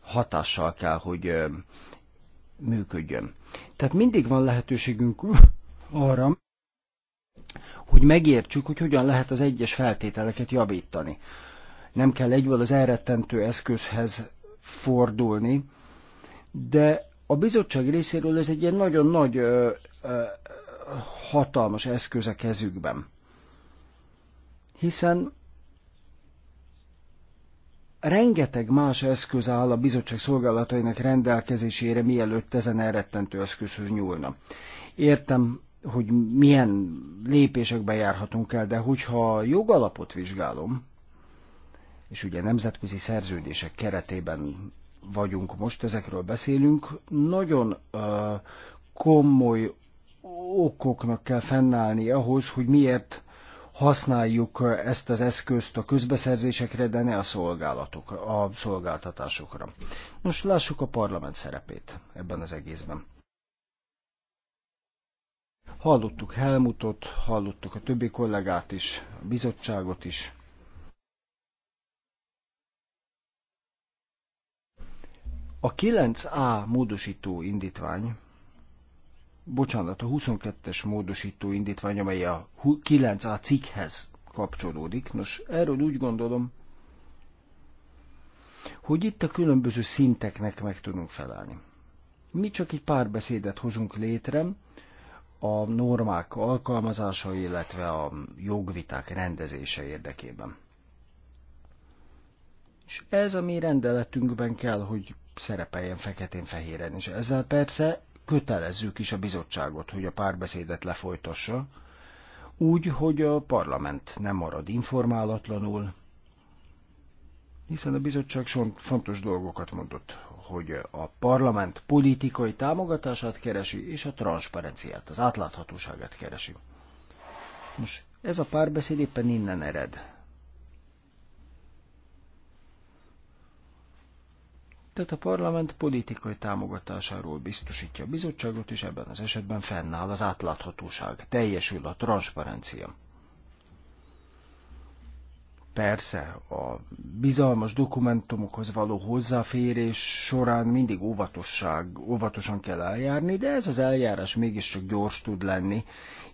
hatással kell, hogy működjön. Tehát mindig van lehetőségünk arra, hogy megértsük, hogy hogyan lehet az egyes feltételeket javítani nem kell egyből az elrettentő eszközhez fordulni, de a bizottság részéről ez egy ilyen nagyon nagy, ö, ö, hatalmas eszköz a kezükben. Hiszen rengeteg más eszköz áll a bizottság szolgálatainak rendelkezésére, mielőtt ezen elrettentő eszközhöz nyúlna. Értem, hogy milyen lépésekbe járhatunk el, de hogyha jogalapot vizsgálom, és ugye nemzetközi szerződések keretében vagyunk most, ezekről beszélünk, nagyon komoly okoknak kell fennállni ahhoz, hogy miért használjuk ezt az eszközt a közbeszerzésekre, de ne a, szolgálatok, a szolgáltatásokra. Most lássuk a parlament szerepét ebben az egészben. Hallottuk Helmutot, hallottuk a többi kollégát is, a bizottságot is, A 9A módosító indítvány, bocsánat, a 22-es módosító indítvány, amely a 9A cikkhez kapcsolódik. Nos, erről úgy gondolom, hogy itt a különböző szinteknek meg tudunk felelni. Mi csak egy pár beszédet hozunk létre, a normák alkalmazása, illetve a jogviták rendezése érdekében. És ez a mi rendeletünkben kell, hogy szerepeljen feketén-fehéren is. Ezzel persze kötelezzük is a bizottságot, hogy a párbeszédet lefolytassa, úgy, hogy a parlament nem marad informálatlanul, hiszen a bizottság fontos dolgokat mondott, hogy a parlament politikai támogatását keresi, és a transzparenciát, az átláthatóságát keresi. Nos, ez a párbeszéd éppen innen ered. tehát a parlament politikai támogatásáról biztosítja a bizottságot, és ebben az esetben fennáll az átláthatóság, teljesül a transzparencia. Persze, a bizalmas dokumentumokhoz való hozzáférés során mindig óvatosság, óvatosan kell eljárni, de ez az eljárás mégiscsak gyors tud lenni,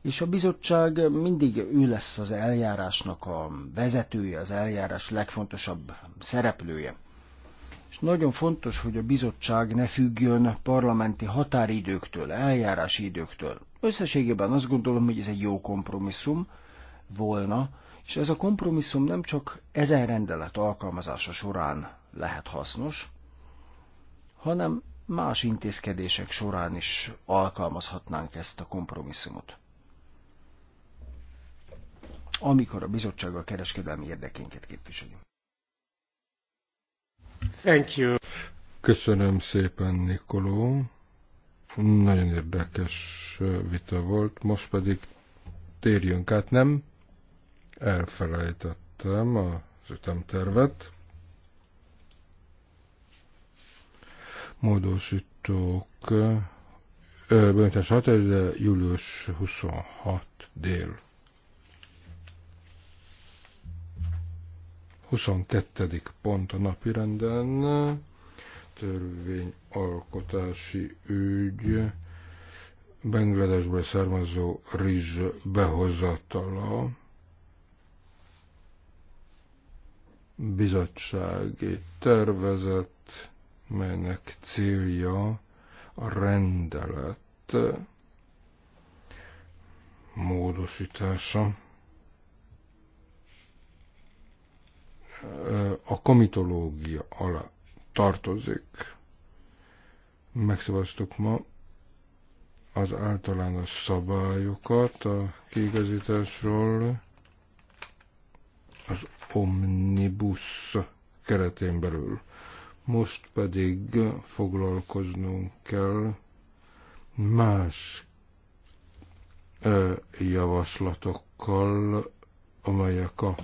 és a bizottság mindig ő lesz az eljárásnak a vezetője, az eljárás legfontosabb szereplője és nagyon fontos, hogy a bizottság ne függjön parlamenti határidőktől, eljárási időktől. Összességében azt gondolom, hogy ez egy jó kompromisszum volna, és ez a kompromisszum nem csak ezen rendelet alkalmazása során lehet hasznos, hanem más intézkedések során is alkalmazhatnánk ezt a kompromisszumot. Amikor a bizottság a kereskedelmi érdekénket képviseli. Thank you. Köszönöm szépen, Nikoló. Nagyon érdekes vita volt. Most pedig térjünk át, nem? Elfelejtettem az ütemtervet. Módosítók böntes 6, de július 26 dél. 22. pont a napirenden, törvényalkotási ügy, Bangladesből származó rizs behozatala, bizottsági tervezet, melynek célja a rendelet módosítása. a komitológia alá tartozik. Megszavaztuk ma az általános szabályokat a kiigazításról az omnibus keretén belül. Most pedig foglalkoznunk kell más javaslatokkal, amelyek a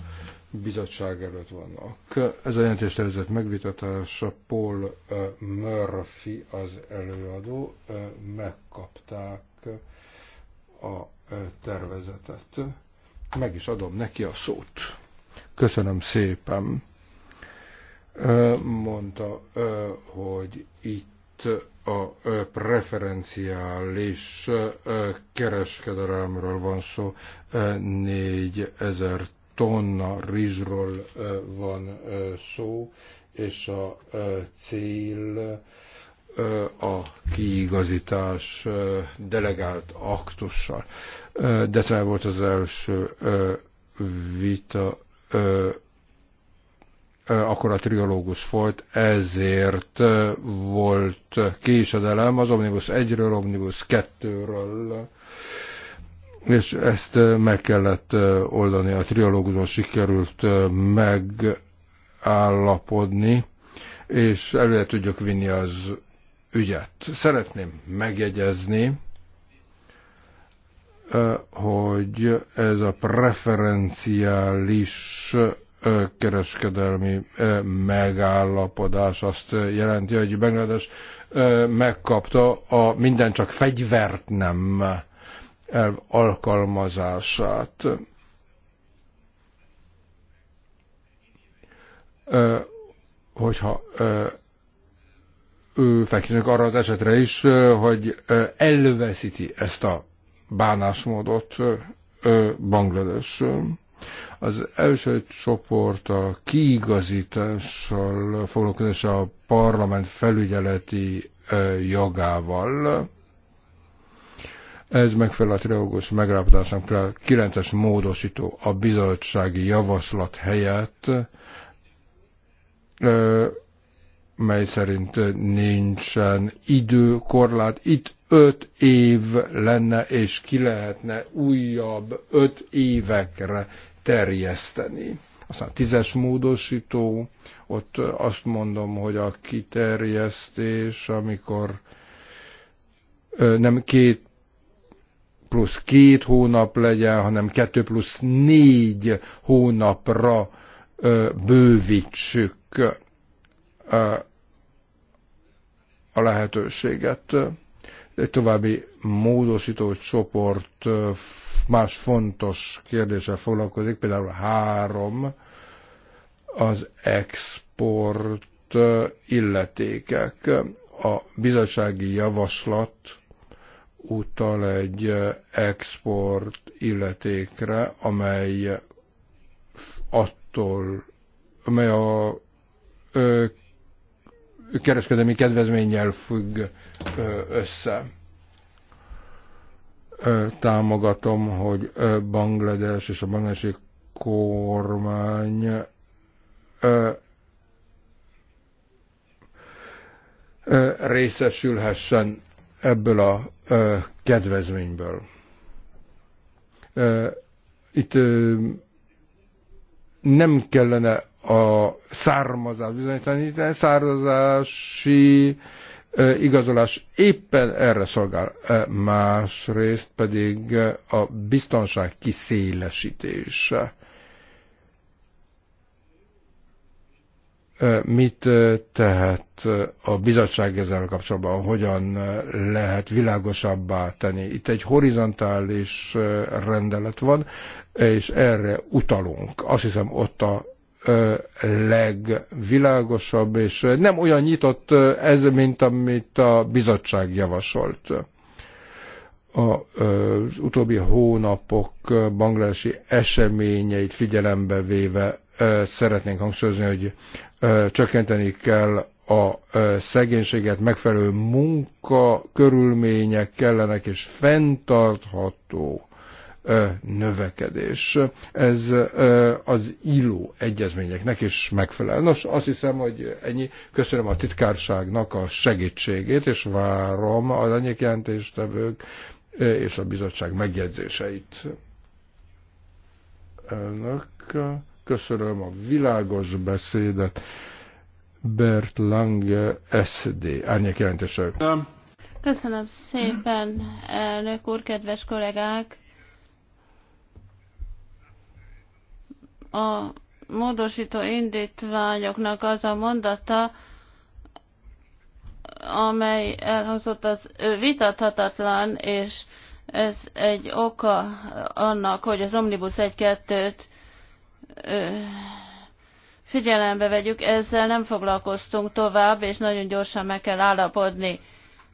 bizottság előtt vannak. Ez a jelentéstervezet megvitatása Paul Murphy az előadó. Megkapták a tervezetet. Meg is adom neki a szót. Köszönöm szépen. Mondta, hogy itt a preferenciális kereskedelemről van szó. 4000 tonna rizsról van szó, és a cél a kiigazítás delegált aktussal. December volt az első vita, akkor a triológus volt, ezért volt késedelem az Omnibus 1-ről, Omnibus 2-ről, és ezt meg kellett oldani. A triológuson sikerült megállapodni, és előre tudjuk vinni az ügyet. Szeretném megjegyezni, hogy ez a preferenciális kereskedelmi megállapodás azt jelenti, hogy Banglades megkapta a minden csak fegyvert nem elv alkalmazását. Hogyha fekszik arra az esetre is, hogy elveszíti ezt a bánásmódot Banglades. Az első csoport a kiigazítással foglalkozik, a parlament felügyeleti jogával ez megfelel a triógus megállapodásnak. 9-es módosító a bizottsági javaslat helyett, mely szerint nincsen időkorlát. Itt 5 év lenne, és ki lehetne újabb 5 évekre terjeszteni aztán tízes módosító, ott azt mondom, hogy a kiterjesztés, amikor nem két plusz két hónap legyen, hanem kettő plusz négy hónapra bővítsük a lehetőséget. Egy további módosító csoport más fontos kérdéssel foglalkozik, például három az export illetékek. A bizottsági javaslat utal egy eh, export illetékre, amely attól, amely a ö, kereskedelmi kedvezménnyel függ ö, össze. Ö, támogatom, hogy Banglades és a bangladesi kormány ö, részesülhessen ebből a kedvezményből. Itt nem kellene a származás bizonyítani, de származási igazolás éppen erre szolgál. Másrészt pedig a biztonság kiszélesítése Mit tehet a bizottság ezzel kapcsolatban, hogyan lehet világosabbá tenni? Itt egy horizontális rendelet van, és erre utalunk. Azt hiszem ott a legvilágosabb, és nem olyan nyitott ez, mint amit a bizottság javasolt. A, az utóbbi hónapok banglási eseményeit figyelembe véve szeretnénk hangsúlyozni, hogy csökkenteni kell a szegénységet, megfelelő munka körülmények kellenek, és fenntartható növekedés. Ez az illó egyezményeknek is megfelel. Nos, azt hiszem, hogy ennyi. Köszönöm a titkárságnak a segítségét, és várom az anyék jelentéstevők és a bizottság megjegyzéseit. Önök megköszönöm a világos beszédet. Bert Lange, SD. Árnyék jelentése. Köszönöm szépen, elnök úr, kedves kollégák. A módosító indítványoknak az a mondata, amely elhangzott, az vitathatatlan, és ez egy oka annak, hogy az Omnibus 1-2-t figyelembe vegyük, ezzel nem foglalkoztunk tovább, és nagyon gyorsan meg kell állapodni.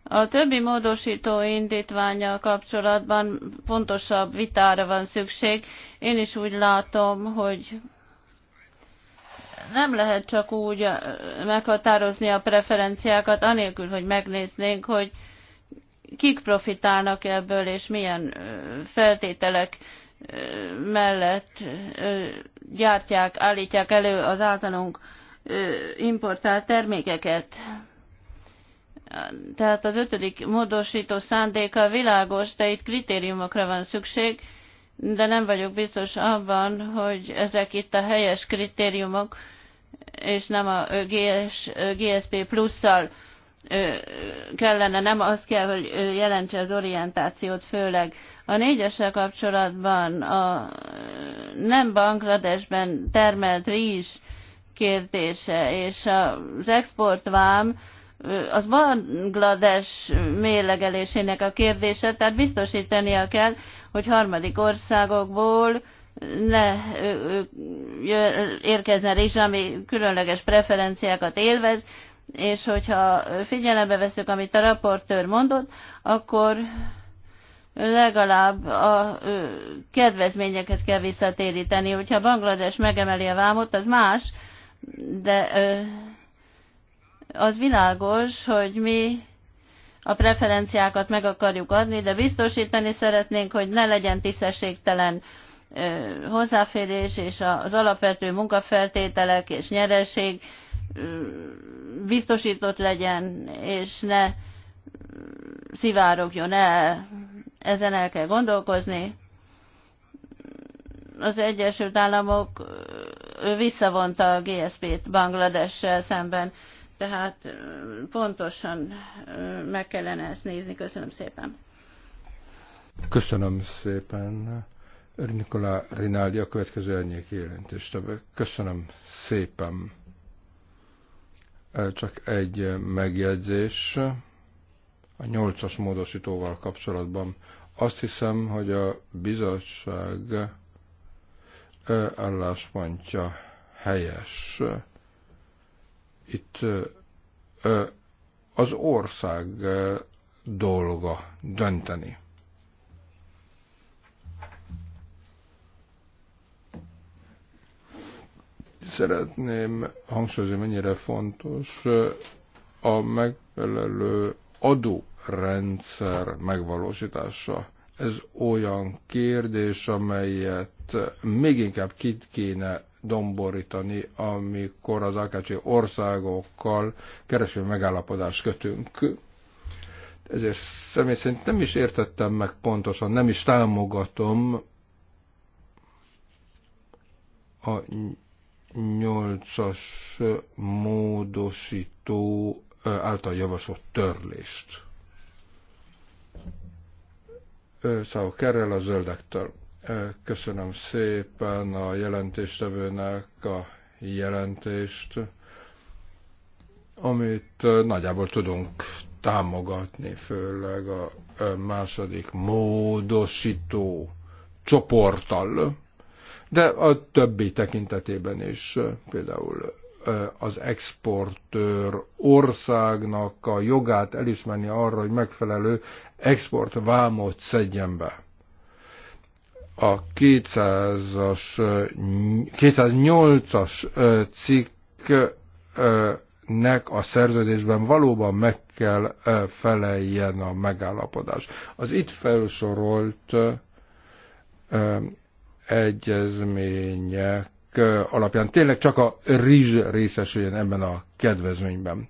A többi módosító indítványjal kapcsolatban pontosabb vitára van szükség. Én is úgy látom, hogy nem lehet csak úgy meghatározni a preferenciákat, anélkül, hogy megnéznénk, hogy kik profitálnak ebből, és milyen feltételek mellett gyártják, állítják elő az általunk importált termékeket. Tehát az ötödik módosító szándéka világos, de itt kritériumokra van szükség, de nem vagyok biztos abban, hogy ezek itt a helyes kritériumok, és nem a GS, GSP plusszal kellene, nem az kell, hogy jelentse az orientációt főleg a négyessel kapcsolatban a nem Bangladesben termelt rizs kérdése és az exportvám az Banglades mérlegelésének a kérdése, tehát biztosítania kell, hogy harmadik országokból ne érkezzen rizs, ami különleges preferenciákat élvez, és hogyha figyelembe veszük, amit a raportőr mondott, akkor legalább a ö, kedvezményeket kell visszatéríteni. Hogyha Banglades megemeli a vámot, az más, de ö, az világos, hogy mi a preferenciákat meg akarjuk adni, de biztosítani szeretnénk, hogy ne legyen tisztességtelen hozzáférés és az alapvető munkafeltételek és nyereség biztosított legyen, és ne szivárogjon el ezen el kell gondolkozni. Az Egyesült Államok visszavonta a GSP-t Bangladessel szemben, tehát pontosan meg kellene ezt nézni. Köszönöm szépen. Köszönöm szépen. Nikola Rinaldi a következő elnyéki jelentést. Köszönöm szépen. Csak egy megjegyzés a nyolcas módosítóval kapcsolatban. Azt hiszem, hogy a bizottság álláspontja helyes. Itt az ország dolga dönteni. Szeretném hangsúlyozni, mennyire fontos a megfelelő adórendszer megvalósítása. Ez olyan kérdés, amelyet még inkább kit kéne domborítani, amikor az AKC országokkal kereső megállapodást kötünk. Ezért személy szerint nem is értettem meg pontosan, nem is támogatom a nyolcas módosító által javasolt törlést. Szávó Kerrel a zöldektől. Köszönöm szépen a jelentéstevőnek a jelentést, amit nagyjából tudunk támogatni, főleg a második módosító csoporttal, de a többi tekintetében is, például az exportőr országnak a jogát elismerni arra, hogy megfelelő exportvámot szedjen be. A 200-as, 208-as cikknek a szerződésben valóban meg kell feleljen a megállapodás. Az itt felsorolt egyezmények alapján tényleg csak a rizs részesüljön ebben a kedvezményben.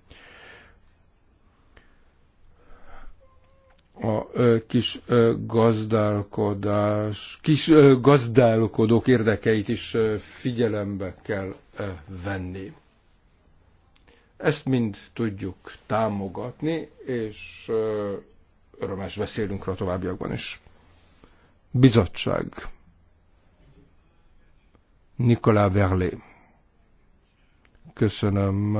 a kis gazdálkodás, kis gazdálkodók érdekeit is figyelembe kell venni. Ezt mind tudjuk támogatni, és örömes beszélünk rá továbbiakban is. Bizottság. Nikolá Verlé. Köszönöm,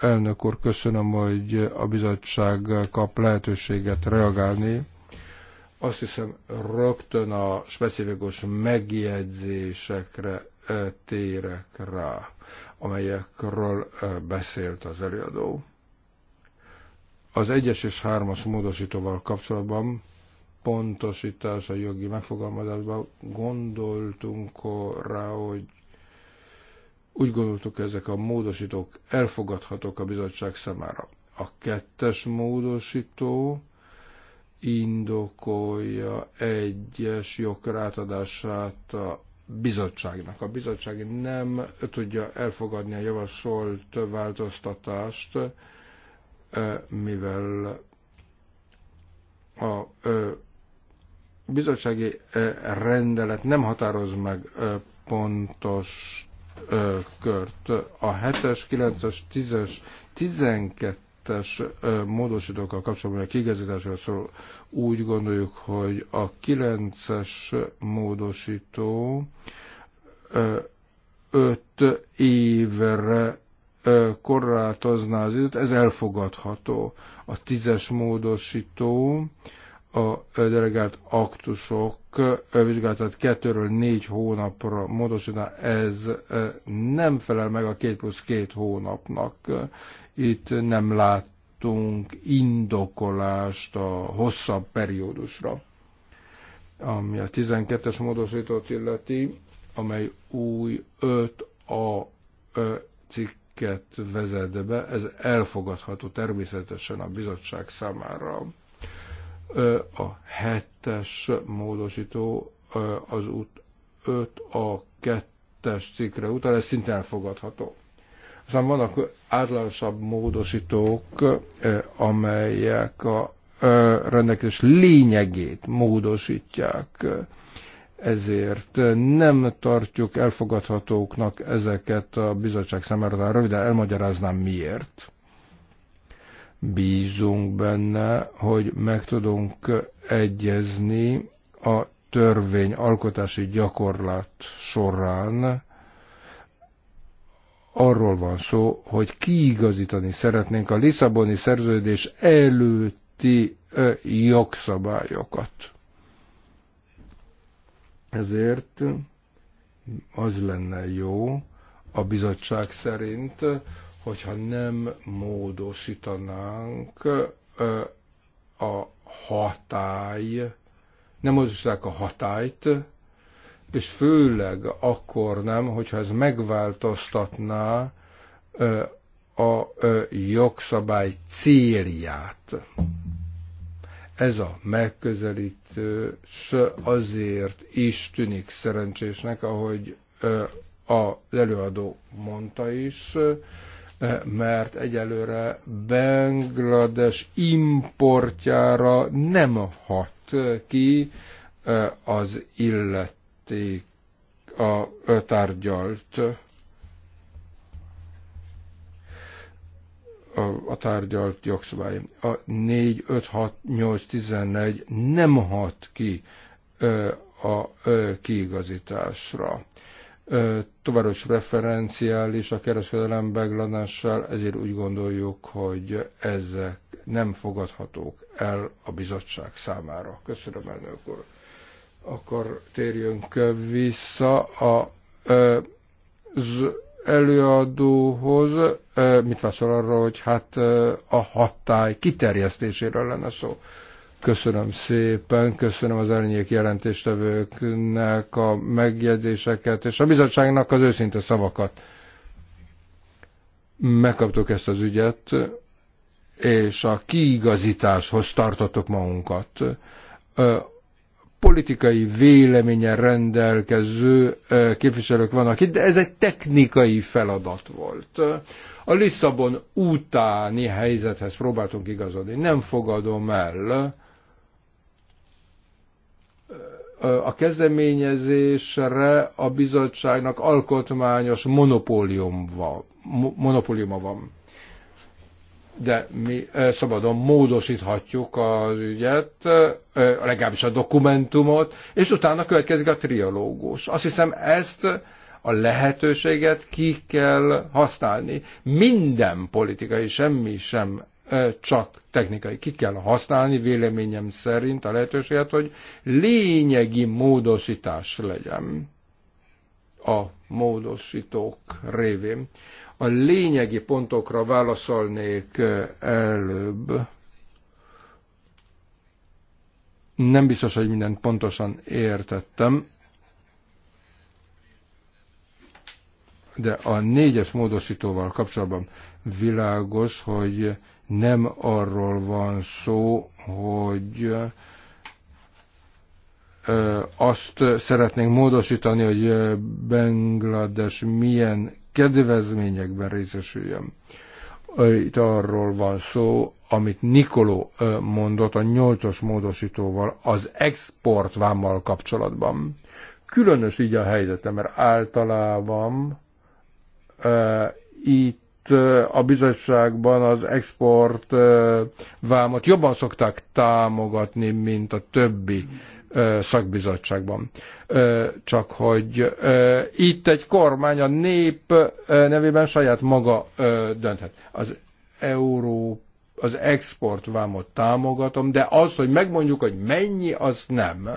elnök úr, köszönöm, hogy a bizottság kap lehetőséget reagálni. Azt hiszem, rögtön a specifikus megjegyzésekre eh, térek rá, amelyekről eh, beszélt az előadó. Az egyes és hármas módosítóval kapcsolatban pontosítás a jogi megfogalmazásban. Gondoltunk rá, hogy úgy gondoltuk, ezek a módosítók elfogadhatók a bizottság számára. A kettes módosító indokolja egyes jográtadását a bizottságnak. A bizottság nem tudja elfogadni a javasolt változtatást, eh, mivel a eh, bizottsági rendelet nem határoz meg pontos kört. A 7-es, 9-es, 10-es, 12-es módosítókkal kapcsolatban a kigazításról szól. Úgy gondoljuk, hogy a 9-es módosító 5 évre korlátozná az időt, ez elfogadható. A 10-es módosító a delegált aktusok vizsgálatát kettőről négy hónapra módosítaná, ez e, nem felel meg a két plusz két hónapnak. Itt nem láttunk indokolást a hosszabb periódusra. Ami a 12-es módosítót illeti, amely új 5A e, cikket vezet be, ez elfogadható természetesen a bizottság számára a hetes módosító az út 5 a 2-es cikkre utal, ez szintén elfogadható. Aztán vannak átlagosabb módosítók, amelyek a rendelkezés lényegét módosítják. Ezért nem tartjuk elfogadhatóknak ezeket a bizottság számára. Röviden elmagyaráznám miért Bízunk benne, hogy meg tudunk egyezni a törvény alkotási gyakorlat során, arról van szó, hogy kiigazítani szeretnénk a Lisszaboni szerződés előtti jogszabályokat. Ezért az lenne jó a bizottság szerint, hogyha nem módosítanánk a hatály, nem módosítanánk a hatályt, és főleg akkor nem, hogyha ez megváltoztatná a jogszabály célját. Ez a megközelítés azért is tűnik szerencsésnek, ahogy az előadó mondta is, Eh, mert egyelőre Banglades importjára nem hat eh, ki eh, az illeték a tárgyalt a tárgyalt jogszabály. A 4, 5, 6, 8, 11 nem hat ki a kiigazításra továbbis referenciális a kereskedelem beglanással, ezért úgy gondoljuk, hogy ezek nem fogadhatók el a bizottság számára. Köszönöm, elnök úr. Akkor térjünk vissza a az előadóhoz, mit válaszol arra, hogy hát a hatály kiterjesztéséről lenne szó. Köszönöm szépen, köszönöm az elnyék jelentéstevőknek a megjegyzéseket, és a bizottságnak az őszinte szavakat. Megkaptuk ezt az ügyet, és a kiigazításhoz tartottuk magunkat. Politikai véleményen rendelkező képviselők vannak itt, de ez egy technikai feladat volt. A Lisszabon utáni helyzethez próbáltunk igazodni. Nem fogadom el, a kezdeményezésre a bizottságnak alkotmányos monopóliuma, van. De mi szabadon módosíthatjuk az ügyet, legalábbis a dokumentumot, és utána következik a triológus. Azt hiszem ezt a lehetőséget ki kell használni. Minden politikai semmi sem csak technikai. Ki kell használni véleményem szerint a lehetőséget, hogy lényegi módosítás legyen a módosítók révén. A lényegi pontokra válaszolnék előbb. Nem biztos, hogy mindent pontosan értettem, de a négyes módosítóval kapcsolatban világos, hogy nem arról van szó, hogy azt szeretnénk módosítani, hogy Benglades milyen kedvezményekben részesüljön. Itt arról van szó, amit Nikoló mondott a nyolcas módosítóval az exportvámmal kapcsolatban. Különös így a helyzete, mert általában e, itt a bizottságban az export vámot jobban szokták támogatni, mint a többi szakbizottságban. Csak hogy itt egy kormány a nép nevében saját maga dönthet. Az euró az exportvámot támogatom, de az, hogy megmondjuk, hogy mennyi, az nem.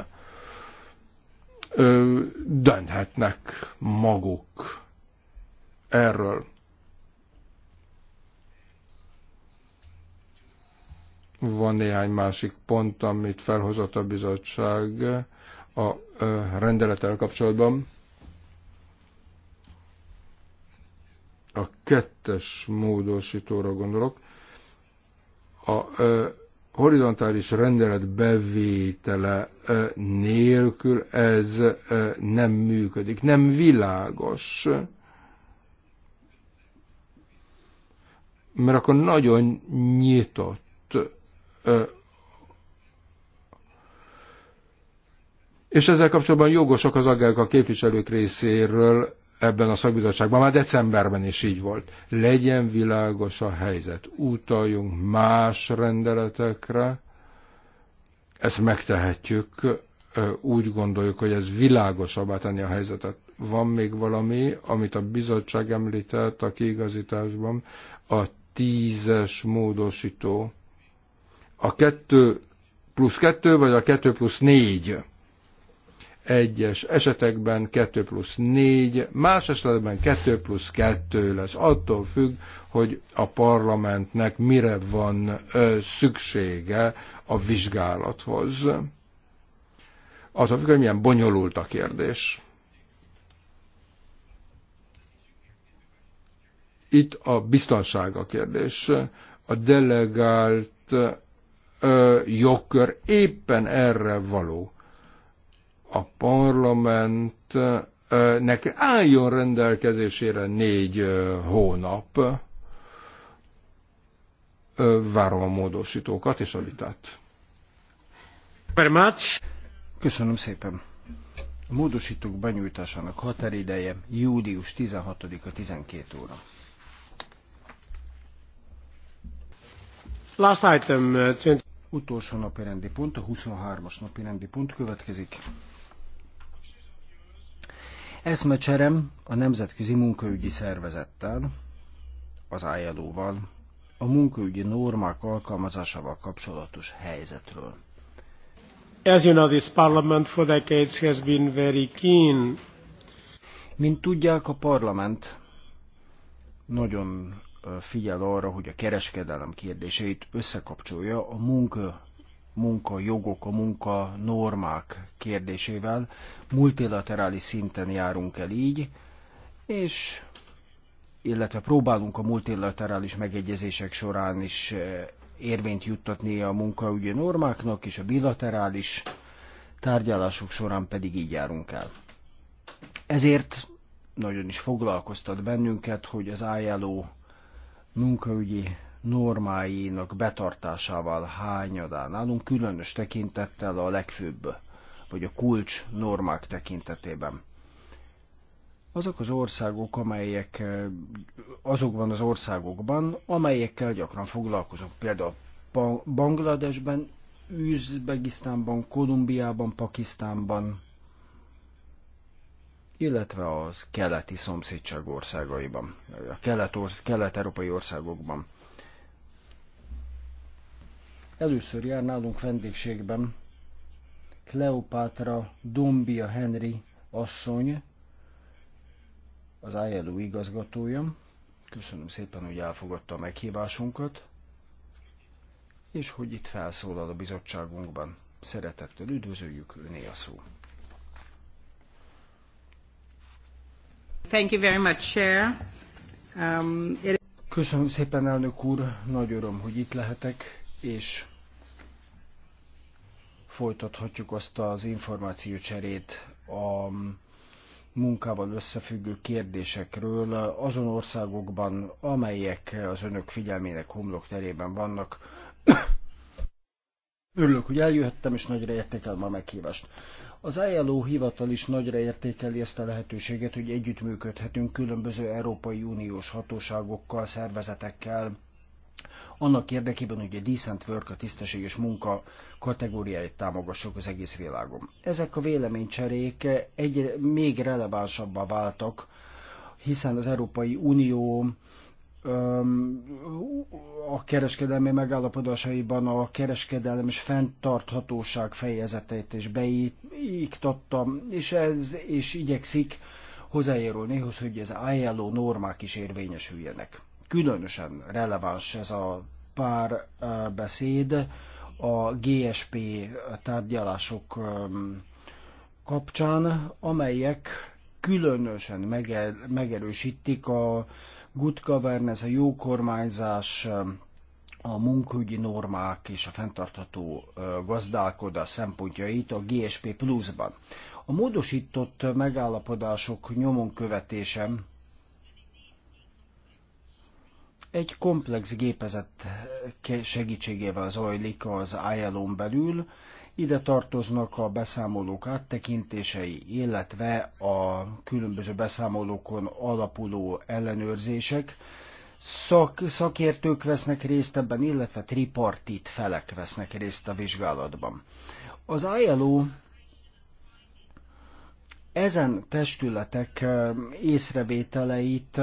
dönthetnek maguk erről. Van néhány másik pont, amit felhozott a bizottság a rendelettel kapcsolatban. A kettes módosítóra gondolok. A horizontális rendelet bevétele nélkül ez nem működik, nem világos. Mert akkor nagyon nyitott és ezzel kapcsolatban jogosak az aggályok a képviselők részéről ebben a szakbizottságban, már decemberben is így volt. Legyen világos a helyzet, utaljunk más rendeletekre, ezt megtehetjük, úgy gondoljuk, hogy ez világosabbá tenni a helyzetet. Van még valami, amit a bizottság említett a kiigazításban, a tízes módosító, a 2 plusz 2, vagy a 2 plusz 4. Egyes esetekben 2 plusz 4, más esetben 2 plusz 2 lesz. Attól függ, hogy a parlamentnek mire van ö, szüksége a vizsgálathoz. Az a függ, hogy milyen bonyolult a kérdés. Itt a biztonsága kérdés. A delegált ö, jogkör éppen erre való. A parlamentnek álljon rendelkezésére négy ö, hónap. Ö, várom a módosítókat és a vitát. Köszönöm szépen. A módosítók benyújtásának határideje július 16-a 12 óra. Last item, uh, utolsó napi rendi pont, a 23-as napi rendi pont következik. Eszmecserem a Nemzetközi Munkaügyi Szervezettel, az ILO-val, a munkaügyi normák alkalmazásával kapcsolatos helyzetről. As you know, this parliament for decades has been very keen. Mint tudják, a parlament nagyon figyel arra, hogy a kereskedelem kérdéseit összekapcsolja a munka munkajogok, a munka normák kérdésével. Multilaterális szinten járunk el így, és illetve próbálunk a multilaterális megegyezések során is eh, érvényt juttatni a munkaügyi normáknak, és a bilaterális tárgyalások során pedig így járunk el. Ezért nagyon is foglalkoztat bennünket, hogy az ILO munkaügyi normáinak betartásával hányadán állunk, különös tekintettel a legfőbb, vagy a kulcs normák tekintetében. Azok az országok, amelyek azokban az országokban, amelyekkel gyakran foglalkozunk, például Bangladesben, Üzbegisztánban, Kolumbiában, Pakisztánban, illetve az keleti szomszédság országaiban, a kelet-európai kelet országokban. Először jár nálunk vendégségben Kleopátra Dombia Henry asszony, az ILO igazgatója. Köszönöm szépen, hogy elfogadta a meghívásunkat, és hogy itt felszólal a bizottságunkban. Szeretettel üdvözöljük, öné a szó. Um, Köszönöm szépen, elnök úr, nagy öröm, hogy itt lehetek, és folytathatjuk azt az információcserét a munkával összefüggő kérdésekről azon országokban, amelyek az önök figyelmének homlok terében vannak. Örülök, hogy eljöhettem, és nagyra értékelem a meghívást. Az ILO hivatal is nagyra értékeli ezt a lehetőséget, hogy együttműködhetünk különböző Európai Uniós hatóságokkal, szervezetekkel, annak érdekében, hogy a decent work, a tisztességes munka kategóriáit támogassuk az egész világon. Ezek a véleménycserék egyre még relevánsabbá váltak, hiszen az Európai Unió a kereskedelmi megállapodásaiban a kereskedelem és fenntarthatóság fejezetét is beiktatta, és ez és igyekszik hozzájárulni, hogy az ILO normák is érvényesüljenek. Különösen releváns ez a pár beszéd a GSP tárgyalások kapcsán, amelyek különösen megerősítik a good governance, a jó kormányzás, a munkügyi normák és a fenntartható gazdálkodás szempontjait a GSP Plus-ban. A módosított megállapodások nyomon követése egy komplex gépezet segítségével zajlik az ILO-n belül, ide tartoznak a beszámolók áttekintései, illetve a különböző beszámolókon alapuló ellenőrzések. Szak, szakértők vesznek részt ebben, illetve tripartit felek vesznek részt a vizsgálatban. Az ILO ezen testületek észrevételeit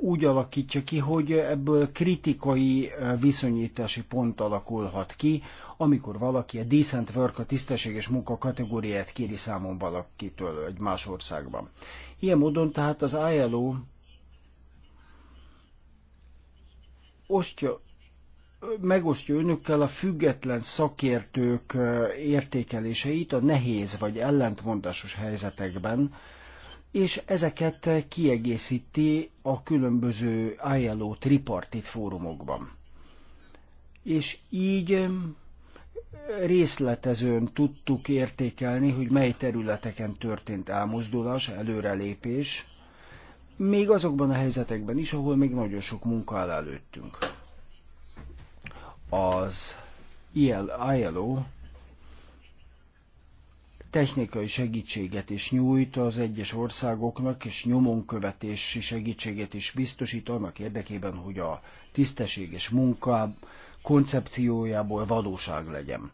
úgy alakítja ki, hogy ebből kritikai viszonyítási pont alakulhat ki, amikor valaki a decent work, a tisztességes munka kategóriát kéri számon valakitől egy más országban. Ilyen módon tehát az ILO osztja megosztja önökkel a független szakértők értékeléseit a nehéz vagy ellentmondásos helyzetekben, és ezeket kiegészíti a különböző ILO tripartit fórumokban. És így részletezőn tudtuk értékelni, hogy mely területeken történt elmozdulás, előrelépés, még azokban a helyzetekben is, ahol még nagyon sok munka áll előttünk az ILO technikai segítséget is nyújt az egyes országoknak, és nyomonkövetési segítséget is biztosít annak érdekében, hogy a tisztességes munka koncepciójából valóság legyen.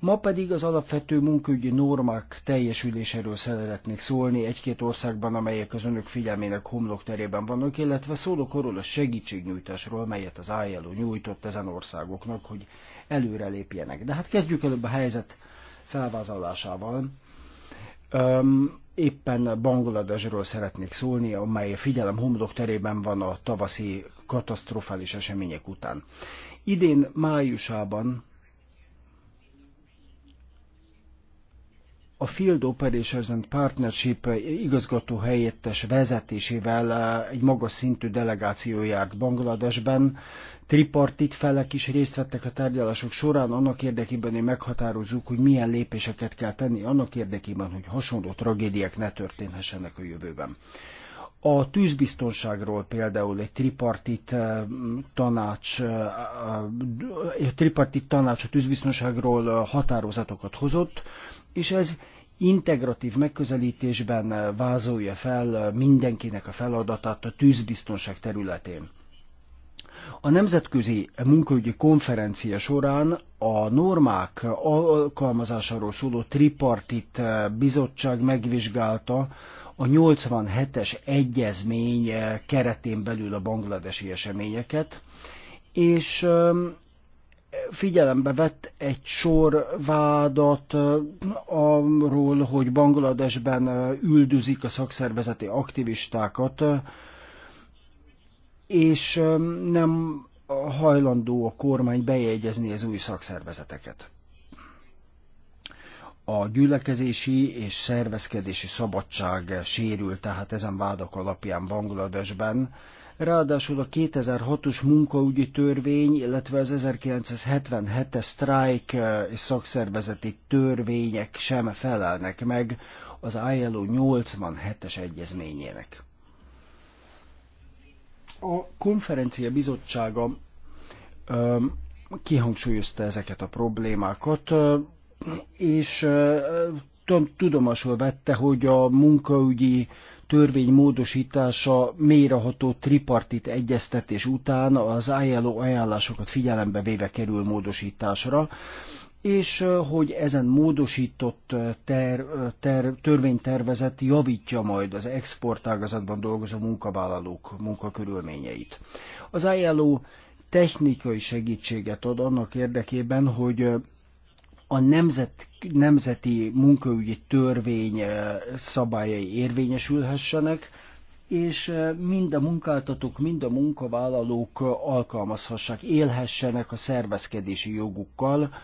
Ma pedig az alapvető munkaügyi normák teljesüléséről szeretnék szólni egy-két országban, amelyek az önök figyelmének homlok terében vannak, illetve szólok arról a segítségnyújtásról, melyet az ILO nyújtott ezen országoknak, hogy előrelépjenek. De hát kezdjük előbb a helyzet felvázolásával. Um, éppen Bangladesről szeretnék szólni, amely figyelem homlok terében van a tavaszi katasztrofális események után. Idén májusában a Field Operations and Partnership igazgató helyettes vezetésével eh, egy magas szintű delegáció járt Bangladesben. Tripartit felek is részt vettek a tárgyalások során, annak érdekében, hogy meghatározzuk, hogy milyen lépéseket kell tenni, annak érdekében, hogy hasonló tragédiák ne történhessenek a jövőben. A tűzbiztonságról például egy tripartit eh, tanács, eh, egy tripartit tanács a tűzbiztonságról határozatokat hozott, és ez integratív megközelítésben eh, vázolja fel eh, mindenkinek a feladatát a tűzbiztonság területén. A nemzetközi munkaügyi konferencia során a normák alkalmazásáról szóló tripartit eh, bizottság megvizsgálta a 87-es egyezmény keretén belül a bangladesi eseményeket, és figyelembe vett egy sor vádat arról, hogy Bangladesben üldözik a szakszervezeti aktivistákat, és nem hajlandó a kormány bejegyezni az új szakszervezeteket. A gyülekezési és szervezkedési szabadság sérül tehát ezen vádak alapján Bangladesben, Ráadásul a 2006-os munkaügyi törvény, illetve az 1977-es sztrájk eh, és szakszervezeti törvények sem felelnek meg az ILO 87-es egyezményének. A konferencia bizottsága eh, kihangsúlyozta ezeket a problémákat, eh, és tudomásul vette, hogy a munkaügyi törvény módosítása mélyreható tripartit egyeztetés után az ILO ajánlásokat figyelembe véve kerül módosításra, és hogy ezen módosított ter, ter, törvénytervezet javítja majd az exportágazatban dolgozó munkavállalók munkakörülményeit. Az ILO technikai segítséget ad annak érdekében, hogy a nemzet nemzeti munkaügyi törvény eh, szabályai érvényesülhessenek, és eh, mind a munkáltatók, mind a munkavállalók eh, alkalmazhassák, élhessenek a szervezkedési jogukkal,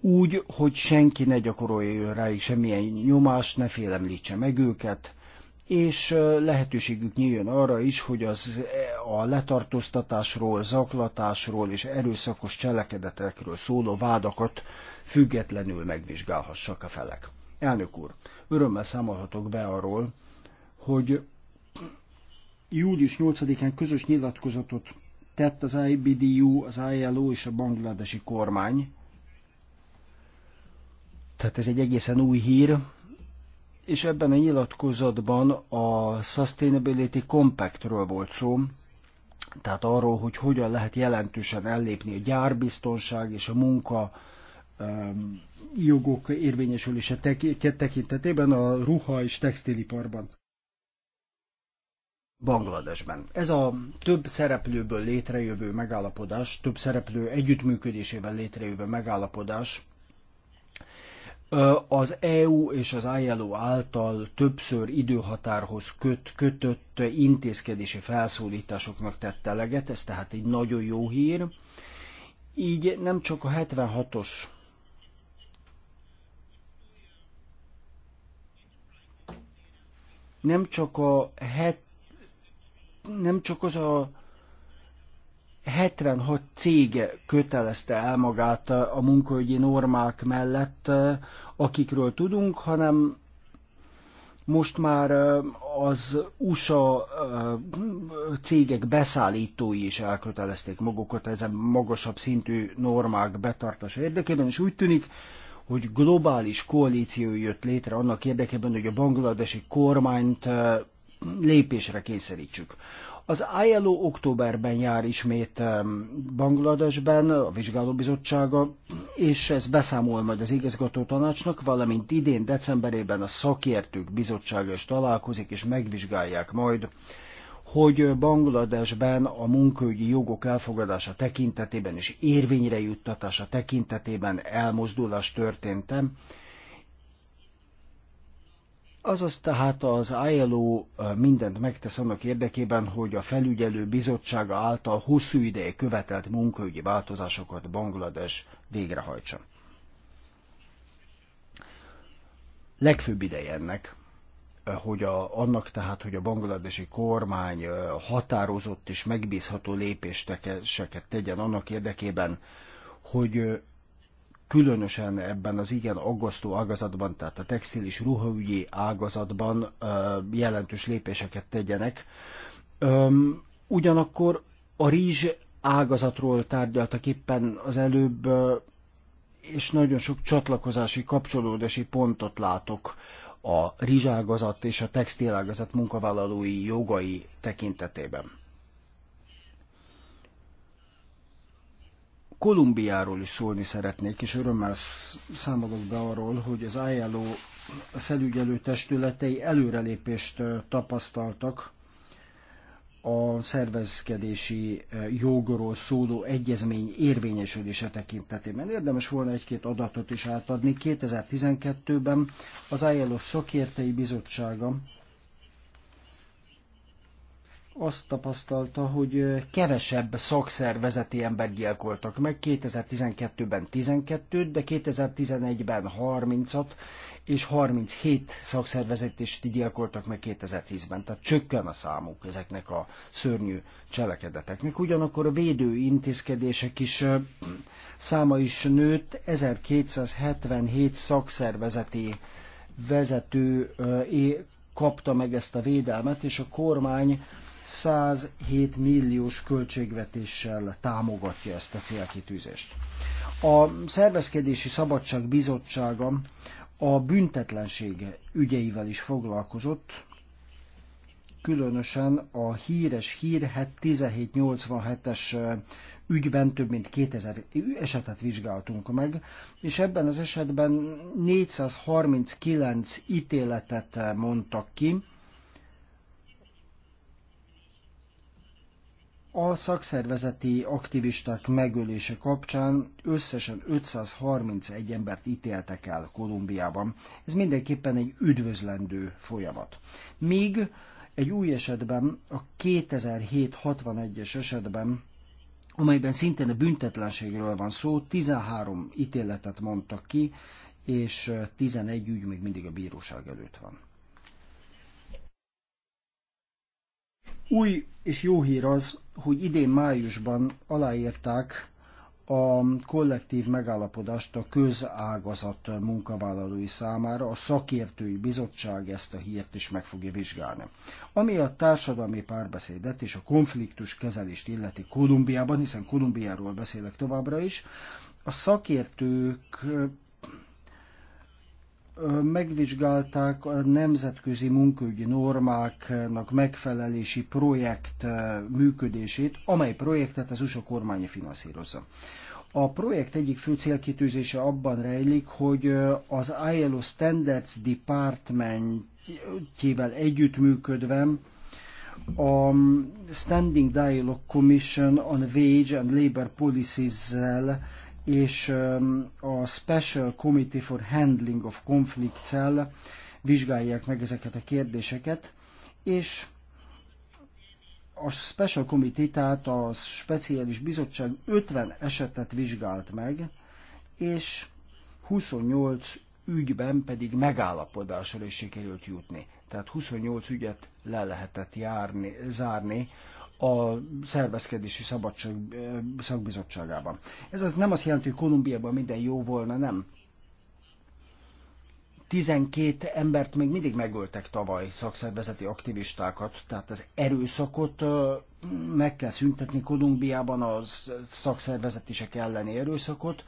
úgy, hogy senki ne gyakorolja rájuk semmilyen nyomást, ne félemlítse meg őket, és lehetőségük nyíljon arra is, hogy az, a letartóztatásról, zaklatásról és erőszakos cselekedetekről szóló vádakat függetlenül megvizsgálhassak a felek. Elnök úr, örömmel számolhatok be arról, hogy július 8-án közös nyilatkozatot tett az IBDU, az ILO és a bangladesi kormány. Tehát ez egy egészen új hír, és ebben a nyilatkozatban a Sustainability Compactről volt szó, tehát arról, hogy hogyan lehet jelentősen ellépni a gyárbiztonság és a munka Um, jogok érvényesülése tekintetében a ruha és textiliparban. Bangladesben. Ez a több szereplőből létrejövő megállapodás, több szereplő együttműködésében létrejövő megállapodás az EU és az ILO által többször időhatárhoz köt, kötött intézkedési felszólításoknak tette leget, ez tehát egy nagyon jó hír. Így nem csak a 76-os nem csak a het, nem csak az a 76 cég kötelezte el magát a munkaügyi normák mellett, akikről tudunk, hanem most már az USA cégek beszállítói is elkötelezték magukat ezen magasabb szintű normák betartása érdekében, és úgy tűnik, hogy globális koalíció jött létre annak érdekében, hogy a bangladesi kormányt lépésre kényszerítsük. Az ILO októberben jár ismét Bangladesben, a vizsgálóbizottsága, és ez beszámol majd az igazgató tanácsnak, valamint idén decemberében a szakértők bizottsága is találkozik, és megvizsgálják majd hogy Bangladesben a munkaügyi jogok elfogadása tekintetében és érvényre juttatása tekintetében elmozdulás történtem. Azaz tehát az ILO mindent megtesz annak érdekében, hogy a felügyelő bizottsága által hosszú ideje követelt munkaügyi változásokat Banglades végrehajtsa. Legfőbb ideje ennek hogy a, annak tehát, hogy a bangladesi kormány határozott és megbízható lépéseket tegyen annak érdekében, hogy különösen ebben az igen aggasztó ágazatban, tehát a textil és ruhaügyi ágazatban jelentős lépéseket tegyenek. Ugyanakkor a rizs ágazatról tárgyaltak éppen az előbb, és nagyon sok csatlakozási, kapcsolódási pontot látok a rizságazat és a textilágazat munkavállalói jogai tekintetében. Kolumbiáról is szólni szeretnék, és örömmel számolok be arról, hogy az ILO felügyelő testületei előrelépést tapasztaltak a szervezkedési eh, jogról szóló egyezmény érvényesülése tekintetében. Érdemes volna egy-két adatot is átadni. 2012-ben az ILO Szakértői Bizottsága azt tapasztalta, hogy eh, kevesebb szakszervezeti embert gyilkoltak meg, 2012-ben 12-t, de 2011-ben 30-at, és 37 szakszervezetést gyilkoltak meg 2010-ben, tehát csökken a számuk ezeknek a szörnyű cselekedeteknek. Ugyanakkor a védő intézkedések is száma is nőtt, 1277 szakszervezeti vezető kapta meg ezt a védelmet, és a kormány 107 milliós költségvetéssel támogatja ezt a célkitűzést. A Szervezkedési Szabadság Bizottsága a büntetlensége ügyeivel is foglalkozott, különösen a híres hírhet 1787-es ügyben több mint 2000 esetet vizsgáltunk meg, és ebben az esetben 439 ítéletet mondtak ki, A szakszervezeti aktivisták megölése kapcsán összesen 531 embert ítéltek el Kolumbiában. Ez mindenképpen egy üdvözlendő folyamat. Míg egy új esetben, a 2007-61-es esetben, amelyben szintén a büntetlenségről van szó, 13 ítéletet mondtak ki, és 11 ügy még mindig a bíróság előtt van. Új és jó hír az, hogy idén májusban aláírták a kollektív megállapodást a közágazat munkavállalói számára, a szakértői bizottság ezt a hírt is meg fogja vizsgálni. Ami a társadalmi párbeszédet és a konfliktus kezelést illeti Kolumbiában, hiszen Kolumbiáról beszélek továbbra is, a szakértők megvizsgálták a nemzetközi munkaügyi normáknak megfelelési projekt eh, működését, amely projektet az USA kormánya finanszírozza. A projekt egyik fő célkitűzése abban rejlik, hogy eh, az ILO Standards Departmentjével együttműködve a Standing Dialogue Commission on Wage and Labor Policies-zel és a Special Committee for Handling of Conflicts el vizsgálják meg ezeket a kérdéseket, és a Special Committee, tehát a Speciális Bizottság 50 esetet vizsgált meg, és 28 ügyben pedig megállapodásra is sikerült jutni. Tehát 28 ügyet le lehetett járni, zárni a szervezkedési szabadság szakbizottságában. Ez az nem azt jelenti, hogy Kolumbiában minden jó volna, nem. 12 embert még mindig megöltek tavaly szakszervezeti aktivistákat, tehát az erőszakot meg kell szüntetni Kolumbiában a szakszervezetisek elleni erőszakot,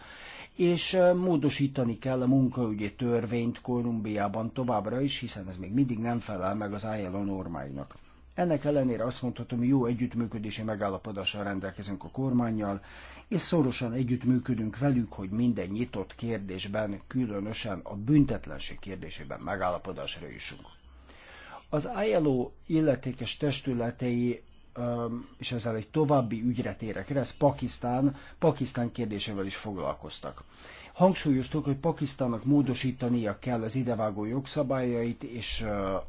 és módosítani kell a munkaügyi törvényt Kolumbiában továbbra is, hiszen ez még mindig nem felel meg az ILO normáinak. Ennek ellenére azt mondhatom, hogy jó együttműködési megállapodással rendelkezünk a kormányjal, és szorosan együttműködünk velük, hogy minden nyitott kérdésben, különösen a büntetlenség kérdésében megállapodásra jussunk. Az ILO illetékes testületei és ezzel egy további ügyre térek ez Pakisztán, Pakisztán kérdésével is foglalkoztak. Hangsúlyoztuk, hogy Pakisztánnak módosítania kell az idevágó jogszabályait, és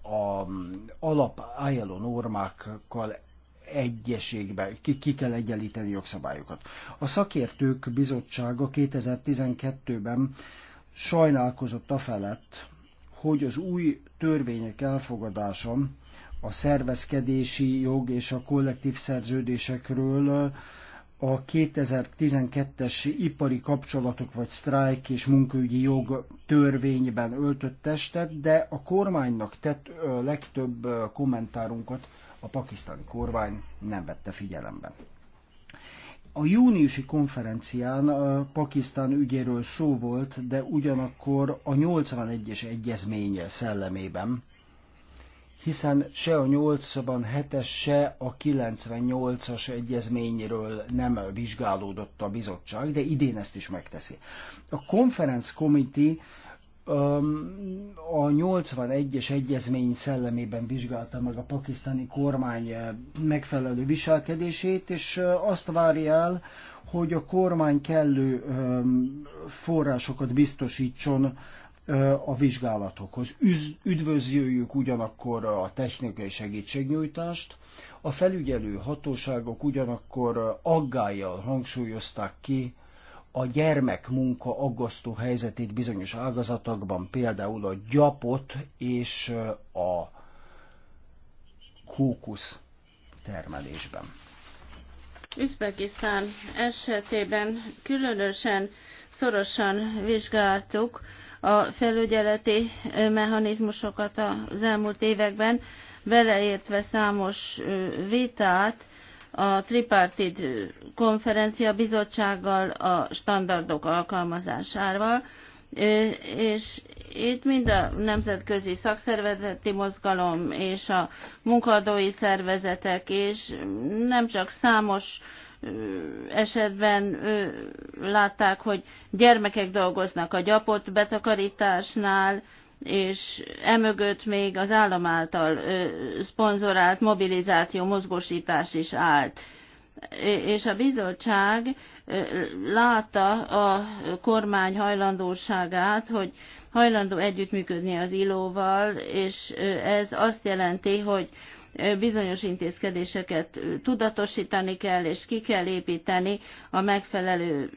a alap ILO normákkal egyeségbe, ki, ki kell egyenlíteni jogszabályokat. A szakértők bizottsága 2012-ben sajnálkozott a felett, hogy az új törvények elfogadása a szervezkedési jog és a kollektív szerződésekről a 2012-es ipari kapcsolatok vagy sztrájk és munkaügyi jog törvényben öltött testet, de a kormánynak tett ö, legtöbb ö, kommentárunkat a pakisztáni kormány nem vette figyelembe. A júniusi konferencián a Pakisztán ügyéről szó volt, de ugyanakkor a 81-es egyezménye szellemében hiszen se a 87-es, se a 98-as egyezményről nem vizsgálódott a bizottság, de idén ezt is megteszi. A Conference Committee a 81-es egyezmény szellemében vizsgálta meg a pakisztáni kormány megfelelő viselkedését, és azt várja el, hogy a kormány kellő forrásokat biztosítson a vizsgálatokhoz. Üdvözlőjük ugyanakkor a technikai segítségnyújtást, a felügyelő hatóságok ugyanakkor aggájjal hangsúlyozták ki a gyermekmunka aggasztó helyzetét bizonyos ágazatokban, például a gyapot és a kókusz termelésben. Üzbekisztán esetében különösen szorosan vizsgáltuk a felügyeleti mechanizmusokat az elmúlt években, beleértve számos vitát, a tripartit konferencia bizottsággal, a standardok alkalmazásával, és itt mind a nemzetközi szakszervezeti mozgalom és a munkadói szervezetek, és nem csak számos esetben látták, hogy gyermekek dolgoznak a gyapott betakarításnál, és emögött még az állam által szponzorált mobilizáció, mozgósítás is állt. És a bizottság látta a kormány hajlandóságát, hogy hajlandó együttműködni az ilóval, és ez azt jelenti, hogy bizonyos intézkedéseket tudatosítani kell, és ki kell építeni a megfelelő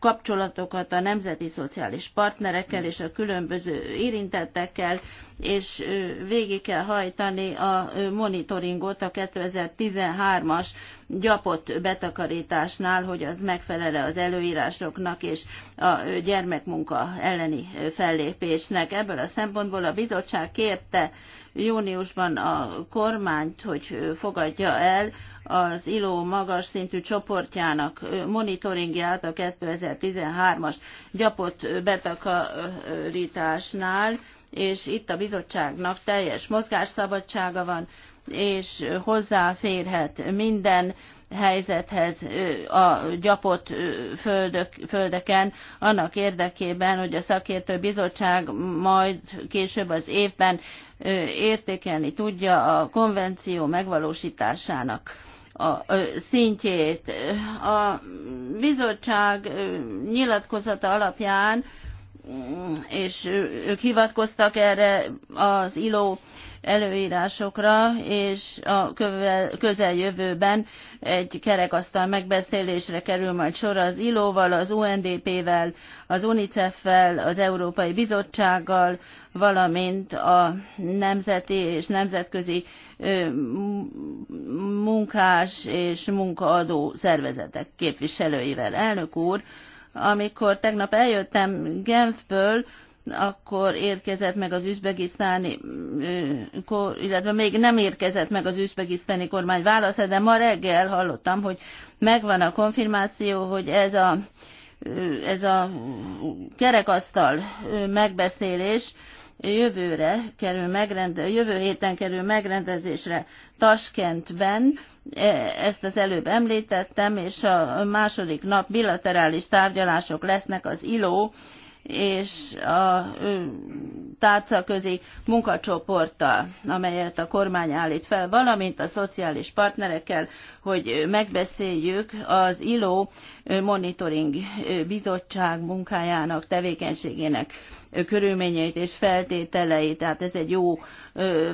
kapcsolatokat a nemzeti szociális partnerekkel és a különböző érintettekkel, és végig kell hajtani a monitoringot a 2013-as gyapott betakarításnál, hogy az megfelele az előírásoknak és a gyermekmunka elleni fellépésnek. Ebből a szempontból a bizottság kérte júniusban a kormányt, hogy fogadja el az ILO magas szintű csoportjának monitoringját a 2013-as gyapott betakarításnál, és itt a bizottságnak teljes mozgásszabadsága van, és hozzáférhet minden helyzethez a gyapott földök, földeken, annak érdekében, hogy a szakértő bizottság majd később az évben értékelni tudja a konvenció megvalósításának a szintjét. A bizottság nyilatkozata alapján, mm, és ők hivatkoztak erre az ILO előírásokra, és a közeljövőben egy kerekasztal megbeszélésre kerül majd sor az ILO-val, az UNDP-vel, az UNICEF-fel, az Európai Bizottsággal, valamint a nemzeti és nemzetközi munkás és munkaadó szervezetek képviselőivel. Elnök úr, amikor tegnap eljöttem Genfből, akkor érkezett meg az üzbegisztáni, illetve még nem érkezett meg az üzbegisztáni kormány válasza, de ma reggel hallottam, hogy megvan a konfirmáció, hogy ez a, ez a kerekasztal megbeszélés, jövőre kerül megrend, jövő héten kerül megrendezésre Taskentben, e, ezt az előbb említettem, és a második nap bilaterális tárgyalások lesznek az ILO és a tárcaközi munkacsoporttal, amelyet a kormány állít fel, valamint a szociális partnerekkel, hogy megbeszéljük az ILO monitoring bizottság munkájának, tevékenységének körülményeit és feltételeit. Tehát ez egy jó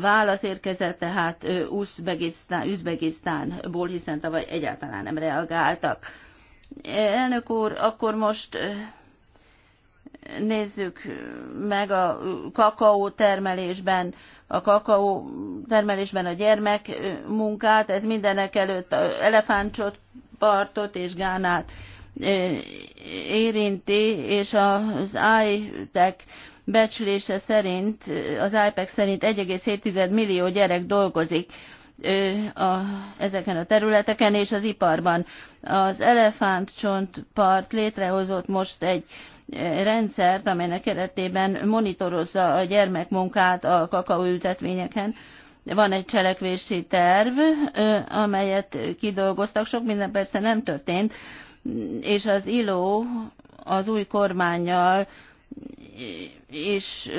válasz érkezett, tehát Uzbekisztán, Üzbegisztánból, hiszen tavaly egyáltalán nem reagáltak. Elnök úr, akkor most nézzük meg a kakaó termelésben, a kakaó termelésben a gyermek munkát, ez mindenek előtt partot és gánát érinti, és az ájtek becslése szerint, az IPEC szerint 1,7 millió gyerek dolgozik a, ezeken a területeken és az iparban. Az elefántcsontpart létrehozott most egy rendszert, amelynek keretében monitorozza a gyermekmunkát a kakaóültetvényeken. Van egy cselekvési terv, amelyet kidolgoztak, sok minden persze nem történt, és az ILO az új kormányjal és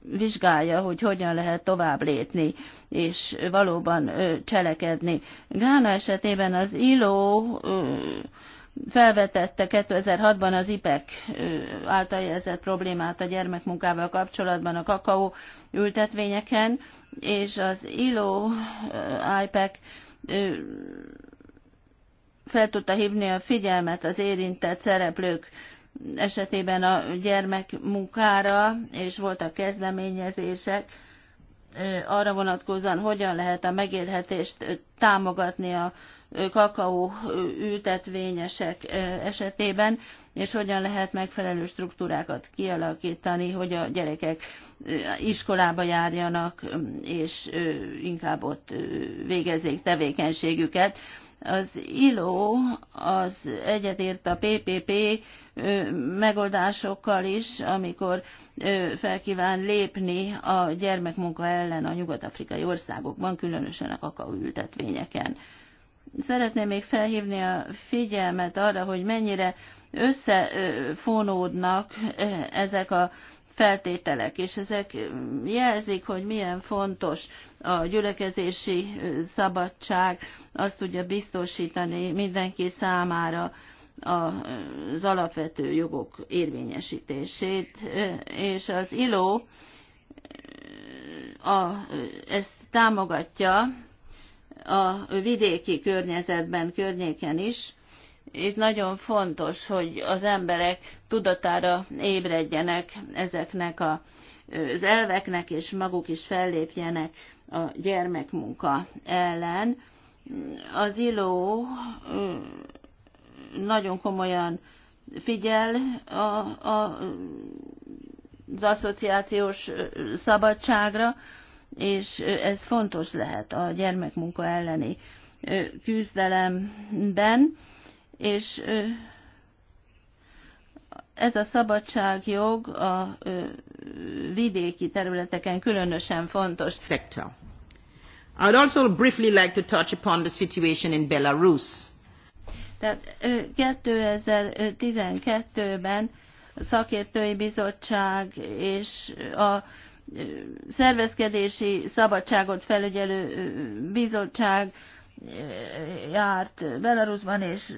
vizsgálja, hogy hogyan lehet tovább lépni, és valóban cselekedni. Gána esetében az ILO felvetette 2006-ban az IPEC által jelzett problémát a gyermekmunkával kapcsolatban a kakaó ültetvényeken, és az ILO IPEC fel tudta hívni a figyelmet az érintett szereplők esetében a gyermekmunkára, és voltak kezdeményezések arra vonatkozóan, hogyan lehet a megélhetést támogatni a kakaó ültetvényesek esetében, és hogyan lehet megfelelő struktúrákat kialakítani, hogy a gyerekek iskolába járjanak, és inkább ott végezzék tevékenységüket. Az ILO az egyetért a PPP megoldásokkal is, amikor felkíván lépni a gyermekmunka ellen a nyugat-afrikai országokban, különösen a kakaóültetvényeken. ültetvényeken. Szeretném még felhívni a figyelmet arra, hogy mennyire összefonódnak ezek a feltételek, és ezek jelzik, hogy milyen fontos a gyülekezési szabadság, azt tudja biztosítani mindenki számára az alapvető jogok érvényesítését, és az ILO a, ezt támogatja, a vidéki környezetben, környéken is. Itt nagyon fontos, hogy az emberek tudatára ébredjenek ezeknek a, az elveknek, és maguk is fellépjenek a gyermekmunka ellen. Az ILO nagyon komolyan figyel a, a, az asszociációs szabadságra, és ez fontos lehet a gyermekmunka elleni küzdelemben, és ez a szabadságjog a vidéki területeken különösen fontos. Sector. I would also briefly like to touch upon the situation in Belarus. Tehát 2012-ben a szakértői bizottság és a szervezkedési szabadságot felügyelő bizottság járt Belarusban, és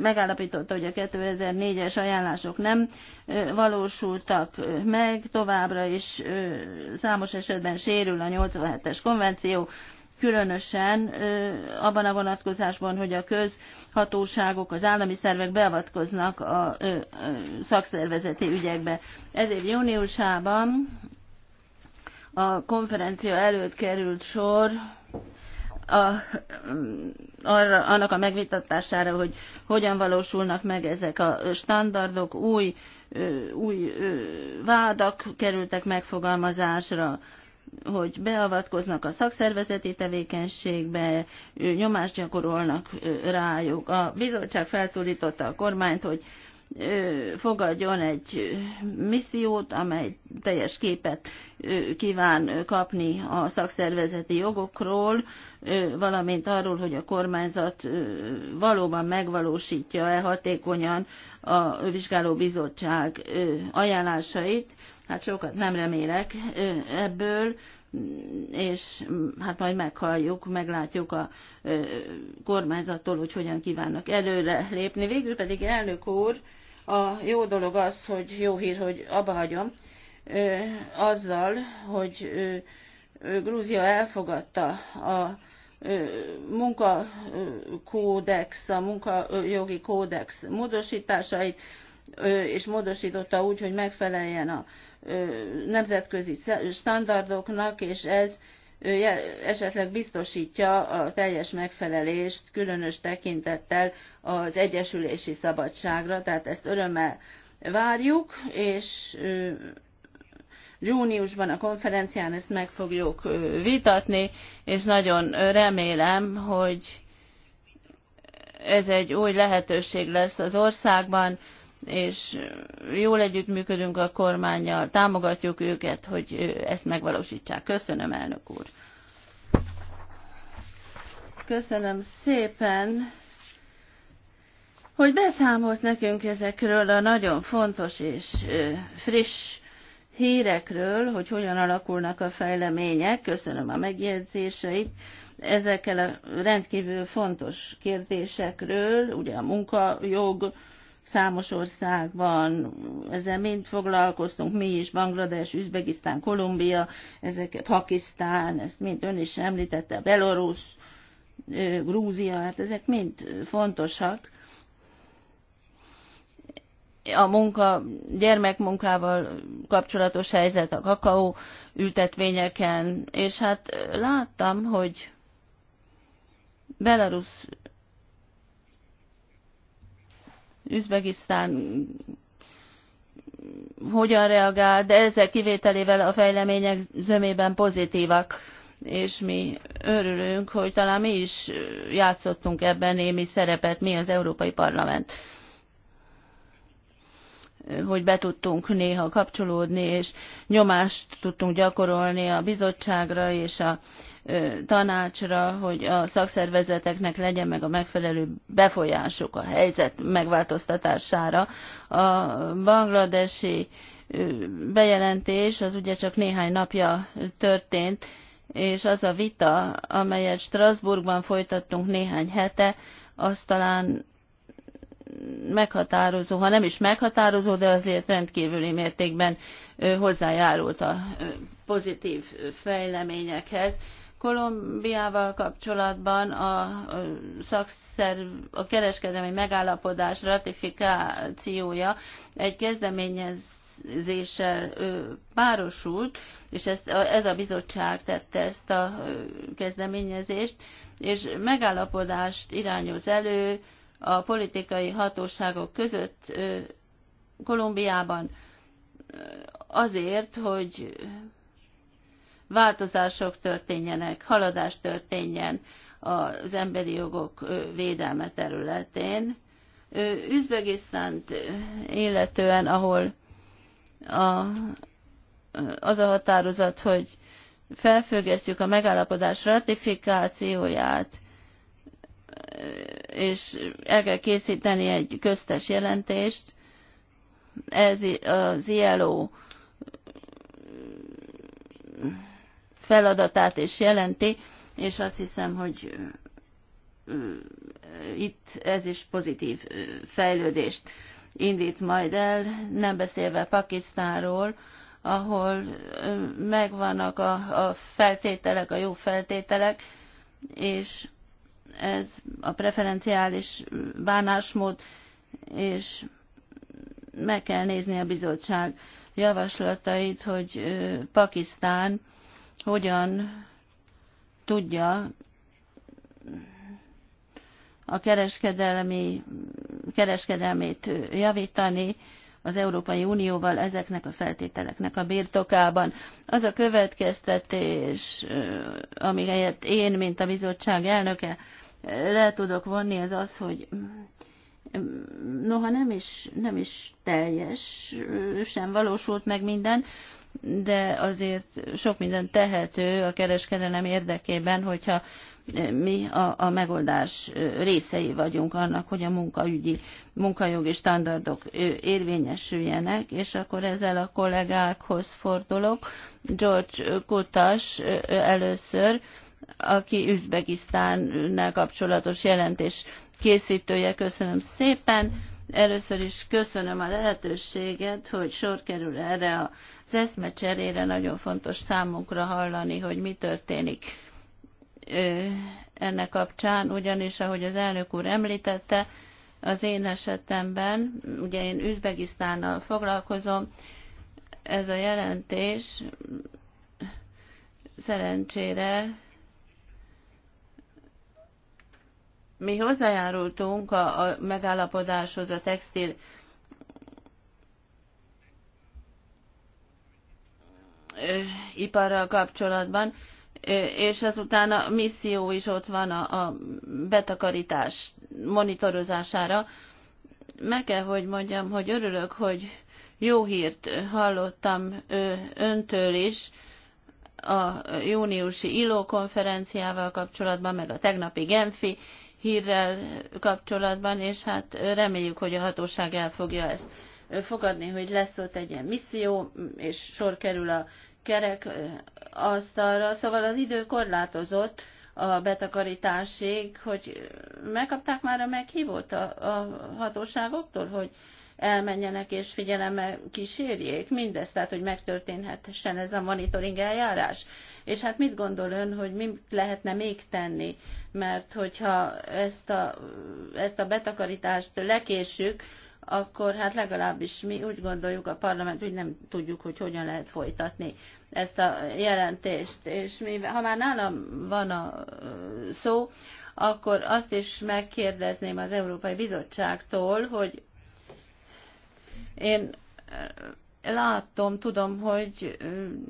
megállapította, hogy a 2004-es ajánlások nem valósultak meg, továbbra is számos esetben sérül a 87-es konvenció, különösen abban a vonatkozásban, hogy a közhatóságok, az állami szervek beavatkoznak a szakszervezeti ügyekbe. Ez év júniusában a konferencia előtt került sor a, arra, annak a megvitatására, hogy hogyan valósulnak meg ezek a standardok, új, új vádak kerültek megfogalmazásra, hogy beavatkoznak a szakszervezeti tevékenységbe, nyomást gyakorolnak rájuk. A bizottság felszólította a kormányt, hogy fogadjon egy missziót, amely teljes képet kíván kapni a szakszervezeti jogokról, valamint arról, hogy a kormányzat valóban megvalósítja-e hatékonyan a vizsgálóbizottság ajánlásait. Hát sokat nem remélek ebből, és mm, hát majd meghalljuk, meglátjuk a kormányzattól, hogy hogyan kívánnak előre lépni. Végül pedig elnök úr, a jó dolog az, hogy jó hír, hogy abba hagyom, azzal, hogy Grúzia elfogadta a munkakódex, a munkajogi kódex módosításait, és módosította úgy, hogy megfeleljen a nemzetközi standardoknak, és ez esetleg biztosítja a teljes megfelelést, különös tekintettel az egyesülési szabadságra, tehát ezt örömmel várjuk, és júniusban a konferencián ezt meg fogjuk vitatni, és nagyon remélem, hogy ez egy új lehetőség lesz az országban, és jól együttműködünk a kormányjal, támogatjuk őket, hogy ezt megvalósítsák. Köszönöm, elnök úr. Köszönöm szépen, hogy beszámolt nekünk ezekről a nagyon fontos és friss hírekről, hogy hogyan alakulnak a fejlemények. Köszönöm a megjegyzéseit ezekkel a rendkívül fontos kérdésekről, ugye a munkajog, számos országban, ezzel mind foglalkoztunk, mi is, Banglades, Üzbegisztán, Kolumbia, ezek, Pakisztán, ezt mind ön is említette, Belarus, Grúzia, hát ezek mind fontosak. A munka, gyermekmunkával kapcsolatos helyzet a kakaó ültetvényeken, és hát láttam, hogy Belarus Üzbegisztán hogyan reagál, de ezek kivételével a fejlemények zömében pozitívak, és mi örülünk, hogy talán mi is játszottunk ebben némi szerepet, mi az Európai Parlament hogy be tudtunk néha kapcsolódni, és nyomást tudtunk gyakorolni a bizottságra és a tanácsra, hogy a szakszervezeteknek legyen meg a megfelelő befolyásuk a helyzet megváltoztatására. A bangladesi bejelentés az ugye csak néhány napja történt, és az a vita, amelyet Strasbourgban folytattunk néhány hete, az talán meghatározó, ha nem is meghatározó, de azért rendkívüli mértékben hozzájárult a pozitív fejleményekhez. Kolumbiával kapcsolatban a, szakszerv, a kereskedelmi megállapodás ratifikációja egy kezdeményezéssel párosult, és ezt, ez a bizottság tette ezt a kezdeményezést, és megállapodást irányoz elő a politikai hatóságok között Kolumbiában azért, hogy változások történjenek, haladás történjen az emberi jogok védelme területén. Üzbegisztánt illetően, ahol a, az a határozat, hogy felfüggesztjük a megállapodás ratifikációját, és el kell készíteni egy köztes jelentést. Ez az ILO feladatát is jelenti, és azt hiszem, hogy itt ez is pozitív fejlődést indít majd el, nem beszélve Pakisztánról, ahol megvannak a, a feltételek, a jó feltételek, és ez a preferenciális bánásmód, és meg kell nézni a bizottság javaslatait, hogy Pakisztán hogyan tudja a kereskedelmi, kereskedelmét javítani az Európai Unióval ezeknek a feltételeknek a birtokában. Az a következtetés, amelyet én, mint a bizottság elnöke le tudok vonni, az az, hogy noha nem is, nem is teljes, sem valósult meg minden, de azért sok minden tehető a kereskedelem érdekében, hogyha mi a, a megoldás részei vagyunk annak, hogy a munkaügyi, munkajogi standardok érvényesüljenek, és akkor ezzel a kollégákhoz fordulok. George Kutas először, aki Üzbegisztánnal kapcsolatos jelentés készítője. Köszönöm szépen Először is köszönöm a lehetőséget, hogy sor kerül erre az eszmecserére. Nagyon fontos számunkra hallani, hogy mi történik ennek kapcsán, ugyanis, ahogy az elnök úr említette, az én esetemben, ugye én Üzbegisztánnal foglalkozom, ez a jelentés szerencsére Mi hozzájárultunk a, a megállapodáshoz a textil iparral kapcsolatban, és azután a misszió is ott van a, a betakarítás monitorozására. Meg kell, hogy mondjam, hogy örülök, hogy jó hírt hallottam öntől is a júniusi ILO konferenciával kapcsolatban, meg a tegnapi Genfi hírrel kapcsolatban, és hát reméljük, hogy a hatóság el fogja ezt fogadni, hogy lesz ott egy ilyen misszió, és sor kerül a kerek asztalra, szóval az idő korlátozott a betakarításig, hogy megkapták már a meghívót a, a hatóságoktól, hogy elmenjenek és figyelemmel kísérjék mindezt, tehát hogy megtörténhessen ez a monitoring eljárás. És hát mit gondol ön, hogy mi lehetne még tenni? Mert hogyha ezt a, ezt a betakarítást lekésük, akkor hát legalábbis mi úgy gondoljuk a parlament, hogy nem tudjuk, hogy hogyan lehet folytatni ezt a jelentést. És mivel, ha már nálam van a szó, akkor azt is megkérdezném az Európai Bizottságtól, hogy én látom, tudom, hogy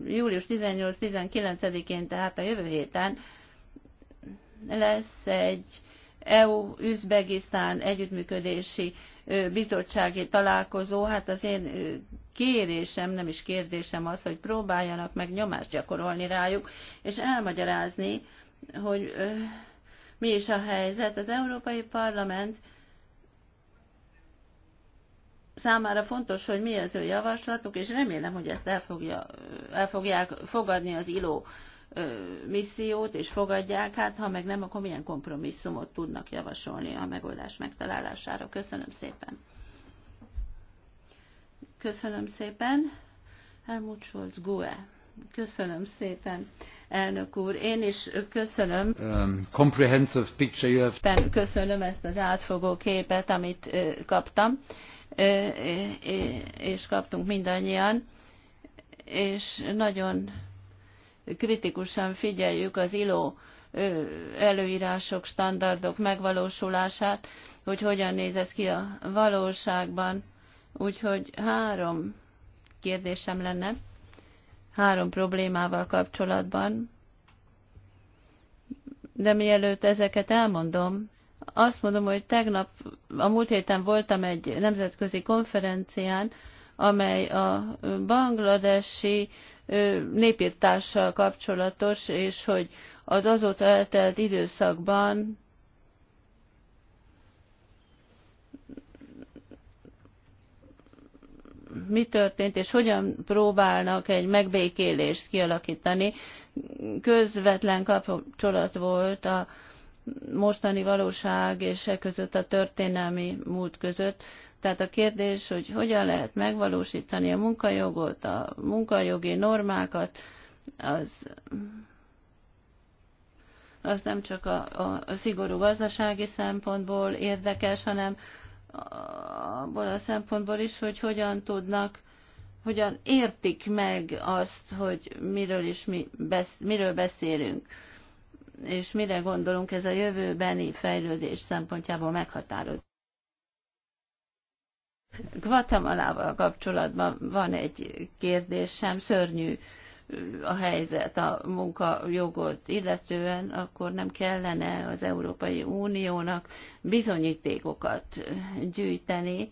július 18-19-én, tehát a jövő héten lesz egy EU-Üzbegisztán együttműködési bizottsági találkozó. Hát az én kérésem, nem is kérdésem az, hogy próbáljanak meg nyomást gyakorolni rájuk, és elmagyarázni, hogy mi is a helyzet. Az Európai Parlament számára fontos, hogy mi az ő javaslatuk, és remélem, hogy ezt el, fogja, el fogják fogadni az ILO missziót, és fogadják, hát ha meg nem, akkor milyen kompromisszumot tudnak javasolni a megoldás megtalálására. Köszönöm szépen. Köszönöm szépen. Helmut Scholz, GUE. Köszönöm szépen, elnök úr. Én is köszönöm. Um, comprehensive picture you have... Köszönöm ezt az átfogó képet, amit kaptam és kaptunk mindannyian, és nagyon kritikusan figyeljük az ILO előírások, standardok megvalósulását, hogy hogyan néz ez ki a valóságban. Úgyhogy három kérdésem lenne, három problémával kapcsolatban. De mielőtt ezeket elmondom, azt mondom, hogy tegnap, a múlt héten voltam egy nemzetközi konferencián, amely a bangladesi népírtással kapcsolatos, és hogy az azóta eltelt időszakban mi történt, és hogyan próbálnak egy megbékélést kialakítani. Közvetlen kapcsolat volt a mostani valóság és e között a történelmi múlt között. Tehát a kérdés, hogy hogyan lehet megvalósítani a munkajogot, a munkajogi normákat, az, az nem csak a, a, a szigorú gazdasági szempontból érdekes, hanem abból a szempontból is, hogy hogyan tudnak, hogyan értik meg azt, hogy miről is mi besz, miről beszélünk és mire gondolunk ez a jövőbeni fejlődés szempontjából meghatároz. Guatemalával kapcsolatban van egy kérdésem, szörnyű a helyzet a munkajogot illetően, akkor nem kellene az Európai Uniónak bizonyítékokat gyűjteni,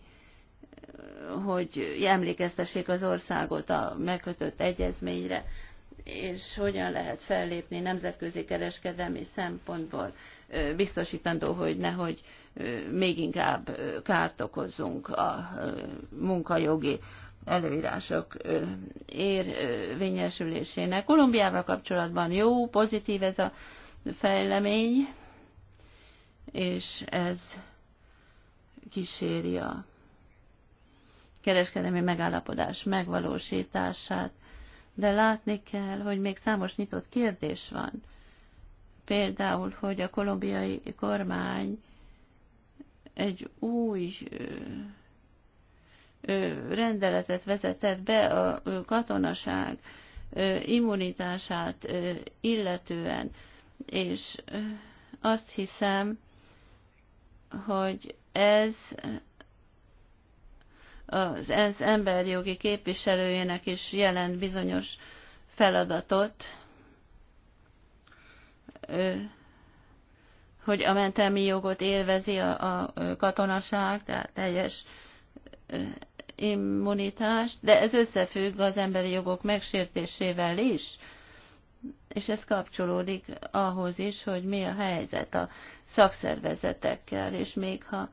hogy emlékeztessék az országot a megkötött egyezményre és hogyan lehet fellépni nemzetközi kereskedelmi szempontból biztosítandó, hogy nehogy még inkább kárt okozzunk a munkajogi előírások érvényesülésének. Kolumbiával kapcsolatban jó, pozitív ez a fejlemény, és ez kíséri a kereskedelmi megállapodás megvalósítását de látni kell, hogy még számos nyitott kérdés van. Például, hogy a kolumbiai kormány egy új rendeletet vezetett be a katonaság immunitását illetően, és azt hiszem, hogy ez az ENSZ emberjogi képviselőjének is jelent bizonyos feladatot, hogy a mentelmi jogot élvezi a, a katonaság, tehát teljes immunitást, de ez összefügg az emberi jogok megsértésével is, és ez kapcsolódik ahhoz is, hogy mi a helyzet a szakszervezetekkel, és még ha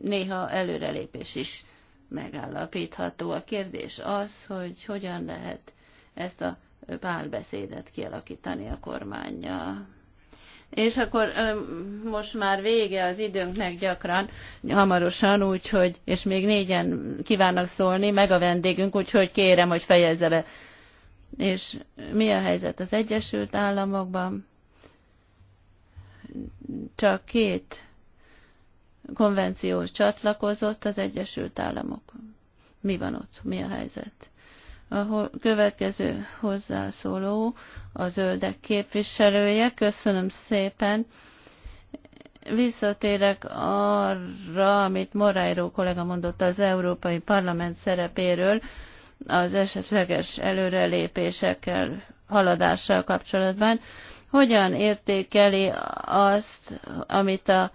néha előrelépés is megállapítható. A kérdés az, hogy hogyan lehet ezt a párbeszédet kialakítani a kormánya És akkor most már vége az időnknek gyakran, hamarosan, úgyhogy, és még négyen kívánnak szólni, meg a vendégünk, úgyhogy kérem, hogy fejezze be. És mi a helyzet az Egyesült Államokban? Csak két konvencióhoz csatlakozott az Egyesült Államok. Mi van ott? Mi a helyzet? A következő hozzászóló a zöldek képviselője. Köszönöm szépen. Visszatérek arra, amit Morájró kollega mondott az Európai Parlament szerepéről, az esetleges előrelépésekkel, haladással kapcsolatban. Hogyan értékeli azt, amit a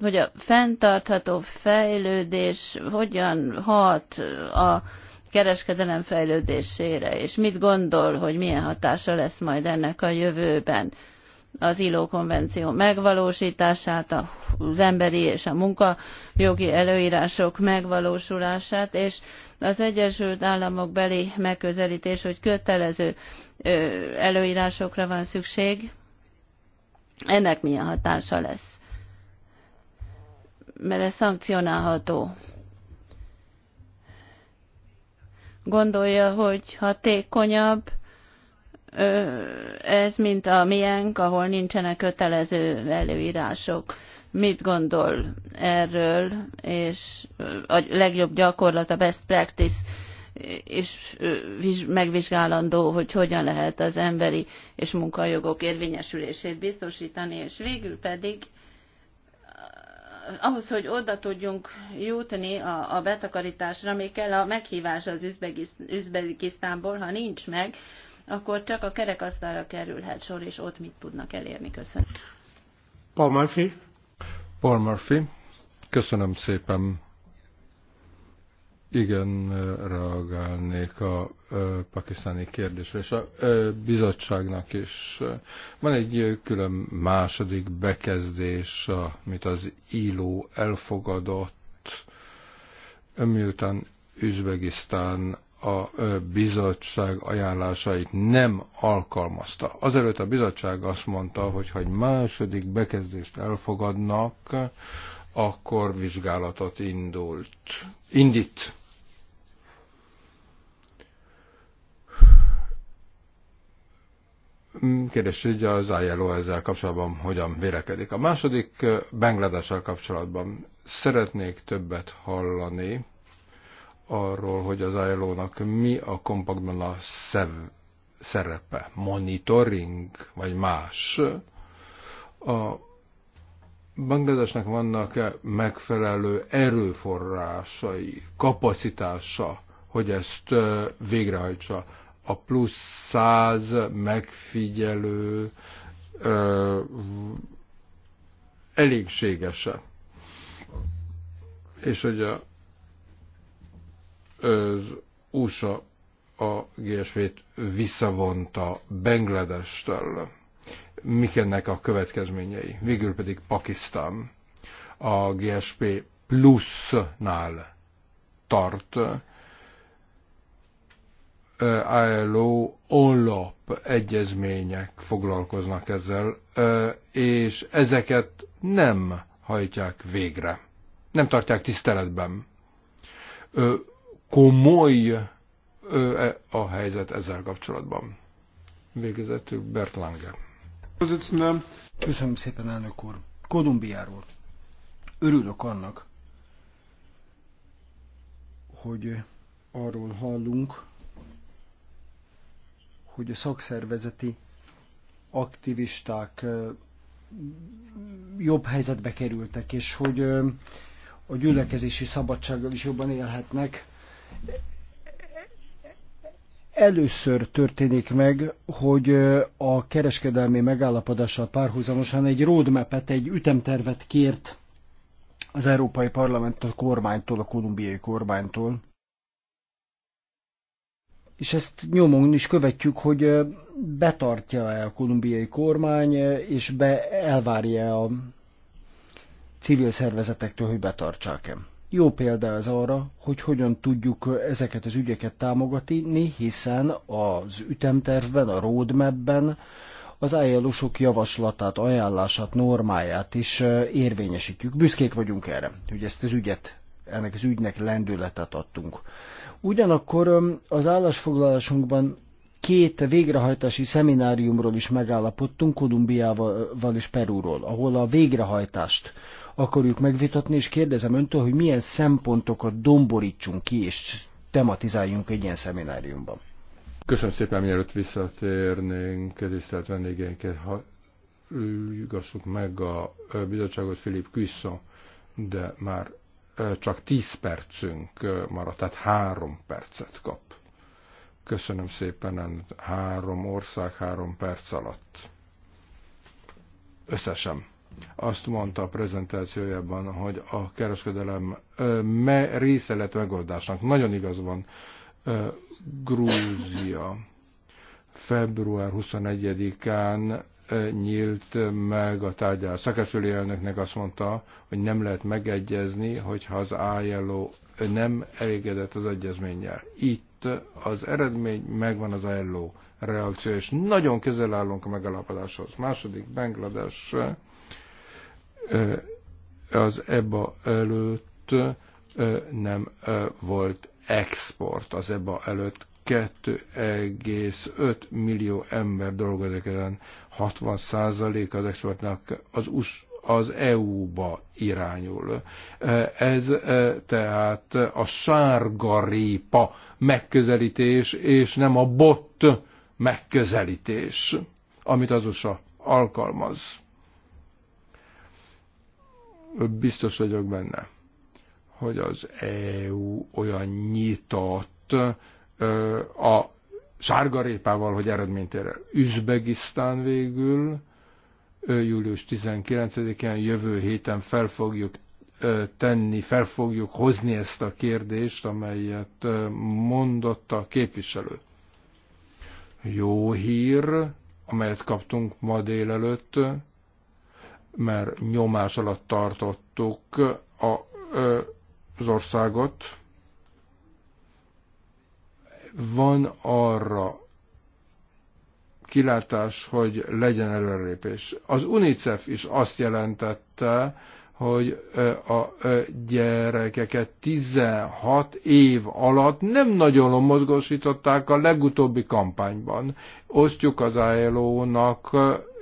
hogy a fenntartható fejlődés hogyan hat a kereskedelem fejlődésére, és mit gondol, hogy milyen hatása lesz majd ennek a jövőben az ILO konvenció megvalósítását, az emberi és a munkajogi előírások megvalósulását, és az Egyesült Államok beli megközelítés, hogy kötelező előírásokra van szükség, ennek milyen hatása lesz mert ez szankcionálható. Gondolja, hogy hatékonyabb ez, mint a miénk, ahol nincsenek kötelező előírások. Mit gondol erről, és a legjobb gyakorlat, a best practice és megvizsgálandó, hogy hogyan lehet az emberi és munkajogok érvényesülését biztosítani, és végül pedig ahhoz, hogy oda tudjunk jutni a, a betakarításra, még kell a meghívás az Üzbegisztánból, ha nincs meg, akkor csak a kerekasztalra kerülhet sor, és ott mit tudnak elérni. Köszönöm. Paul Murphy. Paul Murphy. Köszönöm szépen. Igen, reagálnék a pakisztáni kérdésre, és a bizottságnak is. Van egy külön második bekezdés, amit az iló elfogadott, miután Üzbegisztán a bizottság ajánlásait nem alkalmazta. Azelőtt a bizottság azt mondta, hogy ha egy második bekezdést elfogadnak, akkor vizsgálatot indult, indít. Kérdés, hogy az ILO ezzel kapcsolatban hogyan vélekedik. A második eh, Bangladessel kapcsolatban szeretnék többet hallani arról, hogy az ILO-nak mi a kompaktban a szev, szerepe, monitoring, vagy más. A Bangladesnek vannak megfelelő erőforrásai, kapacitása, hogy ezt végrehajtsa. A plusz száz megfigyelő elégségese. És hogy a, az USA a GSV-t visszavonta Bangladestől mik ennek a következményei. Végül pedig Pakisztán a GSP plusznál tart. ILO onlap egyezmények foglalkoznak ezzel, és ezeket nem hajtják végre. Nem tartják tiszteletben. Komoly e, a helyzet ezzel kapcsolatban. Végezetül Bert Lange. Köszönöm szépen, elnök úr. Kolumbiáról. Örülök annak, hogy arról hallunk, hogy a szakszervezeti aktivisták jobb helyzetbe kerültek, és hogy a gyülekezési szabadsággal is jobban élhetnek először történik meg, hogy a kereskedelmi megállapodással párhuzamosan egy roadmap-et, egy ütemtervet kért az Európai Parlament a kormánytól, a kolumbiai kormánytól. És ezt nyomon is követjük, hogy betartja-e a kolumbiai kormány, és be elvárja a civil szervezetektől, hogy betartsák-e. Jó példa ez arra, hogy hogyan tudjuk ezeket az ügyeket támogatni, hiszen az ütemtervben, a roadmapben az ilo javaslatát, ajánlását, normáját is érvényesítjük. Büszkék vagyunk erre, hogy ezt az ügyet, ennek az ügynek lendületet adtunk. Ugyanakkor az állásfoglalásunkban két végrehajtási szemináriumról is megállapodtunk, Kolumbiával és Perúról, ahol a végrehajtást akarjuk megvitatni, és kérdezem öntől, hogy milyen szempontokat domborítsunk ki, és tematizáljunk egy ilyen szemináriumban. Köszönöm szépen, mielőtt visszatérnénk, tisztelt vendégeinket, ha ügassuk meg a bizottságot, Filip Küsszó, de már csak 10 percünk maradt, tehát három percet kap. Köszönöm szépen, három ország három perc alatt. Összesen. Azt mondta a prezentációjában, hogy a kereskedelem me része lett megoldásnak. Nagyon igaz van. Grúzia február 21-án nyílt meg a tárgyalás. Szakasüli elnöknek azt mondta, hogy nem lehet megegyezni, hogyha az ILO nem elégedett az egyezménnyel. Itt az eredmény megvan az ILO reakció, és nagyon közel állunk a megalapodáshoz. Második, Bangladesh az EBA előtt nem volt export az EBA előtt. 2,5 millió ember dolgozik ezen, 60% az exportnak az, US, az EU-ba irányul. Ez tehát a sárgarépa megközelítés, és nem a bot megközelítés, amit az USA alkalmaz biztos vagyok benne, hogy az EU olyan nyitott a sárgarépával, hogy eredményt ér el. Üzbegisztán végül július 19-én jövő héten fel fogjuk tenni, fel fogjuk hozni ezt a kérdést, amelyet mondott a képviselő. Jó hír, amelyet kaptunk ma délelőtt, mert nyomás alatt tartottuk a, az országot. Van arra kilátás, hogy legyen előrelépés. Az UNICEF is azt jelentette, hogy a gyerekeket 16 év alatt nem nagyon mozgósították a legutóbbi kampányban. Osztjuk az ILO-nak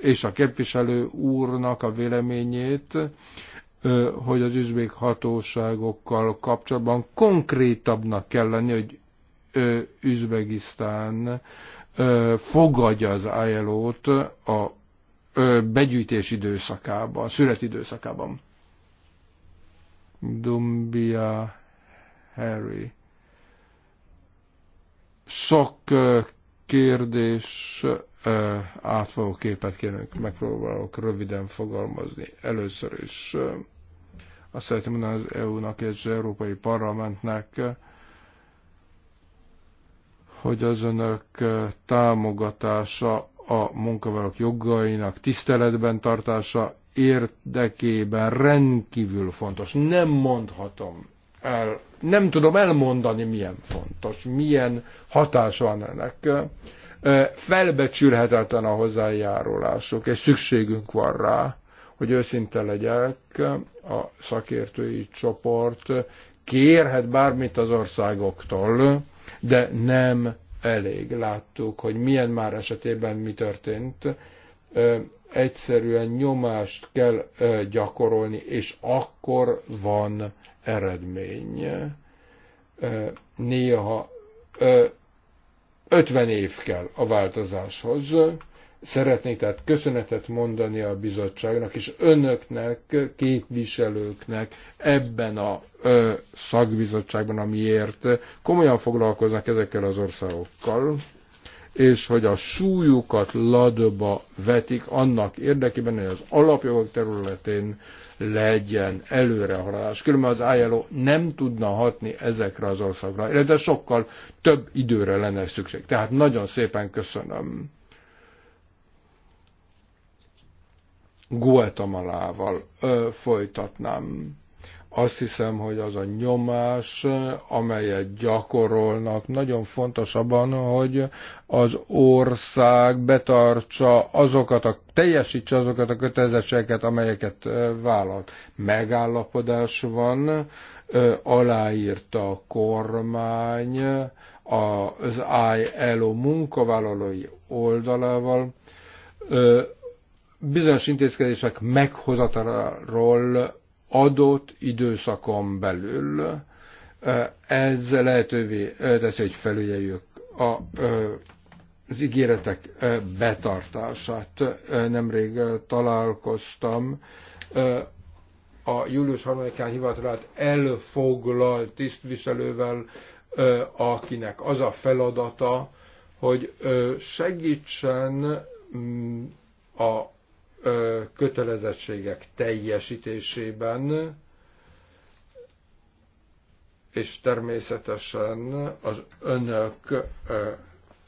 és a képviselő úrnak a véleményét, hogy az üzbék hatóságokkal kapcsolatban konkrétabbnak kell lenni, hogy Üzbegisztán fogadja az ILO-t a begyűjtés időszakában, a szület időszakában. Dumbia Harry. Sok kérdés átfogó képet kérünk, megpróbálok röviden fogalmazni. Először is azt szeretném mondani az EU-nak és az Európai Parlamentnek, hogy az önök támogatása a munkavállalók jogainak tiszteletben tartása érdekében rendkívül fontos. Nem mondhatom el, nem tudom elmondani, milyen fontos, milyen hatása van ennek felbecsülhetetlen a hozzájárulásuk, és szükségünk van rá, hogy őszinte legyek, a szakértői csoport kérhet bármit az országoktól, de nem elég. Láttuk, hogy milyen már esetében mi történt. Egyszerűen nyomást kell gyakorolni, és akkor van eredmény. Néha 50 év kell a változáshoz. Szeretnék tehát köszönetet mondani a bizottságnak és önöknek, képviselőknek ebben a ö, szakbizottságban, amiért komolyan foglalkoznak ezekkel az országokkal, és hogy a súlyukat ladba vetik annak érdekében, hogy az alapjogok területén legyen előrehaladás. Különben az ILO nem tudna hatni ezekre az országokra, illetve sokkal több időre lenne szükség. Tehát nagyon szépen köszönöm. Guatemalával folytatnám. Azt hiszem, hogy az a nyomás, amelyet gyakorolnak, nagyon fontos abban, hogy az ország betartsa azokat a, teljesítse azokat a kötelezettségeket, amelyeket vállalt. Megállapodás van, aláírta a kormány az ILO munkavállalói oldalával, bizonyos intézkedések meghozataláról adott időszakon belül. Ez lehetővé teszi, hogy felügyeljük a az ígéretek betartását. Nemrég találkoztam a július 3-án hivatalát elfoglalt tisztviselővel, akinek az a feladata, hogy segítsen mm, a kötelezettségek teljesítésében, és természetesen az önök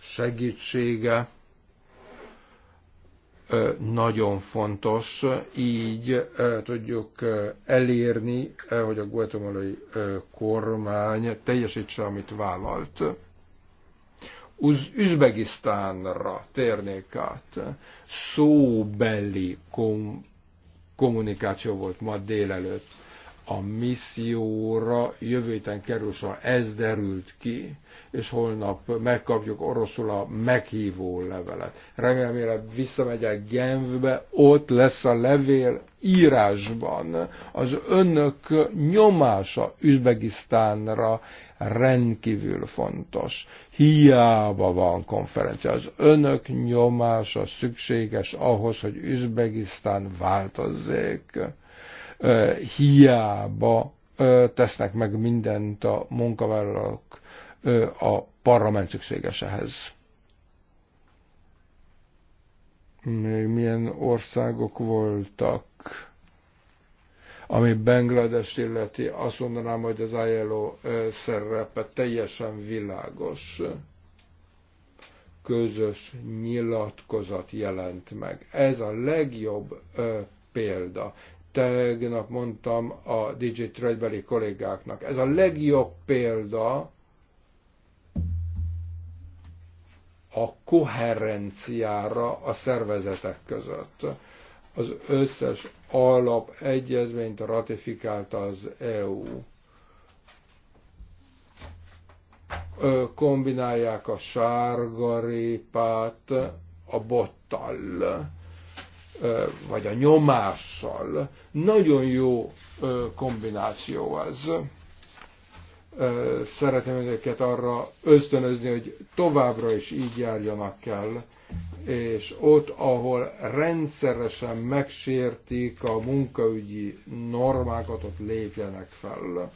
segítsége nagyon fontos, így tudjuk elérni, hogy a guatemalai kormány teljesítse, amit vállalt. Uz Üzbegisztánra térnék át. Szóbeli kom- kommunikáció volt ma délelőtt a misszióra jövő héten kerül sor, ez derült ki, és holnap megkapjuk oroszul a meghívó levelet. Remélem, visszamegyek Genfbe, ott lesz a levél írásban. Az önök nyomása Üzbegisztánra rendkívül fontos. Hiába van konferencia. Az önök nyomása szükséges ahhoz, hogy Üzbegisztán változzék hiába tesznek meg mindent a munkavállalók, a parlament szükséges ehhez. Milyen országok voltak, ami Benglades illeti, azt mondanám, hogy az ILO szerepe teljesen világos közös nyilatkozat jelent meg. Ez a legjobb példa tegnap mondtam a DJ trade kollégáknak. Ez a legjobb példa a koherenciára a szervezetek között. Az összes alapegyezményt ratifikálta az EU. Kombinálják a sárgarépát a bottal vagy a nyomással. Nagyon jó kombináció ez. Szeretném önöket arra ösztönözni, hogy továbbra is így járjanak el, és ott, ahol rendszeresen megsértik a munkaügyi normákat, ott lépjenek fel.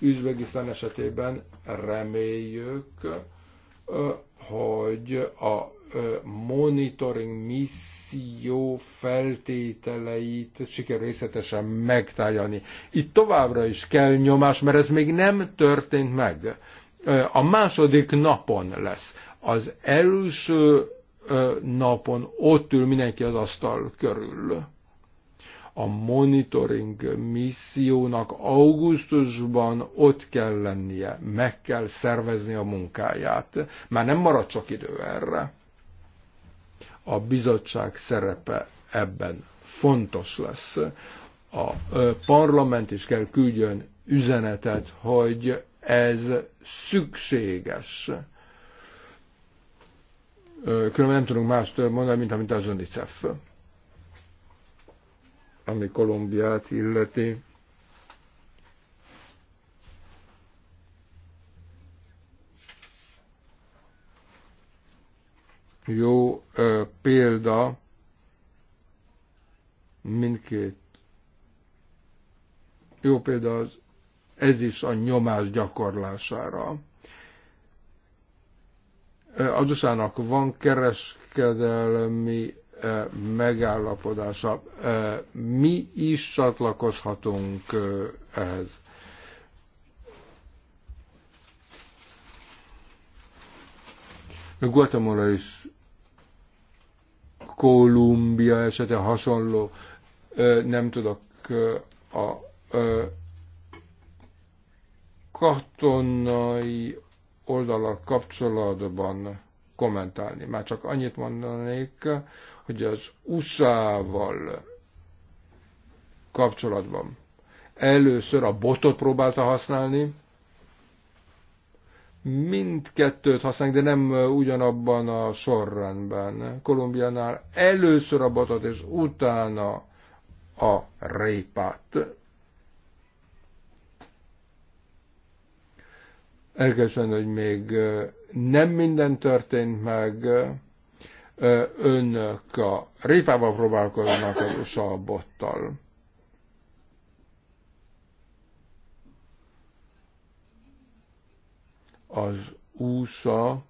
Üzbegisztán esetében reméljük, hogy a monitoring misszió feltételeit sikerül részletesen megtájani. Itt továbbra is kell nyomás, mert ez még nem történt meg. A második napon lesz. Az első napon ott ül mindenki az asztal körül a monitoring missziónak augusztusban ott kell lennie, meg kell szervezni a munkáját. Már nem marad csak idő erre. A bizottság szerepe ebben fontos lesz. A parlament is kell küldjön üzenetet, hogy ez szükséges. Különben nem tudunk mást mondani, mint amit az UNICEF ami Kolumbiát illeti. Jó ö, példa mindkét. Jó példa az, ez is a nyomás gyakorlására. Az van kereskedelmi megállapodása. mi is csatlakozhatunk ehhez. Guatemala és Kolumbia esete hasonló, nem tudok a katonai oldalak kapcsolatban kommentálni. Már csak annyit mondanék, hogy az USA-val kapcsolatban először a botot próbálta használni, mindkettőt használunk, de nem ugyanabban a sorrendben. Kolumbiánál először a botot, és utána a répát. Elkesen, hogy még nem minden történt meg, önök a répával próbálkoznak az USA bottal. Az USA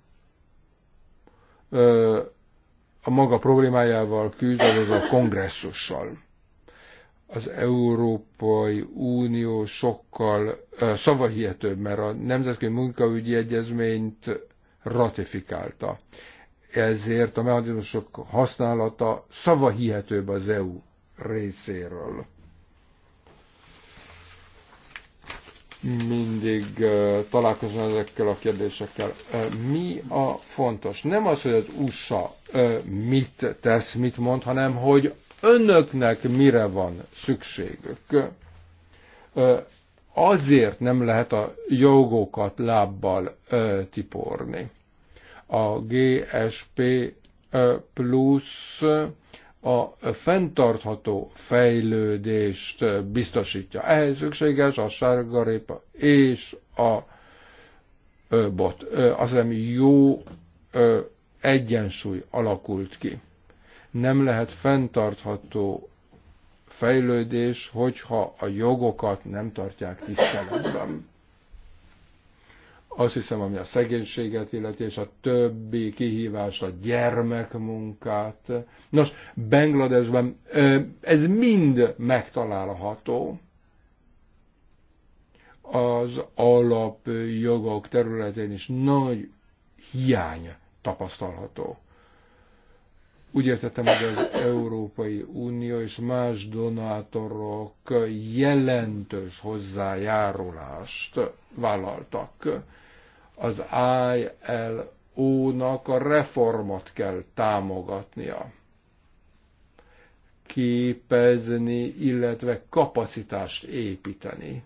a maga problémájával küzd, az a kongresszussal az Európai Unió sokkal szavahihetőbb, mert a Nemzetközi Munkaügyi Egyezményt ratifikálta. Ezért a mechanizmusok használata szavahihetőbb az EU részéről. mindig találkozom ezekkel a kérdésekkel. Mi a fontos? Nem az, hogy az USA mit tesz, mit mond, hanem hogy önöknek mire van szükségük. Azért nem lehet a jogokat lábbal tiporni. A GSP plusz a fenntartható fejlődést biztosítja. Ehhez szükséges a sárgarépa és a bot. Azt hiszem jó egyensúly alakult ki. Nem lehet fenntartható fejlődés, hogyha a jogokat nem tartják tiszteletben. Azt hiszem, ami a szegénységet illeti, és a többi kihívást, a gyermekmunkát. Nos, Bangladesben ez mind megtalálható az alapjogok területén is nagy hiány tapasztalható. Úgy értettem, hogy az Európai Unió és más donátorok jelentős hozzájárulást vállaltak. Az ILO-nak a reformot kell támogatnia képezni, illetve kapacitást építeni.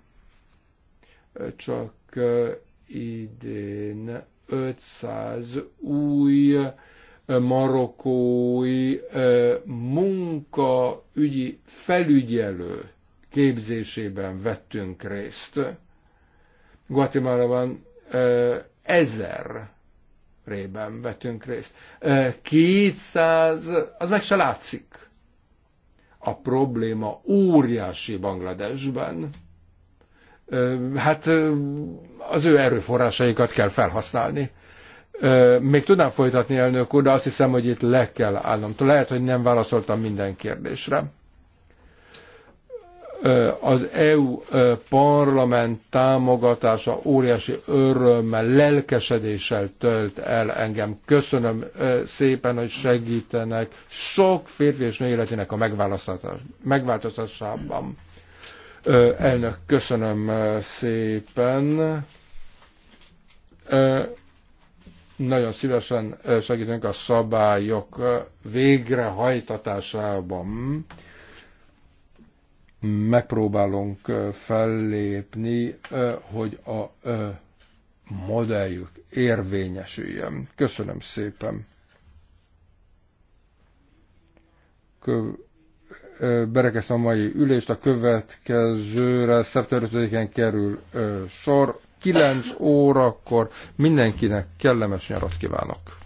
Csak idén 500 új marokkói munkaügyi felügyelő képzésében vettünk részt. guatemala van ezer rében vettünk részt. 200, az meg se látszik. A probléma óriási Bangladesben. Hát az ő erőforrásaikat kell felhasználni. Még tudnám folytatni, elnök úr, de azt hiszem, hogy itt le kell állnom. Lehet, hogy nem válaszoltam minden kérdésre. Az EU parlament támogatása óriási örömmel, lelkesedéssel tölt el engem. Köszönöm szépen, hogy segítenek sok férfi és nő életének a megváltoztatásában. Elnök, köszönöm szépen nagyon szívesen eh, segítünk a szabályok eh, végrehajtatásában. Megpróbálunk eh, fellépni, hogy a modelljük érvényesüljön. Köszönöm szépen. Köv berekeztem a mai ülést, a következőre szeptember 5-én kerül sor. 9 órakor. Mindenkinek kellemes nyarat kívánok!